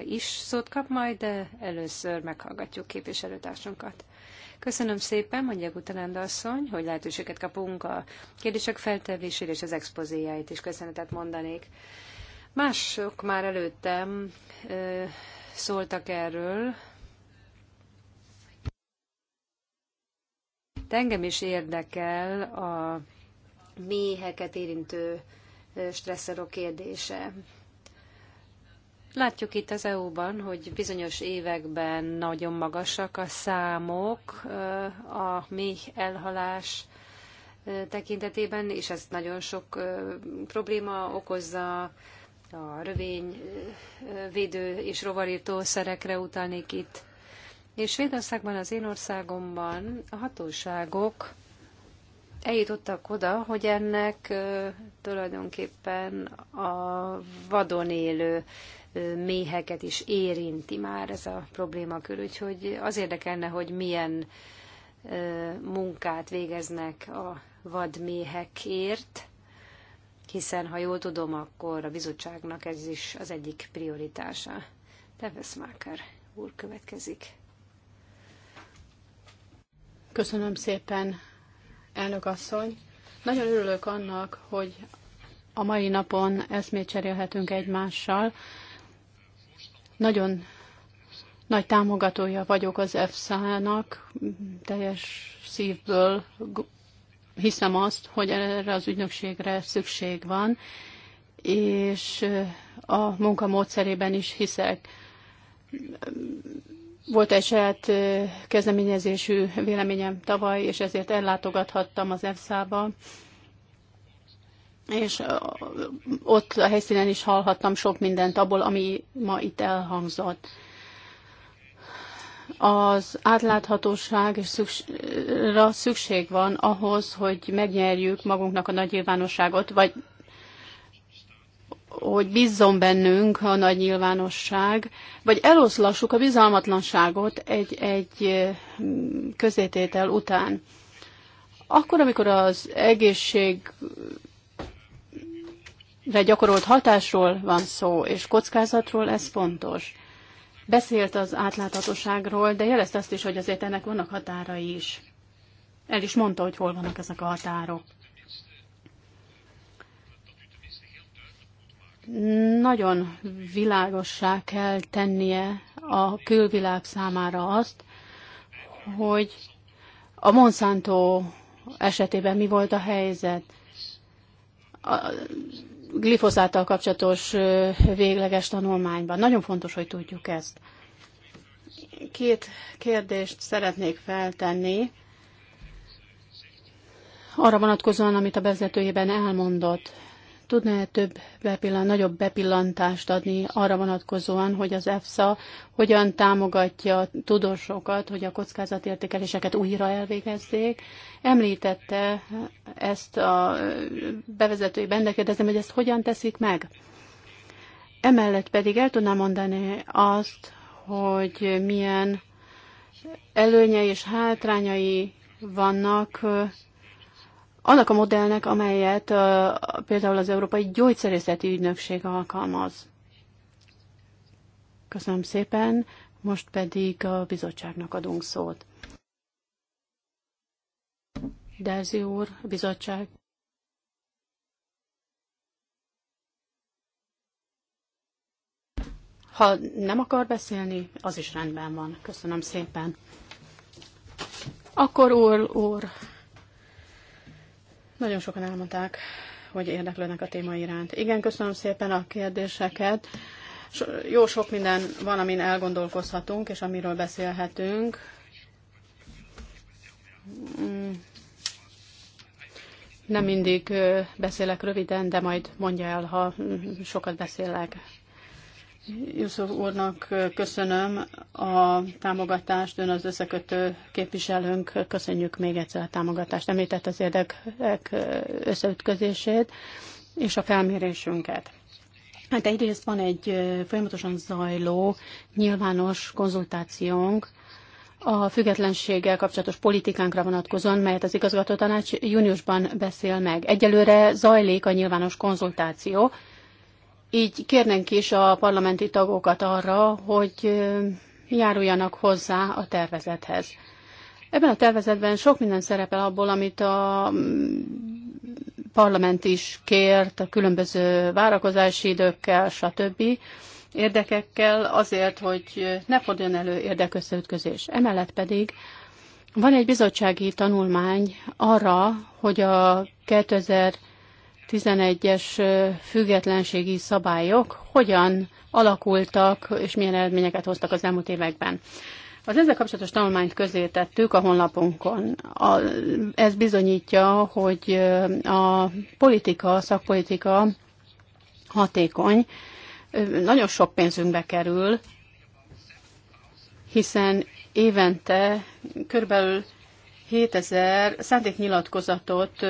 is szót kap majd, de először meghallgatjuk képviselőtársunkat. Köszönöm szépen, mondja Gutelenda asszony, hogy lehetőséget kapunk a kérdések feltevésére és az expozéjáit is köszönetet mondanék. Mások már előttem ö, szóltak erről, De engem is érdekel a méheket érintő stresszorok kérdése. Látjuk itt az EU-ban, hogy bizonyos években nagyon magasak a számok a méh elhalás tekintetében, és ez nagyon sok probléma okozza. A rövény védő és szerekre utalnék itt. És Svédországban, az én országomban a hatóságok eljutottak oda, hogy ennek tulajdonképpen a vadon élő méheket is érinti már ez a problémakör, úgyhogy az érdekelne, hogy milyen munkát végeznek a vadméhekért, hiszen, ha jól tudom, akkor a bizottságnak ez is az egyik prioritása. Teveszmáker úr következik. Köszönöm szépen, elnök asszony. Nagyon örülök annak, hogy a mai napon eszmét cserélhetünk egymással. Nagyon nagy támogatója vagyok az EFSA-nak, teljes szívből hiszem azt, hogy erre az ügynökségre szükség van, és a munka módszerében is hiszek. Volt egy saját kezdeményezésű véleményem tavaly, és ezért ellátogathattam az EFSA-ba, és ott a helyszínen is hallhattam sok mindent abból, ami ma itt elhangzott. Az átláthatóság és szükség van ahhoz, hogy megnyerjük magunknak a nagy nyilvánosságot, vagy hogy bízzon bennünk a nagy nyilvánosság, vagy eloszlassuk a bizalmatlanságot egy, egy közététel után. Akkor, amikor az egészségre gyakorolt hatásról van szó, és kockázatról, ez fontos. Beszélt az átláthatóságról, de jelezte azt is, hogy azért ennek vannak határai is. El is mondta, hogy hol vannak ezek a határok. nagyon világossá kell tennie a külvilág számára azt, hogy a Monsanto esetében mi volt a helyzet. A glifoszáttal kapcsolatos végleges tanulmányban. Nagyon fontos, hogy tudjuk ezt. Két kérdést szeretnék feltenni arra vonatkozóan, amit a vezetőjében elmondott. Tudná-e több bepillan, nagyobb bepillantást adni arra vonatkozóan, hogy az EFSA hogyan támogatja tudósokat, hogy a kockázatértékeléseket újra elvégezzék? Említette ezt a bevezetőjében, de kérdezem, hogy ezt hogyan teszik meg? Emellett pedig el tudná mondani azt, hogy milyen előnyei és hátrányai vannak annak a modellnek, amelyet például az Európai Gyógyszerészeti Ügynökség alkalmaz. Köszönöm szépen, most pedig a bizottságnak adunk szót. Derzi úr, bizottság. Ha nem akar beszélni, az is rendben van. Köszönöm szépen. Akkor úr, úr, nagyon sokan elmondták, hogy érdeklődnek a téma iránt. Igen, köszönöm szépen a kérdéseket. Jó sok minden van, amin elgondolkozhatunk, és amiről beszélhetünk. Mm. Nem mindig beszélek röviden, de majd mondja el, ha mm, sokat beszélek. Jusszov úrnak köszönöm a támogatást, ön az összekötő képviselőnk, köszönjük még egyszer a támogatást, említett az érdekek összeütközését és a felmérésünket. Hát egyrészt van egy folyamatosan zajló nyilvános konzultációnk a függetlenséggel kapcsolatos politikánkra vonatkozóan, melyet az igazgató tanács júniusban beszél meg. Egyelőre zajlik a nyilvános konzultáció, így kérnénk is a parlamenti tagokat arra, hogy járuljanak hozzá a tervezethez. Ebben a tervezetben sok minden szerepel abból, amit a mm, parlament is kért, a különböző várakozási időkkel, stb. érdekekkel, azért, hogy ne forduljon elő érdekösszeütközés. Emellett pedig van egy bizottsági tanulmány arra, hogy a 2000 11-es függetlenségi szabályok hogyan alakultak és milyen eredményeket hoztak az elmúlt években. Az ezzel kapcsolatos tanulmányt közé tettük a honlapunkon. A, ez bizonyítja, hogy a politika, a szakpolitika hatékony, nagyon sok pénzünkbe kerül, hiszen évente körülbelül 7000 szándéknyilatkozatot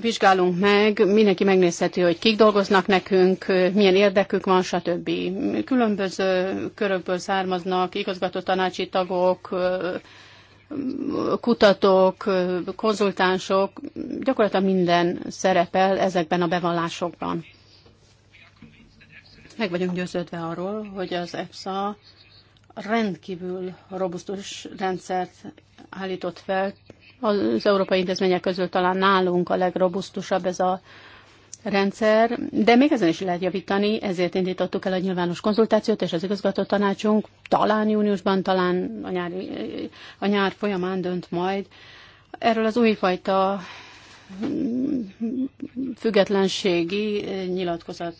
vizsgálunk meg, mindenki megnézheti, hogy kik dolgoznak nekünk, milyen érdekük van, stb. Különböző körökből származnak igazgató tanácsi tagok, kutatók, konzultánsok, gyakorlatilag minden szerepel ezekben a bevallásokban. Meg vagyunk győződve arról, hogy az EPSA rendkívül robusztus rendszert állított fel, az európai intézmények közül talán nálunk a legrobusztusabb ez a rendszer, de még ezen is lehet javítani, ezért indítottuk el a nyilvános konzultációt, és az igazgató tanácsunk talán júniusban, talán a nyári a nyár folyamán dönt majd erről az újfajta függetlenségi nyilatkozat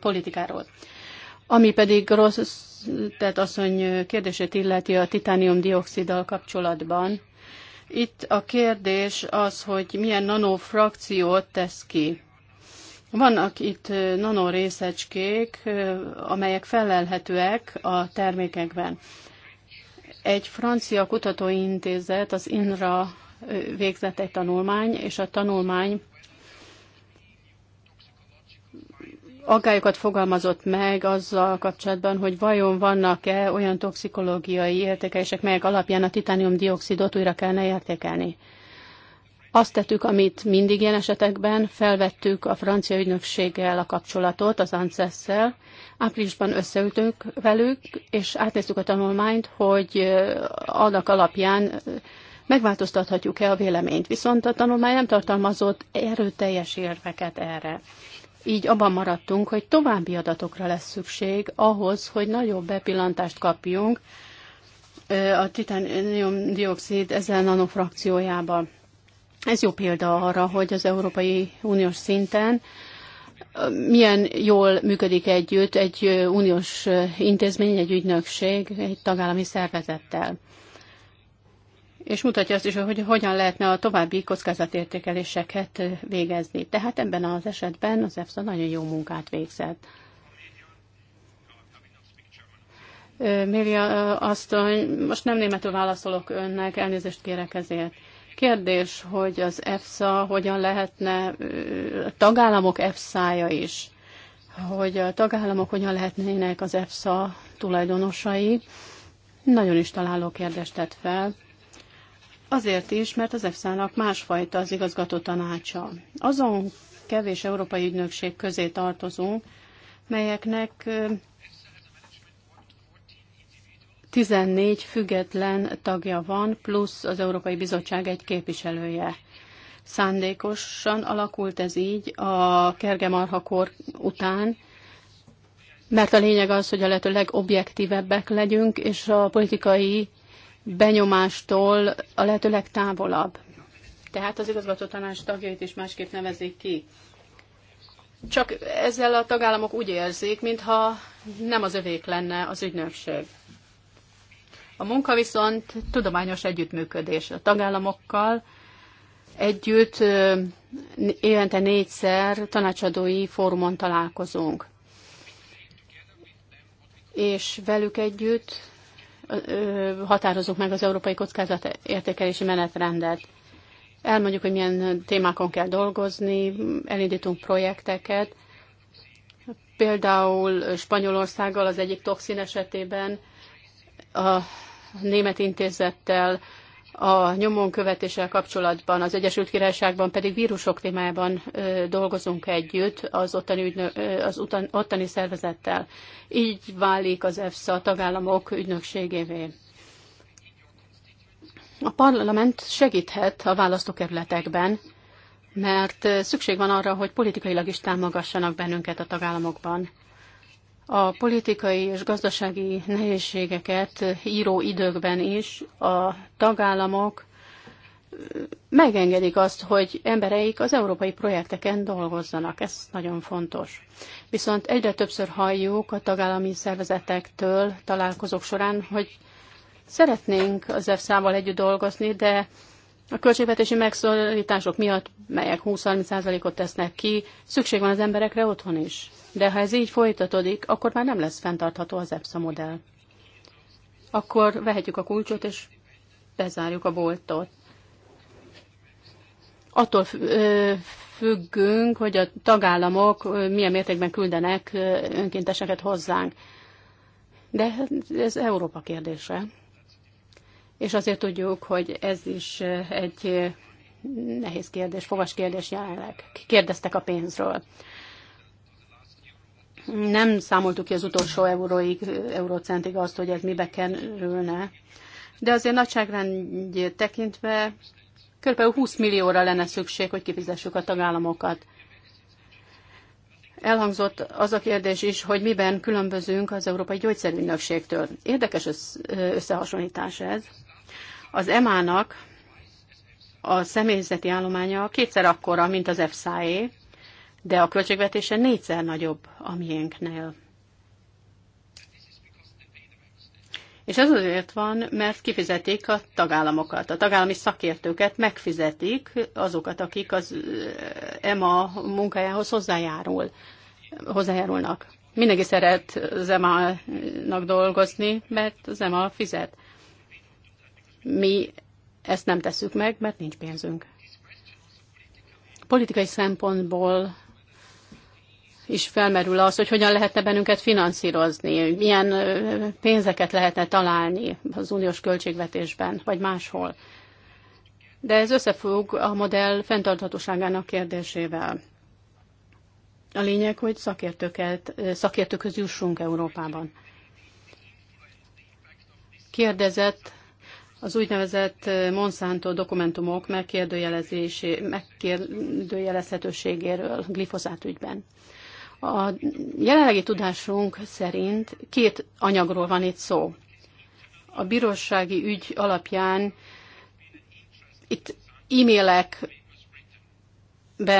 politikáról. Ami pedig rossz, tehát asszony kérdését illeti a titánium dioxiddal kapcsolatban, itt a kérdés az, hogy milyen nanofrakciót tesz ki. Vannak itt nanorészecskék, amelyek felelhetőek a termékekben. Egy francia kutatóintézet, az INRA végzett egy tanulmány, és a tanulmány aggályokat fogalmazott meg azzal kapcsolatban, hogy vajon vannak-e olyan toxikológiai értékelések, melyek alapján a titániumdioxidot újra kellene értékelni. Azt tettük, amit mindig ilyen esetekben, felvettük a francia ügynökséggel a kapcsolatot, az ances -szel. Áprilisban összeültünk velük, és átnéztük a tanulmányt, hogy annak alapján megváltoztathatjuk-e a véleményt. Viszont a tanulmány nem tartalmazott erőteljes érveket erre. Így abban maradtunk, hogy további adatokra lesz szükség ahhoz, hogy nagyobb bepillantást kapjunk a titánium-dioxid ezen nanofrakciójába. Ez jó példa arra, hogy az Európai Uniós szinten milyen jól működik együtt egy uniós intézmény, egy ügynökség, egy tagállami szervezettel és mutatja azt is, hogy hogyan lehetne a további kockázatértékeléseket végezni. Tehát ebben az esetben az EFSA nagyon jó munkát végzett. Mélia azt, most nem németül válaszolok önnek, elnézést kérek ezért. Kérdés, hogy az EFSA hogyan lehetne, tagállamok EFSA-ja is, hogy a tagállamok hogyan lehetnének az EFSA tulajdonosai. Nagyon is találó kérdést tett fel. Azért is, mert az EFSA-nak másfajta az igazgató tanácsa. Azon kevés európai ügynökség közé tartozunk, melyeknek 14 független tagja van, plusz az Európai Bizottság egy képviselője. Szándékosan alakult ez így a kergemarhakor után, mert a lényeg az, hogy a lehető legobjektívebbek legyünk, és a politikai benyomástól a lehető legtávolabb. Tehát az igazgató tanács tagjait is másképp nevezik ki. Csak ezzel a tagállamok úgy érzik, mintha nem az övék lenne az ügynökség. A munka viszont tudományos együttműködés a tagállamokkal, együtt évente négyszer tanácsadói fórumon találkozunk. És velük együtt határozzuk meg az európai kockázat értékelési menetrendet. Elmondjuk, hogy milyen témákon kell dolgozni, elindítunk projekteket. Például Spanyolországgal az egyik toxin esetében a német intézettel a nyomon követéssel kapcsolatban, az Egyesült Királyságban pedig vírusok témában dolgozunk együtt az ottani, ügynö, az utan, ottani szervezettel. Így válik az EFSA a tagállamok ügynökségévé. A parlament segíthet a választókerületekben, mert szükség van arra, hogy politikailag is támogassanak bennünket a tagállamokban a politikai és gazdasági nehézségeket író időkben is a tagállamok megengedik azt, hogy embereik az európai projekteken dolgozzanak. Ez nagyon fontos. Viszont egyre többször halljuk a tagállami szervezetektől találkozók során, hogy szeretnénk az efsa val együtt dolgozni, de a költségvetési megszólítások miatt, melyek 20-30%-ot tesznek ki, szükség van az emberekre otthon is. De ha ez így folytatódik, akkor már nem lesz fenntartható az EPSA modell. Akkor vehetjük a kulcsot, és bezárjuk a boltot. Attól függünk, hogy a tagállamok milyen mértékben küldenek önkénteseket hozzánk. De ez Európa kérdése és azért tudjuk, hogy ez is eh, egy eh, nehéz kérdés, fogas kérdés jelenleg. Kérdeztek a pénzről. Nem számoltuk ki az utolsó euróig, eurócentig azt, hogy ez mibe kerülne, de azért nagyságrendjét tekintve kb. 20 millióra lenne szükség, hogy kifizessük a tagállamokat. Elhangzott az a kérdés is, hogy miben különbözünk az Európai Gyógyszerügynökségtől. Érdekes összehasonlítás ez. Az EMA-nak a személyzeti állománya kétszer akkora, mint az EFSA-é, de a költségvetése négyszer nagyobb a miénknél. És ez azért van, mert kifizetik a tagállamokat, a tagállami szakértőket megfizetik azokat, akik az eh, EMA munkájához hozzájárul, hozzájárulnak. Mindenki szeret az EMA-nak dolgozni, mert az EMA fizet. Mi ezt nem tesszük meg, mert nincs pénzünk. Politikai szempontból is felmerül az, hogy hogyan lehetne bennünket finanszírozni, milyen pénzeket lehetne találni az uniós költségvetésben, vagy máshol. De ez összefügg a modell fenntarthatóságának kérdésével. A lényeg, hogy szakértőket, szakértőköz jussunk Európában. Kérdezett az úgynevezett Monsanto dokumentumok megkérdőjelezhetőségéről glifozát ügyben. A jelenlegi tudásunk szerint két anyagról van itt szó. A bírósági ügy alapján itt e-mailekben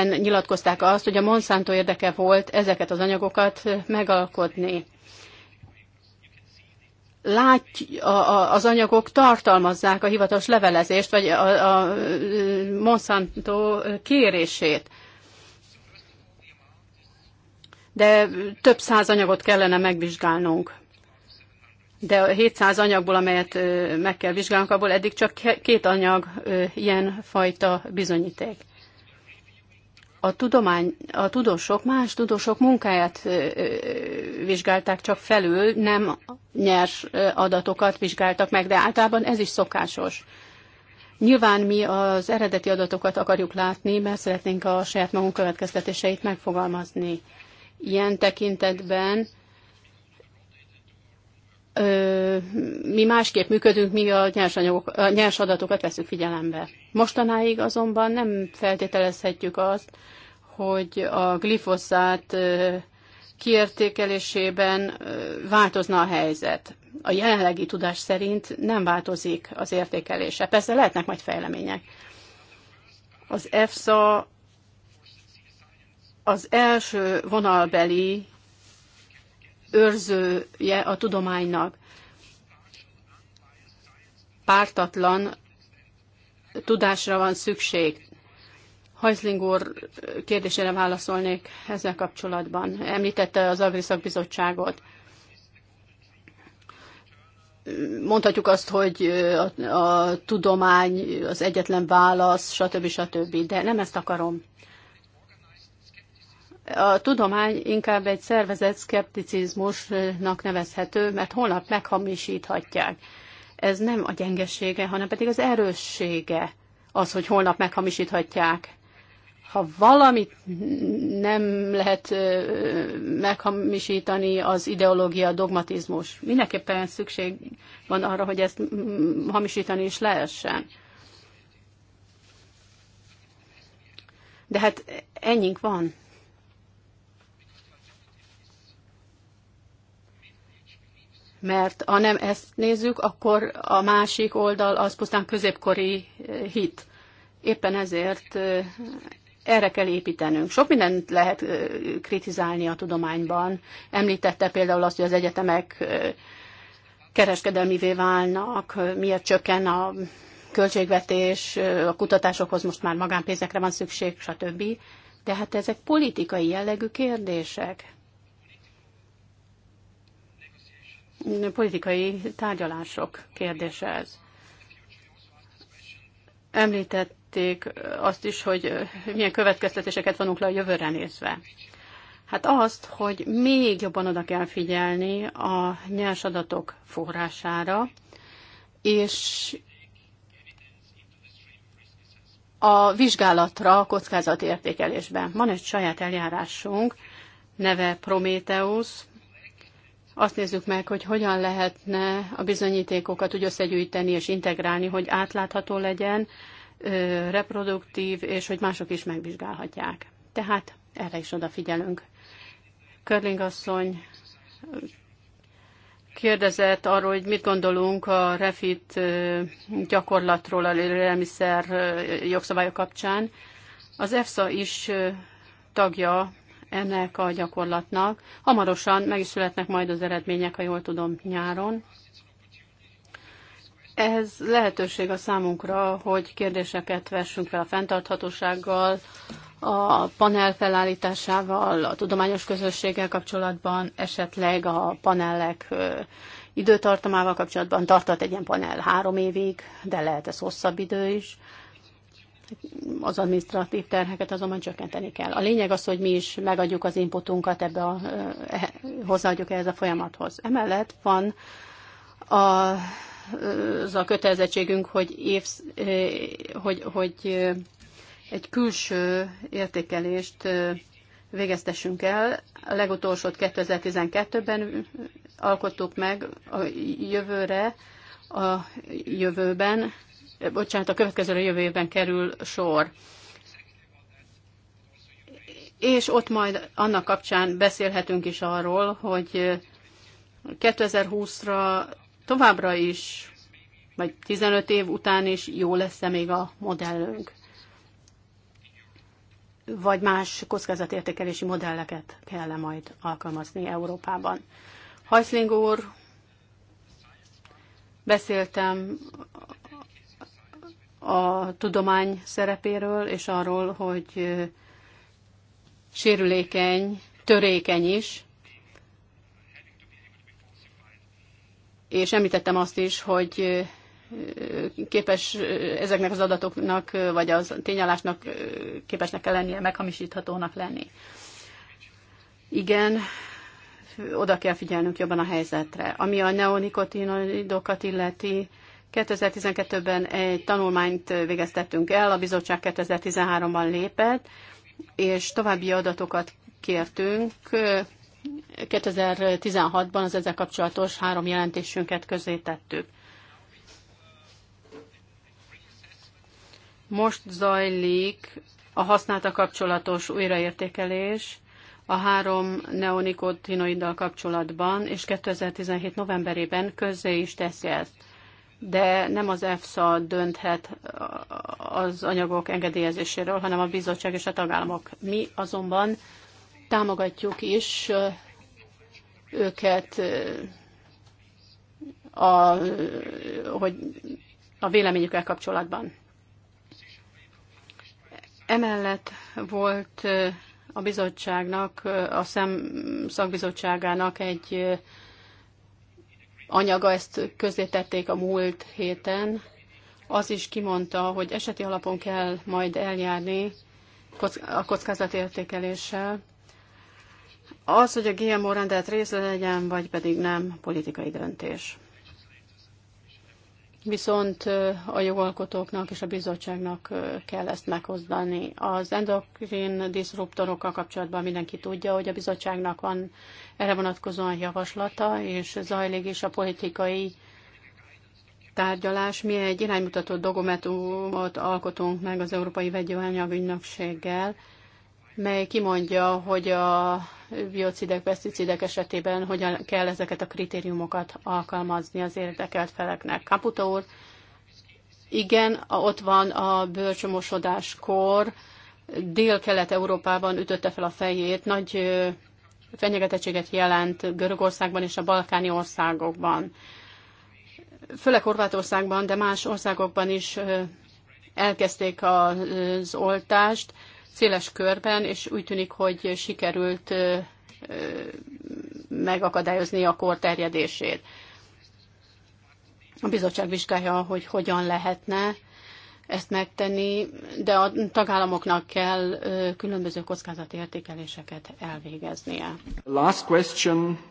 nyilatkozták azt, hogy a Monsanto érdeke volt ezeket az anyagokat megalkotni látj, a, a, az anyagok tartalmazzák a hivatalos levelezést, vagy a, a Monsanto kérését. De több száz anyagot kellene megvizsgálnunk. De a 700 anyagból, amelyet meg kell vizsgálnunk, abból eddig csak két anyag ilyen fajta bizonyíték a, tudomány, a tudósok, más tudósok munkáját vizsgálták csak felül, nem nyers adatokat vizsgáltak meg, de általában ez is szokásos. Nyilván mi az eredeti adatokat akarjuk látni, mert szeretnénk a saját magunk következtetéseit megfogalmazni. Ilyen tekintetben ö, mi másképp működünk, mi a nyersanyagok a nyers adatokat veszük figyelembe. Mostanáig azonban nem feltételezhetjük azt, hogy a glifoszát kiértékelésében változna a helyzet. A jelenlegi tudás szerint nem változik az értékelése. Persze lehetnek majd fejlemények. Az EFSA az első vonalbeli őrzője a tudománynak. Pártatlan tudásra van szükség. Hajszling úr kérdésére válaszolnék ezzel kapcsolatban. Említette az Agriszak Bizottságot. Mondhatjuk azt, hogy a, a tudomány az egyetlen válasz, stb. stb. De nem ezt akarom a tudomány inkább egy szervezett szkepticizmusnak nevezhető, mert holnap meghamisíthatják. Ez nem a gyengesége, hanem pedig az erőssége az, hogy holnap meghamisíthatják. Ha valamit nem lehet meghamisítani, az ideológia, a dogmatizmus. Mindenképpen szükség van arra, hogy ezt hamisítani is lehessen. De hát ennyink van Mert ha nem ezt nézzük, akkor a másik oldal az pusztán középkori eh, hit. Éppen ezért eh, erre kell építenünk. Sok mindent lehet eh, kritizálni a tudományban. Említette például azt, hogy az egyetemek kereskedelmivé válnak, miért csökken a költségvetés, a kutatásokhoz most már magánpénzekre van szükség, stb. De hát ezek politikai jellegű kérdések. politikai tárgyalások kérdése ez. Említették azt is, hogy milyen következtetéseket vonunk le a jövőre nézve. Hát azt, hogy még jobban oda kell figyelni a nyers adatok forrására, és a vizsgálatra, a kockázatértékelésben. Van egy saját eljárásunk, neve Prometheus, azt nézzük meg, hogy hogyan lehetne a bizonyítékokat úgy összegyűjteni és integrálni, hogy átlátható legyen, reproduktív, és hogy mások is megvizsgálhatják. Tehát erre is odafigyelünk. Körling asszony kérdezett arról, hogy mit gondolunk a refit gyakorlatról a élelmiszer jogszabályok kapcsán. Az EFSA is tagja ennek a gyakorlatnak. Hamarosan meg is születnek majd az eredmények, ha jól tudom, nyáron. Ez lehetőség a számunkra, hogy kérdéseket vessünk fel a fenntarthatósággal, a panel felállításával, a tudományos közösséggel kapcsolatban, esetleg a panellek időtartamával kapcsolatban tartott egy ilyen panel három évig, de lehet ez hosszabb idő is az administratív terheket azonban csökkenteni kell. A lényeg az, hogy mi is megadjuk az inputunkat ebbe a, e, hozzáadjuk ehhez a folyamathoz. Emellett van a, az a kötelezettségünk, hogy, év, eh, hogy, hogy eh, egy külső értékelést végeztessünk el. A legutolsót 2012-ben alkottuk meg a jövőre, a jövőben bocsánat, a következő jövő évben kerül sor. És ott majd annak kapcsán beszélhetünk is arról, hogy 2020-ra továbbra is, vagy 15 év után is jó lesz-e még a modellünk? Vagy más kockázatértékelési modelleket kell -e majd alkalmazni Európában? Hajszling úr, beszéltem a tudomány szerepéről, és arról, hogy sérülékeny, törékeny is. És említettem azt is, hogy képes ezeknek az adatoknak, vagy az tényállásnak képesnek kell lennie, meghamisíthatónak lenni. Igen, oda kell figyelnünk jobban a helyzetre. Ami a neonikotinoidokat illeti, 2012-ben egy tanulmányt végeztettünk el, a bizottság 2013-ban lépett, és további adatokat kértünk. 2016-ban az ezzel kapcsolatos három jelentésünket tettük. Most zajlik a használta kapcsolatos újraértékelés a három neonikotinoiddal kapcsolatban, és 2017 novemberében közzé is teszi ezt de nem az EFSA dönthet az anyagok engedélyezéséről, hanem a bizottság és a tagállamok. Mi azonban támogatjuk is őket, a, hogy a véleményükkel kapcsolatban. Emellett volt a bizottságnak, a szem szakbizottságának egy anyaga, ezt közzétették a múlt héten, az is kimondta, hogy eseti alapon kell majd eljárni a kockázatértékeléssel. Az, hogy a GMO rendelt része legyen, vagy pedig nem, politikai döntés viszont a jogalkotóknak és a bizottságnak kell ezt meghozdani. Az endokrin diszruptorokkal kapcsolatban mindenki tudja, hogy a bizottságnak van erre vonatkozóan javaslata, és zajlik is a politikai tárgyalás. Mi egy iránymutató dokumentumot alkotunk meg az Európai Vegyőanyag Ügynökséggel, mely kimondja, hogy a biocidek, peszticidek esetében hogyan kell ezeket a kritériumokat alkalmazni az érdekelt feleknek. Kaputa úr, igen, ott van a bölcsomosodáskor, Dél-Kelet-Európában ütötte fel a fejét, nagy fenyegetettséget jelent Görögországban és a balkáni országokban. Főleg Horvátországban, de más országokban is elkezdték az oltást széles körben, és úgy tűnik, hogy sikerült megakadályozni a kor terjedését. A bizottság vizsgálja, hogy hogyan lehetne ezt megtenni, de a tagállamoknak kell különböző értékeléseket elvégeznie. Last question.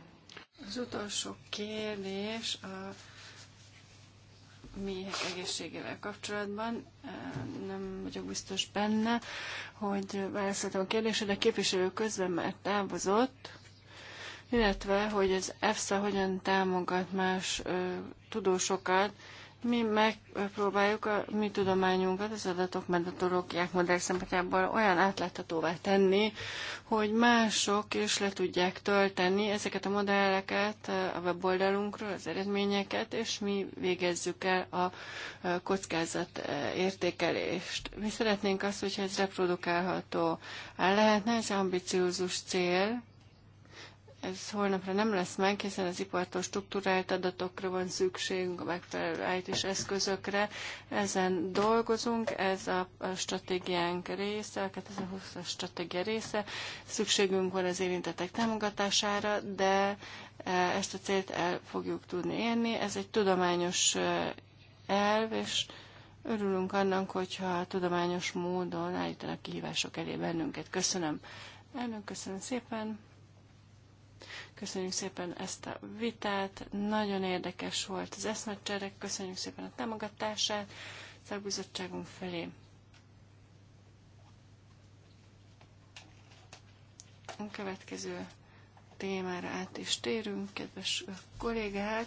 Az utolsó kérdés a méhek egészségével kapcsolatban. Eh, nem vagyok biztos benne, hogy válaszoltam a kérdésre, de a képviselő közben már távozott, illetve hogy az EFSA hogyan támogat más tudósokat mi megpróbáljuk a mi tudományunkat, az adatok metodológiák modell szempontjából olyan átláthatóvá tenni, hogy mások is le tudják tölteni ezeket a modelleket a weboldalunkról, az eredményeket, és mi végezzük el a kockázat e, értékelést. Mi szeretnénk azt, hogyha ez reprodukálható. El lehetne ez ambiciózus cél, ez holnapra nem lesz meg, hiszen az ipartól struktúrált adatokra van szükségünk, a megfelelő it eszközökre. Ezen dolgozunk, ez a stratégiánk része, a 2020-as stratégia része. Szükségünk van az érintettek támogatására, de e, ezt a célt el fogjuk tudni érni. Ez egy tudományos e, elv, és örülünk annak, hogyha tudományos módon állítanak kihívások elé bennünket. Köszönöm. Elnök, köszönöm szépen. Köszönjük szépen ezt a vitát, nagyon érdekes volt az eszmecserek, köszönjük szépen a támogatását szakbizottságunk felé. A következő témára át is térünk, kedves kollégák.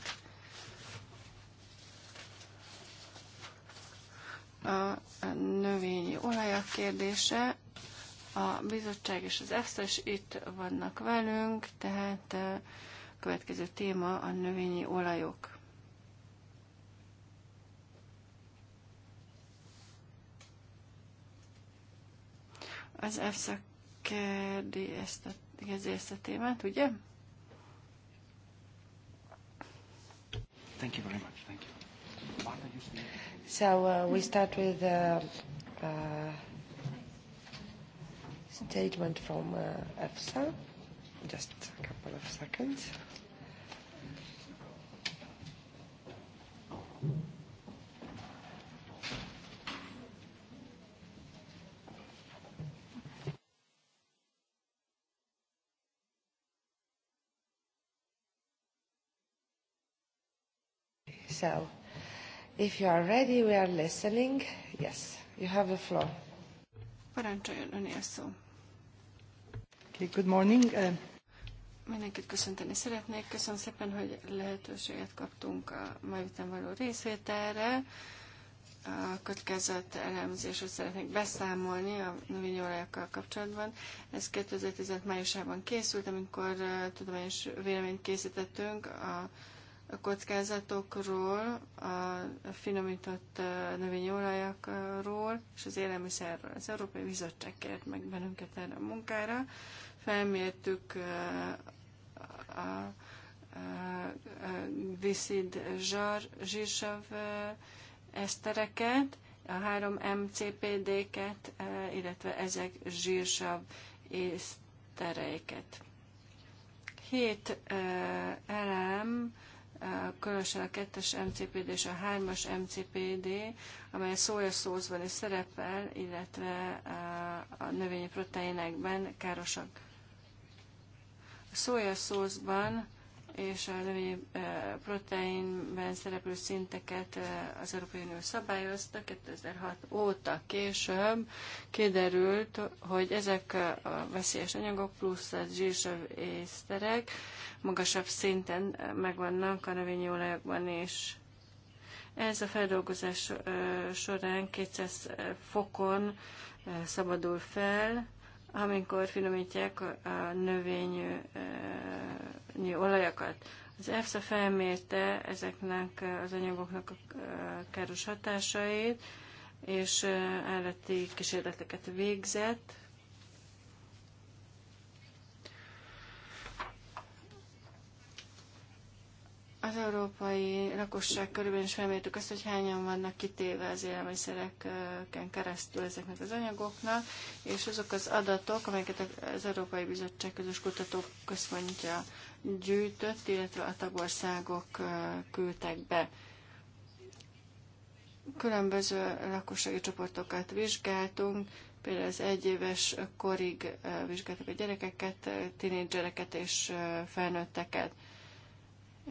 A növényi olajak kérdése a bizottság és az EFSA is itt vannak velünk, tehát a következő téma a növényi olajok. Az EFSA kérdi ezt a, kérdi ezt a témát, ugye? Thank you very much. Thank you. So uh, we start with uh, uh, statement from uh, EFSA. Just a couple of seconds. So, if you are ready, we are listening. Yes, you have the floor. Parancsoljon önél szó. Okay, good morning. Uh, Mindenkit köszönteni szeretnék. Köszönöm szépen, hogy lehetőséget kaptunk a mai után való részvételre. A kötkezett elemzésről szeretnék beszámolni a növényolajakkal kapcsolatban. Ez 2015 májusában készült, amikor uh, tudományos véleményt készítettünk a a kockázatokról, a finomított növényolajakról és az élelmiszerről. Az Európai Bizottság kért meg bennünket erre a munkára. Felmértük a viszid zsírsav esztereket, a 3 MCPD-ket, illetve ezek zsírsav észtereiket. Hét elem különösen a 2-es MCPD és a 3-as MCPD, amely a szójaszózban is szerepel, illetve a növényi proteinekben károsak. A szójaszózban és a növényi proteinben szereplő szinteket az Európai Unió szabályozta. 2006 óta később kiderült, hogy ezek a veszélyes anyagok plusz a zsírsav észterek magasabb szinten megvannak a növényi olajokban is. Ez a feldolgozás során 200 fokon szabadul fel, amikor finomítják a növényi olajakat. Az EFSA felmérte ezeknek az anyagoknak a káros hatásait, és állati kísérleteket végzett, Az európai lakosság körülbelül is felmértük azt, hogy hányan vannak kitéve az élelmiszereken keresztül ezeknek az anyagoknak, és azok az adatok, amelyeket az Európai Bizottság közös központja gyűjtött, illetve a tagországok küldtek be. Különböző lakossági csoportokat vizsgáltunk, például az egyéves korig vizsgáltuk a gyerekeket, tinédzsereket és felnőtteket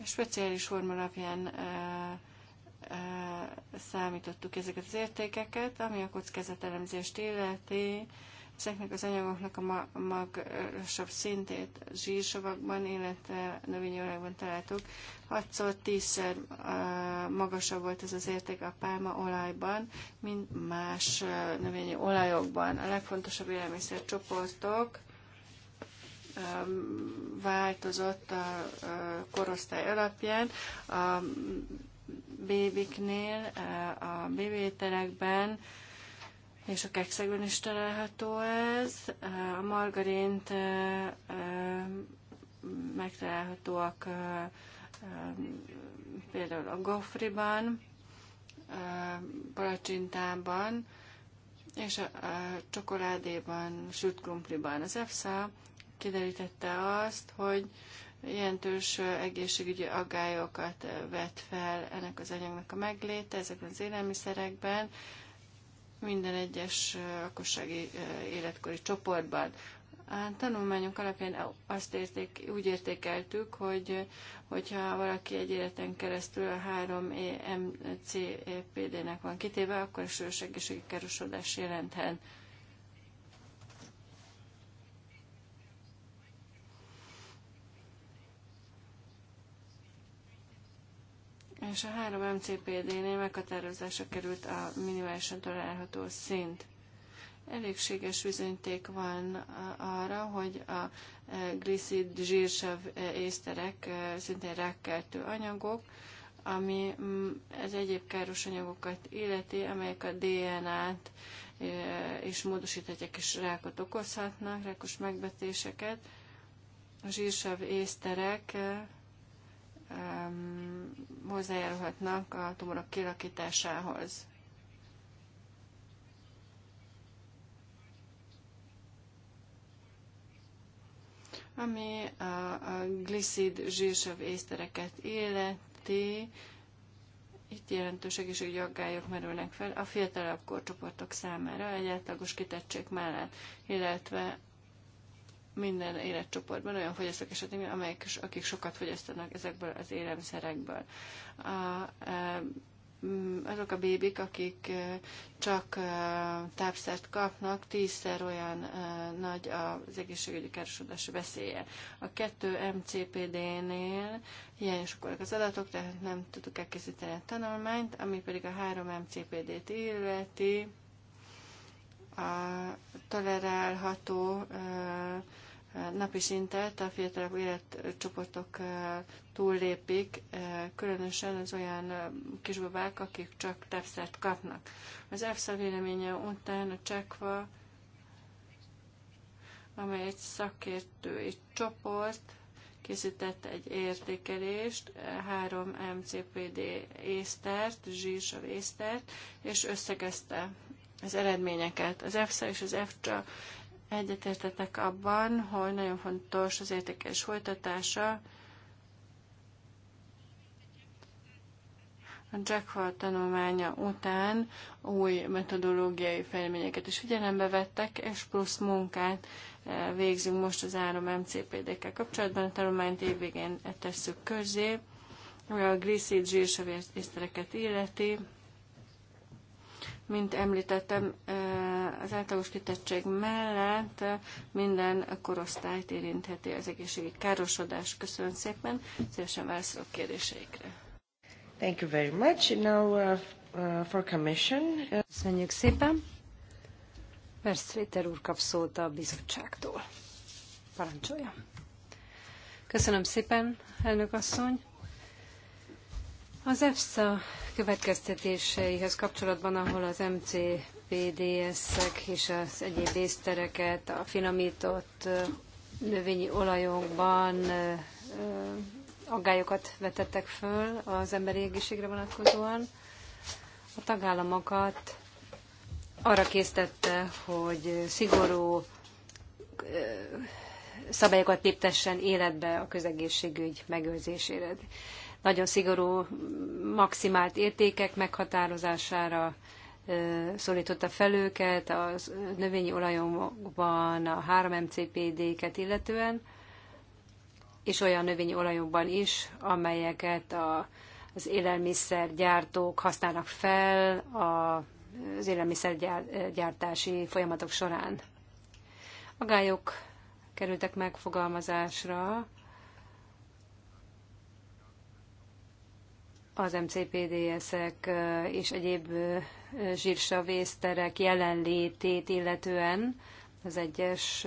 speciális forma alapján számítottuk ezeket az értékeket, ami a kockázatelemzést illeti, ezeknek az anyagoknak a magasabb szintét zsírsavakban, illetve növényolajban találtuk. 6-szor, 10-szer magasabb volt ez az érték a pálmaolajban, mint más növényi olajokban. A legfontosabb élelmiszercsoportok Um, változott a korosztály alapján. A bébiknél, a bévételekben és a kekszegben is található ez. A margarint megtalálhatóak például a gofriban, palacsintában, és a, a csokoládéban, sült Az EFSA kiderítette azt, hogy jelentős egészségügyi aggályokat vet fel ennek az anyagnak a megléte ezekben az élelmiszerekben, minden egyes lakossági életkori csoportban. A tanulmányunk alapján azt érték, úgy értékeltük, hogy hogyha valaki egy életen keresztül a 3 EMCPD-nek e van kitéve, akkor sős egészségi károsodás jelenthet. és a 3 MCPD-nél meghatározásra került a minimálisan tolerálható szint. Elégséges bizonyíték van arra, hogy a e, gliszid, zsírsav e, észterek e, szintén rákkeltő anyagok, ami az mm, egyéb káros anyagokat illeti, amelyek a DNA-t és módosíthatják és rákot okozhatnak, rákos megbetéseket. A zsírsav észterek um, hozzájárulhatnak a tumorok kilakításához. Ami a, a gliszid zsírsav észtereket illeti, itt jelentős egészségügyi aggályok merülnek fel a fiatalabb korcsoportok számára, egy átlagos kitettség mellett, illetve minden életcsoportban olyan fogyasztók esetében, amelyek, akik sokat fogyasztanak ezekből az élelmiszerekből. A, e, azok a bébik, akik e, csak e, tápszert kapnak, tízszer olyan nagy az egészségügyi károsodás veszélye. A 2 MCPD-nél hiányosak az adatok, tehát nem tudtuk elkészíteni a tanulmányt, ami pedig a 3 MCPD-t illeti, a tolerálható napi szintet a fiatalok életcsoportok túllépik, különösen az olyan kisbabák, akik csak tepszert kapnak. Az EFSA véleménye után a csekva, amely egy szakértői csoport, készített egy értékelést, három MCPD észtert, zsírsav észtert, és összegezte az eredményeket. Az EFSA és az EFCA Egyetértetek abban, hogy nagyon fontos az értékes folytatása. A Jackfall tanulmánya után új metodológiai fejleményeket is figyelembe vettek, és plusz munkát eh, végzünk most az három MCPD-kkel kapcsolatban. A tanulmányt évvégén tesszük közzé, a g zsírsavértisztereket illeti. Mint említettem, az általános kitettség mellett minden korosztályt érintheti az egészségi károsodás. Köszönöm szépen, szívesen válaszolok kérdéseikre. Thank you very much. Now uh, uh for commission. Uh, Köszönjük szépen. Verszréter úr kap szót a bizottságtól. Parancsolja. Köszönöm szépen, elnök asszony. Az EFSA következtetéseihez kapcsolatban, ahol az MCPDS-ek és az egyéb észtereket, a finomított növényi olajokban aggályokat vetettek föl az emberi egészségre vonatkozóan. A tagállamokat arra késztette, hogy szigorú szabályokat léptessen életbe a közegészségügy megőrzésére nagyon szigorú maximált értékek meghatározására szólította fel őket, a növényi olajokban a 3-MCPD-ket illetően, és olyan növényi olajokban is, amelyeket a, az élelmiszergyártók használnak fel a, az élelmiszergyártási folyamatok során. a gályok kerültek megfogalmazásra az MCPDS-ek és egyéb zsírsavészterek jelenlétét illetően az egyes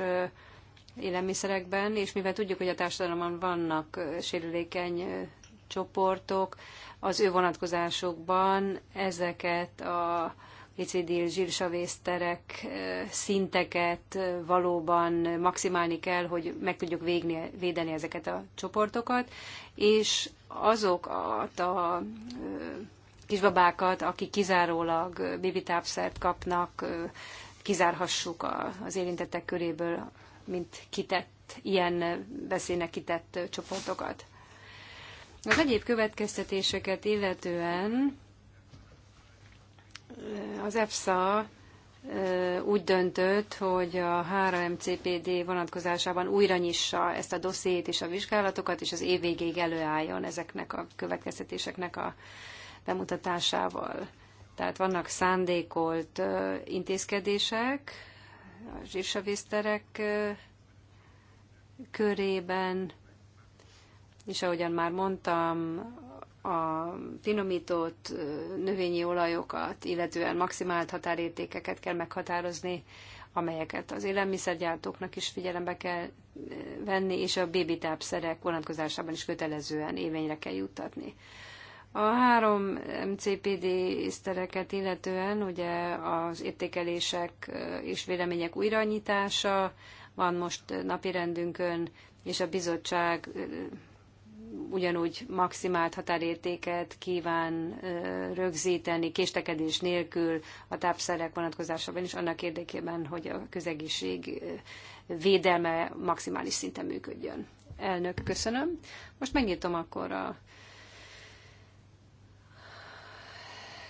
élelmiszerekben, és mivel tudjuk, hogy a társadalomban vannak sérülékeny csoportok, az ő vonatkozásokban ezeket a licidil zsírsavészterek szinteket valóban maximálni kell, hogy meg tudjuk végni, védeni ezeket a csoportokat, és azokat a kisbabákat, akik kizárólag bébitápszert kapnak, kizárhassuk az érintettek köréből, mint kitett, ilyen veszélynek kitett csoportokat. Az egyéb következtetéseket illetően az EFSA úgy döntött, hogy a 3MCPD vonatkozásában újra nyissa ezt a dossziét és a vizsgálatokat, és az év végéig előálljon ezeknek a következtetéseknek a bemutatásával. Tehát vannak szándékolt intézkedések a zsírsavészterek körében, és ahogyan már mondtam, a finomított növényi olajokat, illetően maximált határértékeket kell meghatározni, amelyeket az élelmiszergyártóknak is figyelembe kell venni, és a bébitápszerek vonatkozásában is kötelezően évényre kell juttatni. A három MCPD észtereket illetően ugye az értékelések és vélemények újranyitása van most napirendünkön, és a bizottság ugyanúgy maximált határértéket kíván rögzíteni késtekedés nélkül a tápszerek vonatkozásában is annak érdekében, hogy a közegészség védelme maximális szinten működjön. Elnök, köszönöm. Most megnyitom akkor a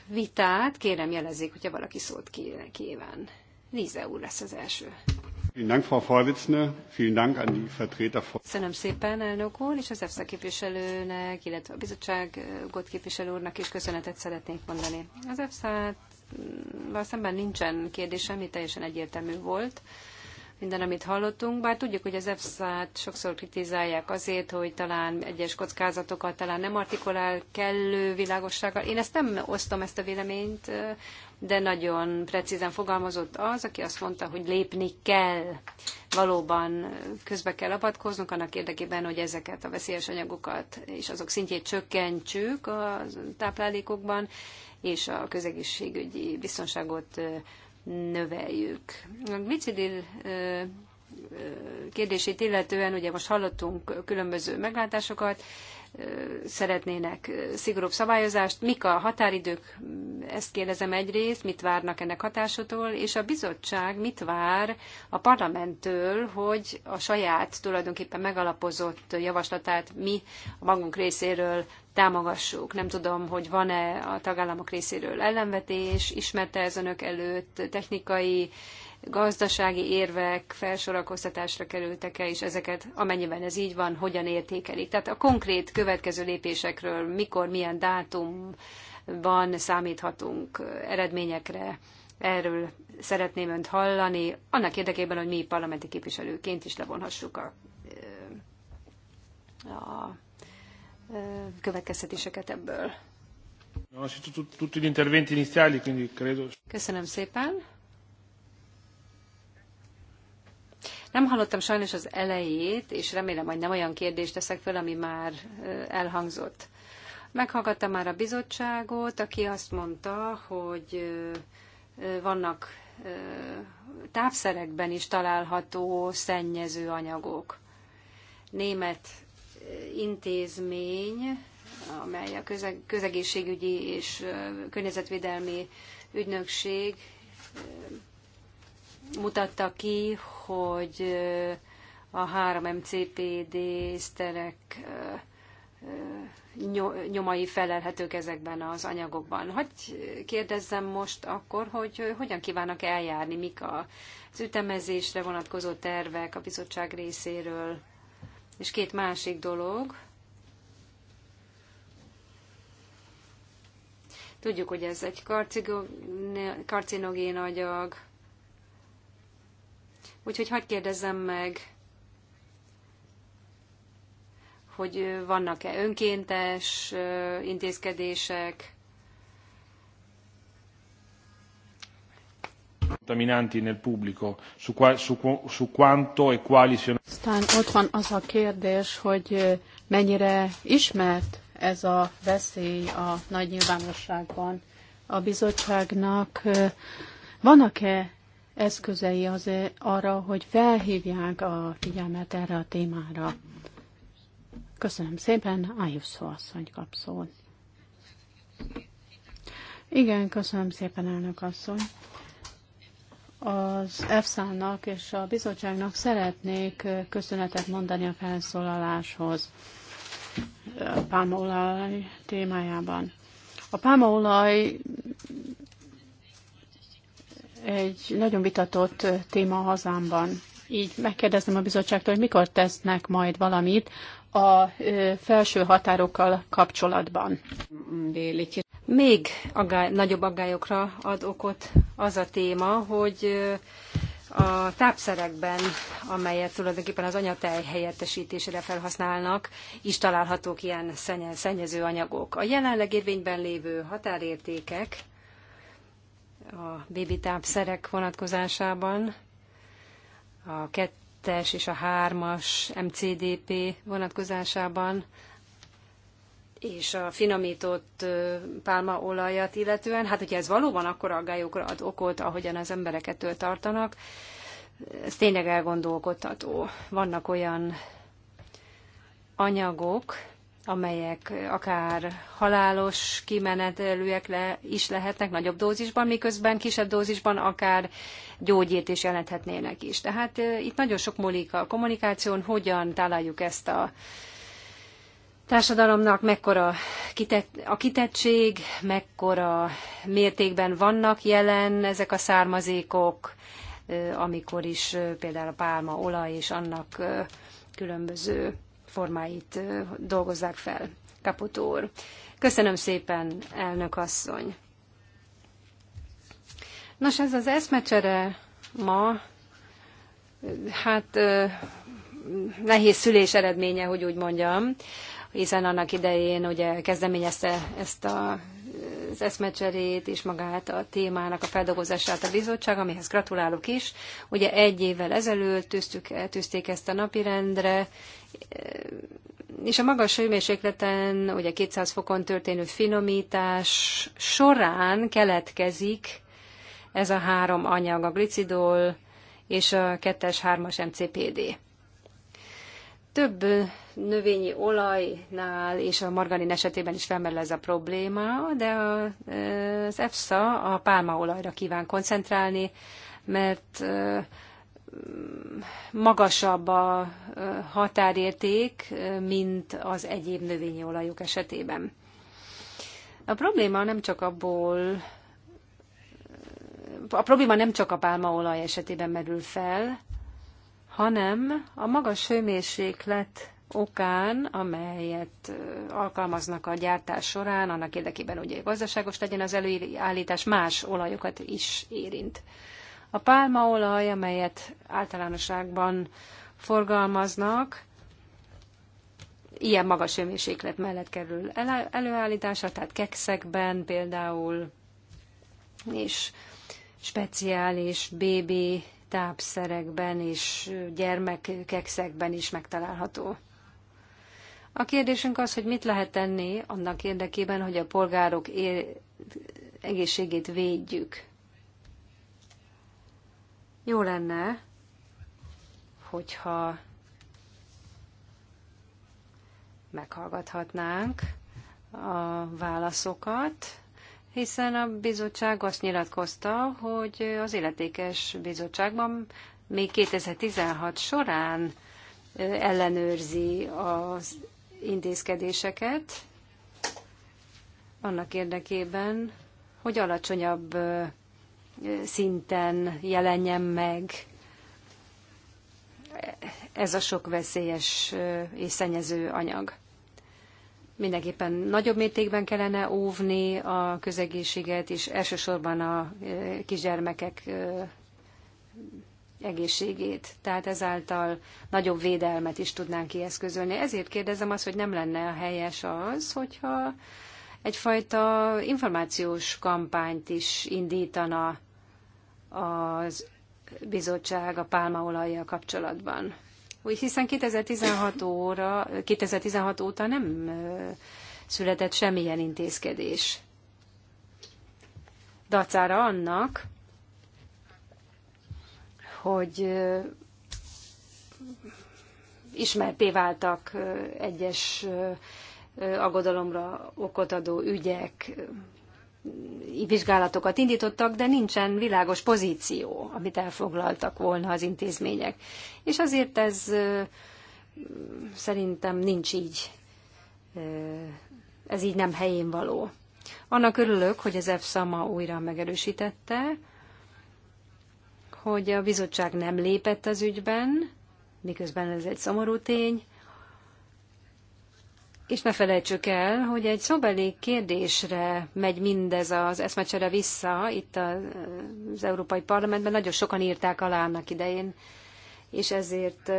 vitát. Kérem jelezzék, hogyha valaki szót kíván. Líze úr lesz az első. Köszönöm szépen, elnök úr, és az EFSA képviselőnek, illetve a bizottság GOT képviselő úrnak is köszönetet szeretnék mondani. Az EFSA-val szemben nincsen kérdésem, mi teljesen egyértelmű volt minden, amit hallottunk, bár tudjuk, hogy az EFSA-t sokszor kritizálják azért, hogy talán egyes kockázatokat talán nem artikulál kellő világossággal. Én ezt nem osztom, ezt a véleményt, de nagyon precízen fogalmazott az, aki azt mondta, hogy lépni kell. Valóban közbe kell avatkoznunk annak érdekében, hogy ezeket a veszélyes anyagokat és azok szintjét csökkentsük a táplálékokban, és a közegészségügyi biztonságot növeljük. A glicidil kérdését illetően ugye most hallottunk különböző meglátásokat, szeretnének szigorúbb szabályozást. Mik a határidők? Ezt kérdezem egyrészt, mit várnak ennek hatásotól, és a bizottság mit vár a parlamenttől, hogy a saját tulajdonképpen megalapozott javaslatát mi a magunk részéről támogassuk. Nem tudom, hogy van-e a tagállamok részéről ellenvetés, ismerte ez önök előtt technikai gazdasági érvek felsorakoztatásra kerültek-e, és ezeket, amennyiben ez így van, hogyan értékelik. Tehát a konkrét következő lépésekről, mikor, milyen dátumban számíthatunk eredményekre, erről szeretném önt hallani, annak érdekében, hogy mi parlamenti képviselőként is levonhassuk a, a következtetéseket ebből. Köszönöm szépen. Nem hallottam sajnos az elejét, és remélem, hogy nem olyan kérdést teszek föl, ami már elhangzott. Meghallgattam már a bizottságot, aki azt mondta, hogy vannak tápszerekben is található szennyező anyagok. Német intézmény, amely a közeg, közegészségügyi és környezetvédelmi ügynökség mutatta ki, hogy a 3MCPD szterek nyomai felelhetők ezekben az anyagokban. Hogy kérdezzem most akkor, hogy hogyan kívánnak eljárni, mik az ütemezésre vonatkozó tervek a bizottság részéről, és két másik dolog. Tudjuk, hogy ez egy karcinogén agyag, Úgyhogy hagyd kérdezzem meg, hogy vannak-e önkéntes intézkedések, Taminanti nel pubblico, su, qua, su, su quanto e quali siano. Aztán ott van az a kérdés, hogy mennyire ismert ez a veszély a nagy nyilvánosságban. A bizottságnak vannak-e eszközei az eh, arra, hogy felhívják a figyelmet erre a témára. Köszönöm szépen, Ájusszó asszony kap szót. Igen, köszönöm szépen, elnök asszony. Az EFSA-nak és a bizottságnak szeretnék eh, köszönetet mondani a felszólaláshoz eh, pálmaolaj témájában. A pálmaolaj egy nagyon vitatott téma a hazámban. Így megkérdezem a bizottságtól, hogy mikor tesznek majd valamit a felső határokkal kapcsolatban. Még agály, nagyobb aggályokra ad okot az a téma, hogy a tápszerekben, amelyet tulajdonképpen az anyatej helyettesítésére felhasználnak, is találhatók ilyen szennyező anyagok. A jelenleg érvényben lévő határértékek a bébi tápszerek vonatkozásában, a kettes és a hármas MCDP vonatkozásában, és a finomított pálmaolajat illetően, hát hogyha ez valóban akkor aggályokra ad okot, ahogyan az emberek ettől tartanak, ez tényleg elgondolkodható. Vannak olyan anyagok, amelyek akár halálos kimenetelőek le, is lehetnek nagyobb dózisban, miközben kisebb dózisban akár gyógyírt is jelenthetnének is. Tehát itt nagyon sok múlik a kommunikáción, hogyan találjuk ezt a társadalomnak, mekkora kitett, a kitettség, mekkora mértékben vannak jelen ezek a származékok, amikor is például a olaj és annak különböző formáit dolgozzák fel. Kaputó úr. Köszönöm szépen, elnök asszony. Nos, ez az eszmecsere ma, hát nehéz szülés eredménye, hogy úgy mondjam, hiszen annak idején ugye kezdeményezte ezt a az eszmecserét és magát a témának a feldolgozását a bizottság, amihez gratulálok is. Ugye egy évvel ezelőtt tűztük, tűzték ezt a napirendre, és a magas hőmérsékleten, ugye 200 fokon történő finomítás során keletkezik ez a három anyag, a glicidol és a 2-es, 3-as MCPD. Több növényi olajnál és a margarin esetében is felmerül ez a probléma, de az EFSA a pálmaolajra kíván koncentrálni, mert magasabb a határérték, mint az egyéb növényi olajok esetében. A probléma nem csak abból, a probléma nem csak a pálmaolaj esetében merül fel, hanem a magas hőmérséklet okán, amelyet alkalmaznak a gyártás során, annak érdekében, hogy gazdaságos legyen az előállítás, más olajokat is érint. A pálmaolaj, amelyet általánosságban forgalmaznak, ilyen magas hőmérséklet mellett kerül előállításra, tehát kekszekben például, és speciális BB tápszerekben és gyermekkekszekben is megtalálható. A kérdésünk az, hogy mit lehet tenni annak érdekében, hogy a polgárok egészségét védjük. Jó lenne, hogyha meghallgathatnánk a válaszokat, hiszen a bizottság azt nyilatkozta, hogy az illetékes bizottságban még 2016 során ellenőrzi az intézkedéseket annak érdekében, hogy alacsonyabb szinten jelenjen meg ez a sok veszélyes és szennyező anyag. Mindenképpen nagyobb mértékben kellene óvni a közegészséget, és elsősorban a kisgyermekek egészségét. Tehát ezáltal nagyobb védelmet is tudnánk kieszközölni. Ezért kérdezem azt, hogy nem lenne a helyes az, hogyha egyfajta információs kampányt is indítana az bizottság a pálmaolajjal kapcsolatban. Úgy hiszen 2016, óra, 2016 óta nem született semmilyen intézkedés. Dacára annak, hogy ismerté váltak egyes aggodalomra okot adó ügyek, vizsgálatokat indítottak, de nincsen világos pozíció, amit elfoglaltak volna az intézmények. És azért ez szerintem nincs így, ez így nem helyén való. Annak örülök, hogy az EFSA ma újra megerősítette, hogy a bizottság nem lépett az ügyben, miközben ez egy szomorú tény, és ne felejtsük el, hogy egy szobeli kérdésre megy mindez az eszmecsere vissza itt az Európai Parlamentben. Nagyon sokan írták alá annak idején, és ezért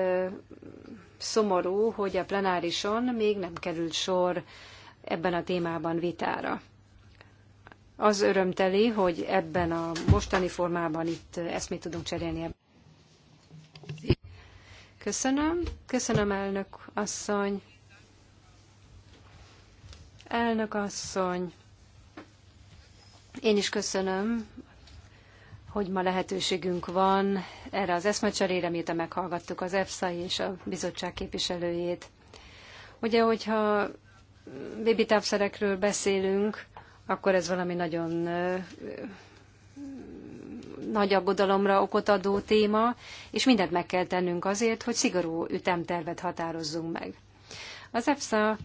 szomorú, hogy a plenárison még nem került sor ebben a témában vitára. Az örömteli, hogy ebben a mostani formában itt eszmét tudunk cserélni. Köszönöm. Köszönöm, elnök asszony. Elnök asszony, én is köszönöm, hogy ma lehetőségünk van erre az eszmecserére, miután meghallgattuk az EFSA és a bizottság képviselőjét. Ugye, hogyha távszerekről beszélünk, akkor ez valami nagyon nagy aggodalomra okot adó téma, és mindent meg kell tennünk azért, hogy szigorú ütemtervet határozzunk meg. Az EFSA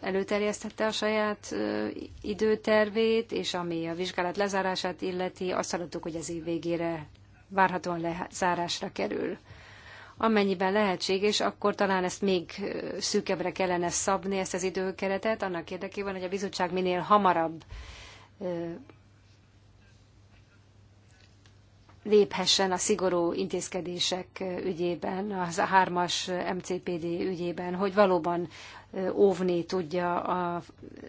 előterjesztette a saját időtervét, és ami a vizsgálat lezárását illeti, azt hallottuk, hogy az év végére várhatóan lezárásra kerül. Amennyiben lehetséges, akkor talán ezt még szűkebbre kellene szabni, ezt az időkeretet, annak érdekében, hogy a bizottság minél hamarabb léphessen a szigorú intézkedések ügyében, az a hármas MCPD ügyében, hogy valóban óvni tudja a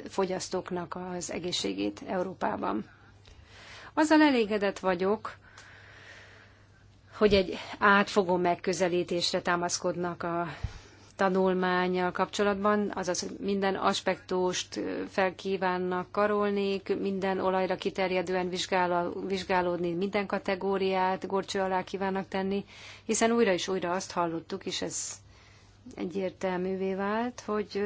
fogyasztóknak az egészségét Európában. Azzal elégedett vagyok, hogy egy átfogó megközelítésre támaszkodnak a tanulmányjal kapcsolatban, azaz minden aspektust felkívánnak karolni, minden olajra kiterjedően vizsgálódni, minden kategóriát gorcső alá kívánnak tenni, hiszen újra és újra azt hallottuk, és ez egyértelművé vált, hogy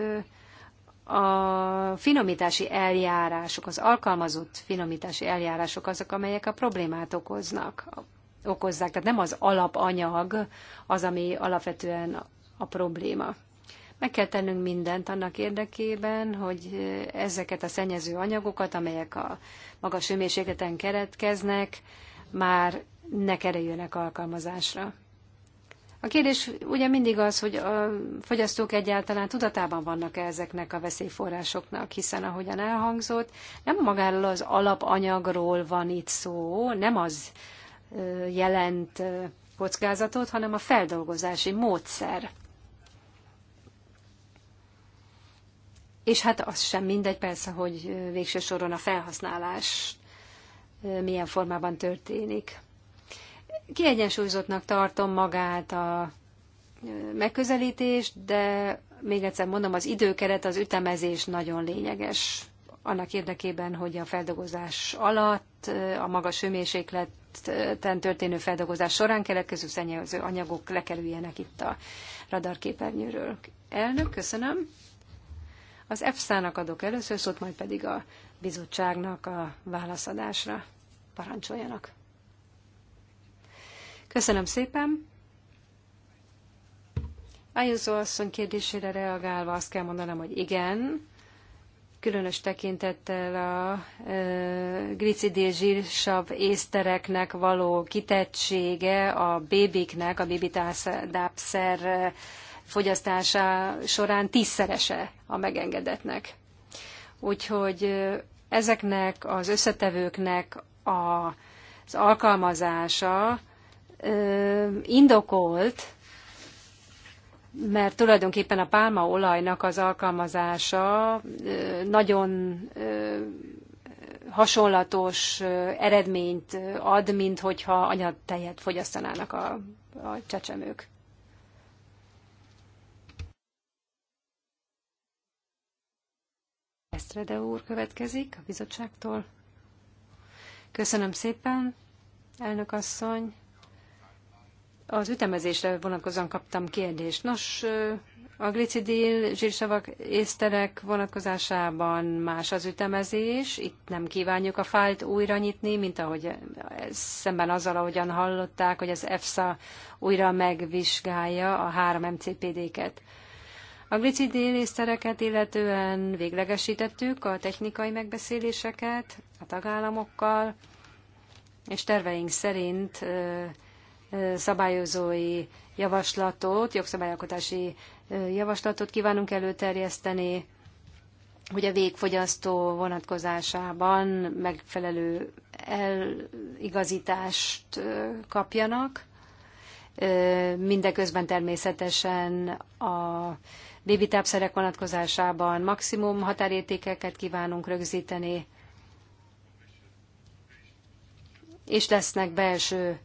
a finomítási eljárások, az alkalmazott finomítási eljárások azok, amelyek a problémát okoznak, okozzák. Tehát nem az alapanyag az, ami alapvetően a probléma. Meg kell tennünk mindent annak érdekében, hogy ezeket a szennyező anyagokat, amelyek a magas hőmérsékleten keretkeznek, már ne kerüljönek alkalmazásra. A kérdés ugye mindig az, hogy a fogyasztók egyáltalán tudatában vannak -e ezeknek a veszélyforrásoknak, hiszen ahogyan elhangzott, nem magáról az alapanyagról van itt szó, nem az jelent kockázatot, hanem a feldolgozási módszer És hát az sem mindegy persze, hogy végső soron a felhasználás milyen formában történik. Kiegyensúlyozottnak tartom magát a megközelítést, de még egyszer mondom, az időkeret, az ütemezés nagyon lényeges annak érdekében, hogy a feldolgozás alatt, a magas hőmérsékleten történő feldolgozás során keletkező szennyező anyagok lekerüljenek itt a radarképernyőről. Elnök, köszönöm. Az EFSA-nak adok először szót, majd pedig a bizottságnak a válaszadásra parancsoljanak. Köszönöm szépen! Ájúzó asszony kérdésére reagálva azt kell mondanom, hogy igen, különös tekintettel a e, glicidél zsírsav észtereknek való kitettsége a bébiknek, a bébitápszer fogyasztása során tízszerese a megengedetnek. Úgyhogy ezeknek az összetevőknek a, az alkalmazása ö, indokolt, mert tulajdonképpen a pálmaolajnak az alkalmazása nagyon hasonlatos eredményt ad, mint hogyha anyatejet fogyasztanának a, a csecsemők. Esztrede úr következik a bizottságtól. Köszönöm szépen, elnök asszony. Az ütemezésre vonatkozóan kaptam kérdést. Nos, a glicidil zsírsavak észterek vonatkozásában más az ütemezés. Itt nem kívánjuk a fájt újra nyitni, mint ahogy szemben azzal, ahogyan hallották, hogy az EFSA újra megvizsgálja a három MCPD-ket. A glicidélisztereket illetően véglegesítettük a technikai megbeszéléseket a tagállamokkal, és terveink szerint szabályozói javaslatot, jogszabályalkotási javaslatot kívánunk előterjeszteni, hogy a végfogyasztó vonatkozásában megfelelő eligazítást kapjanak. Mindeközben természetesen a bébitápszerek vonatkozásában maximum határértékeket kívánunk rögzíteni, és lesznek belső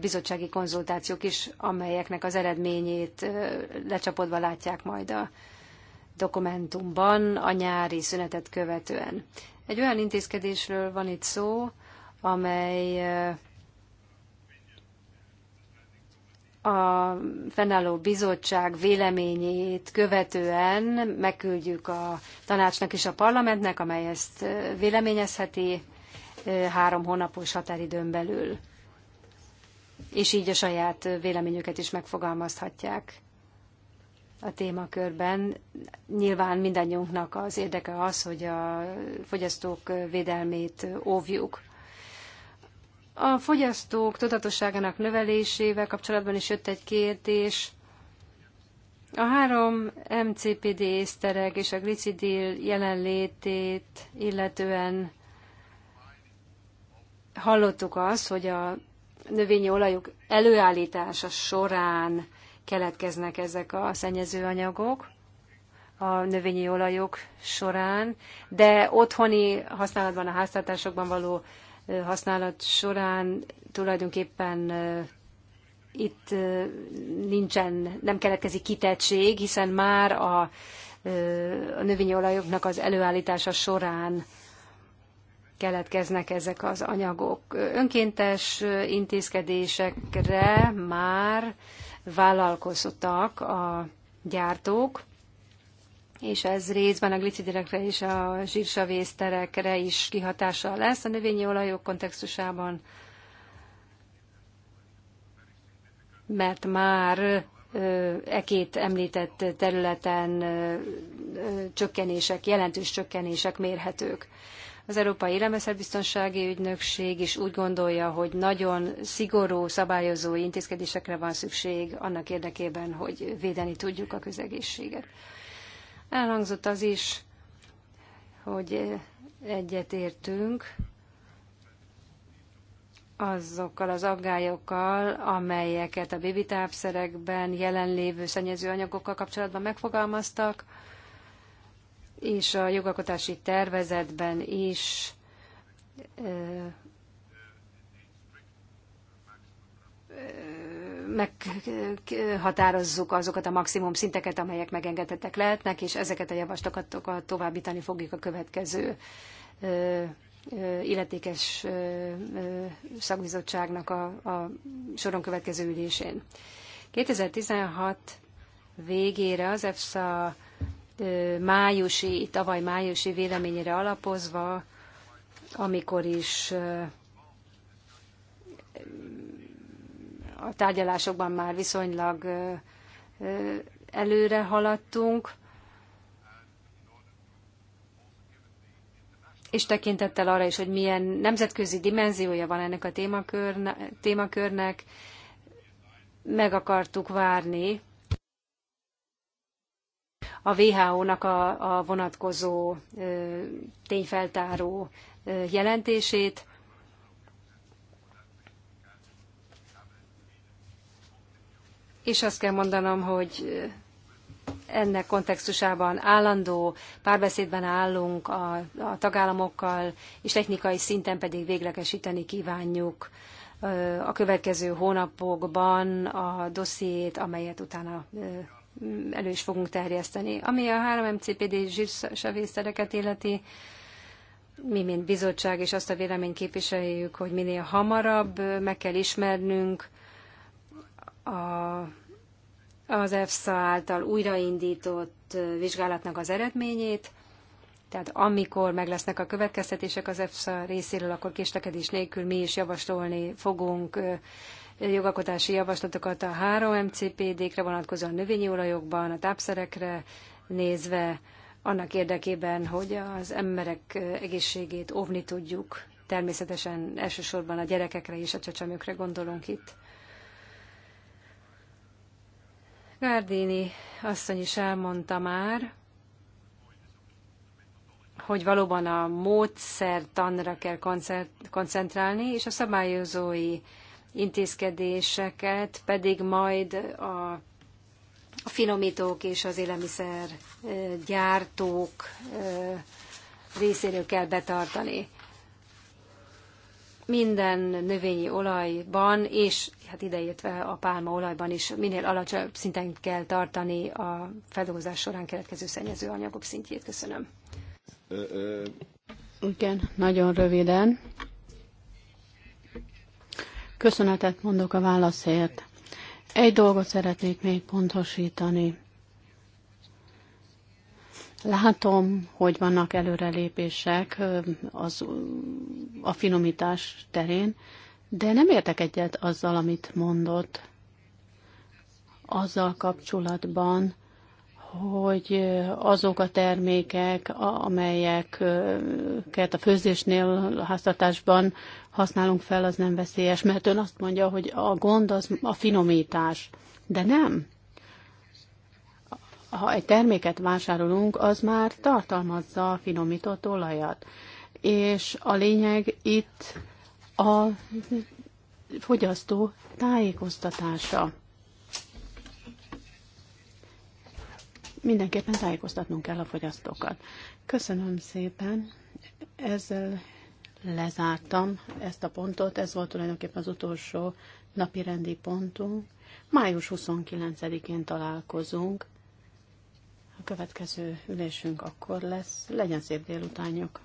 bizottsági konzultációk is, amelyeknek az eredményét lecsapodva látják majd a dokumentumban a nyári szünetet követően. Egy olyan intézkedésről van itt szó, amely a fennálló bizottság véleményét követően megküldjük a tanácsnak és a parlamentnek, amely ezt véleményezheti három hónapos határidőn belül. És így a saját véleményüket is megfogalmazhatják a témakörben. Nyilván mindannyiunknak az érdeke az, hogy a fogyasztók védelmét óvjuk. A fogyasztók tudatosságának növelésével kapcsolatban is jött egy kérdés. A három MCPD észterek és a glicidil jelenlétét illetően hallottuk azt, hogy a növényi olajok előállítása során keletkeznek ezek a szennyezőanyagok a növényi olajok során, de otthoni használatban, a háztartásokban való használat során tulajdonképpen itt nincsen, nem keletkezik kitettség, hiszen már a, a növényolajoknak az előállítása során keletkeznek ezek az anyagok. Önkéntes intézkedésekre már vállalkozottak a gyártók, és ez részben a glicidirekre és a zsírsavészterekre is kihatással lesz a növényi olajok kontextusában, mert már e két említett területen csökkenések, jelentős csökkenések mérhetők. Az Európai Élelmeszerbiztonsági Ügynökség is úgy gondolja, hogy nagyon szigorú szabályozói intézkedésekre van szükség annak érdekében, hogy védeni tudjuk a közegészséget. Elhangzott az is, hogy egyetértünk azokkal az aggályokkal, amelyeket a bibitápszerekben jelenlévő szennyezőanyagokkal kapcsolatban megfogalmaztak, és a jogalkotási tervezetben is meghatározzuk azokat a maximum szinteket, amelyek megengedhetek lehetnek, és ezeket a javaslatokat továbbítani fogjuk a következő illetékes szakbizottságnak a, a soron következő ülésén. 2016 végére az EFSA májusi, tavaly májusi véleményére alapozva, amikor is a tárgyalásokban már viszonylag előre haladtunk, és tekintettel arra is, hogy milyen nemzetközi dimenziója van ennek a témakörnek, meg akartuk várni a WHO-nak a, a vonatkozó tényfeltáró jelentését, és azt kell mondanom, hogy eh, ennek kontextusában állandó párbeszédben állunk a, a tagállamokkal, és technikai szinten pedig véglegesíteni kívánjuk eh, a következő hónapokban a dossziét, amelyet utána eh, elő is fogunk terjeszteni. Ami a 3MCPD zsírsavésztereket illeti, mi, mint bizottság, és azt a véleményt képviseljük, hogy minél hamarabb meg kell ismernünk a, az EFSA által újraindított vizsgálatnak az eredményét, tehát amikor meg lesznek a következtetések az EFSA részéről, akkor késlekedés nélkül mi is javasolni fogunk jogalkotási javaslatokat a 3 MCPD-kre vonatkozóan növényi olajokban, a tápszerekre nézve, annak érdekében, hogy az emberek egészségét óvni tudjuk. Természetesen elsősorban a gyerekekre és a csecsemőkre gondolunk itt. Gárdini asszony is elmondta már, hogy valóban a módszertanra kell koncentrálni, és a szabályozói intézkedéseket pedig majd a, a finomítók és az élelmiszer gyártók részéről kell betartani minden növényi olajban, és hát ideértve a pálmaolajban is minél alacsonyabb szinten kell tartani a feldolgozás során keletkező szennyező anyagok szintjét. Köszönöm. Igen, nagyon röviden. Köszönetet mondok a válaszért. Egy dolgot szeretnék még pontosítani. Látom, hogy vannak előrelépések az, a finomítás terén, de nem értek egyet azzal, amit mondott azzal kapcsolatban, hogy azok a termékek, amelyeket a főzésnél, a háztartásban használunk fel, az nem veszélyes, mert ön azt mondja, hogy a gond az a finomítás, de nem ha egy terméket vásárolunk, az már tartalmazza finomított olajat. És a lényeg itt a fogyasztó tájékoztatása. Mindenképpen tájékoztatnunk kell a fogyasztókat. Köszönöm szépen. Ezzel lezártam ezt a pontot. Ez volt tulajdonképpen az utolsó napi rendi pontunk. Május 29-én találkozunk a következő ülésünk akkor lesz. Legyen szép délutánjuk!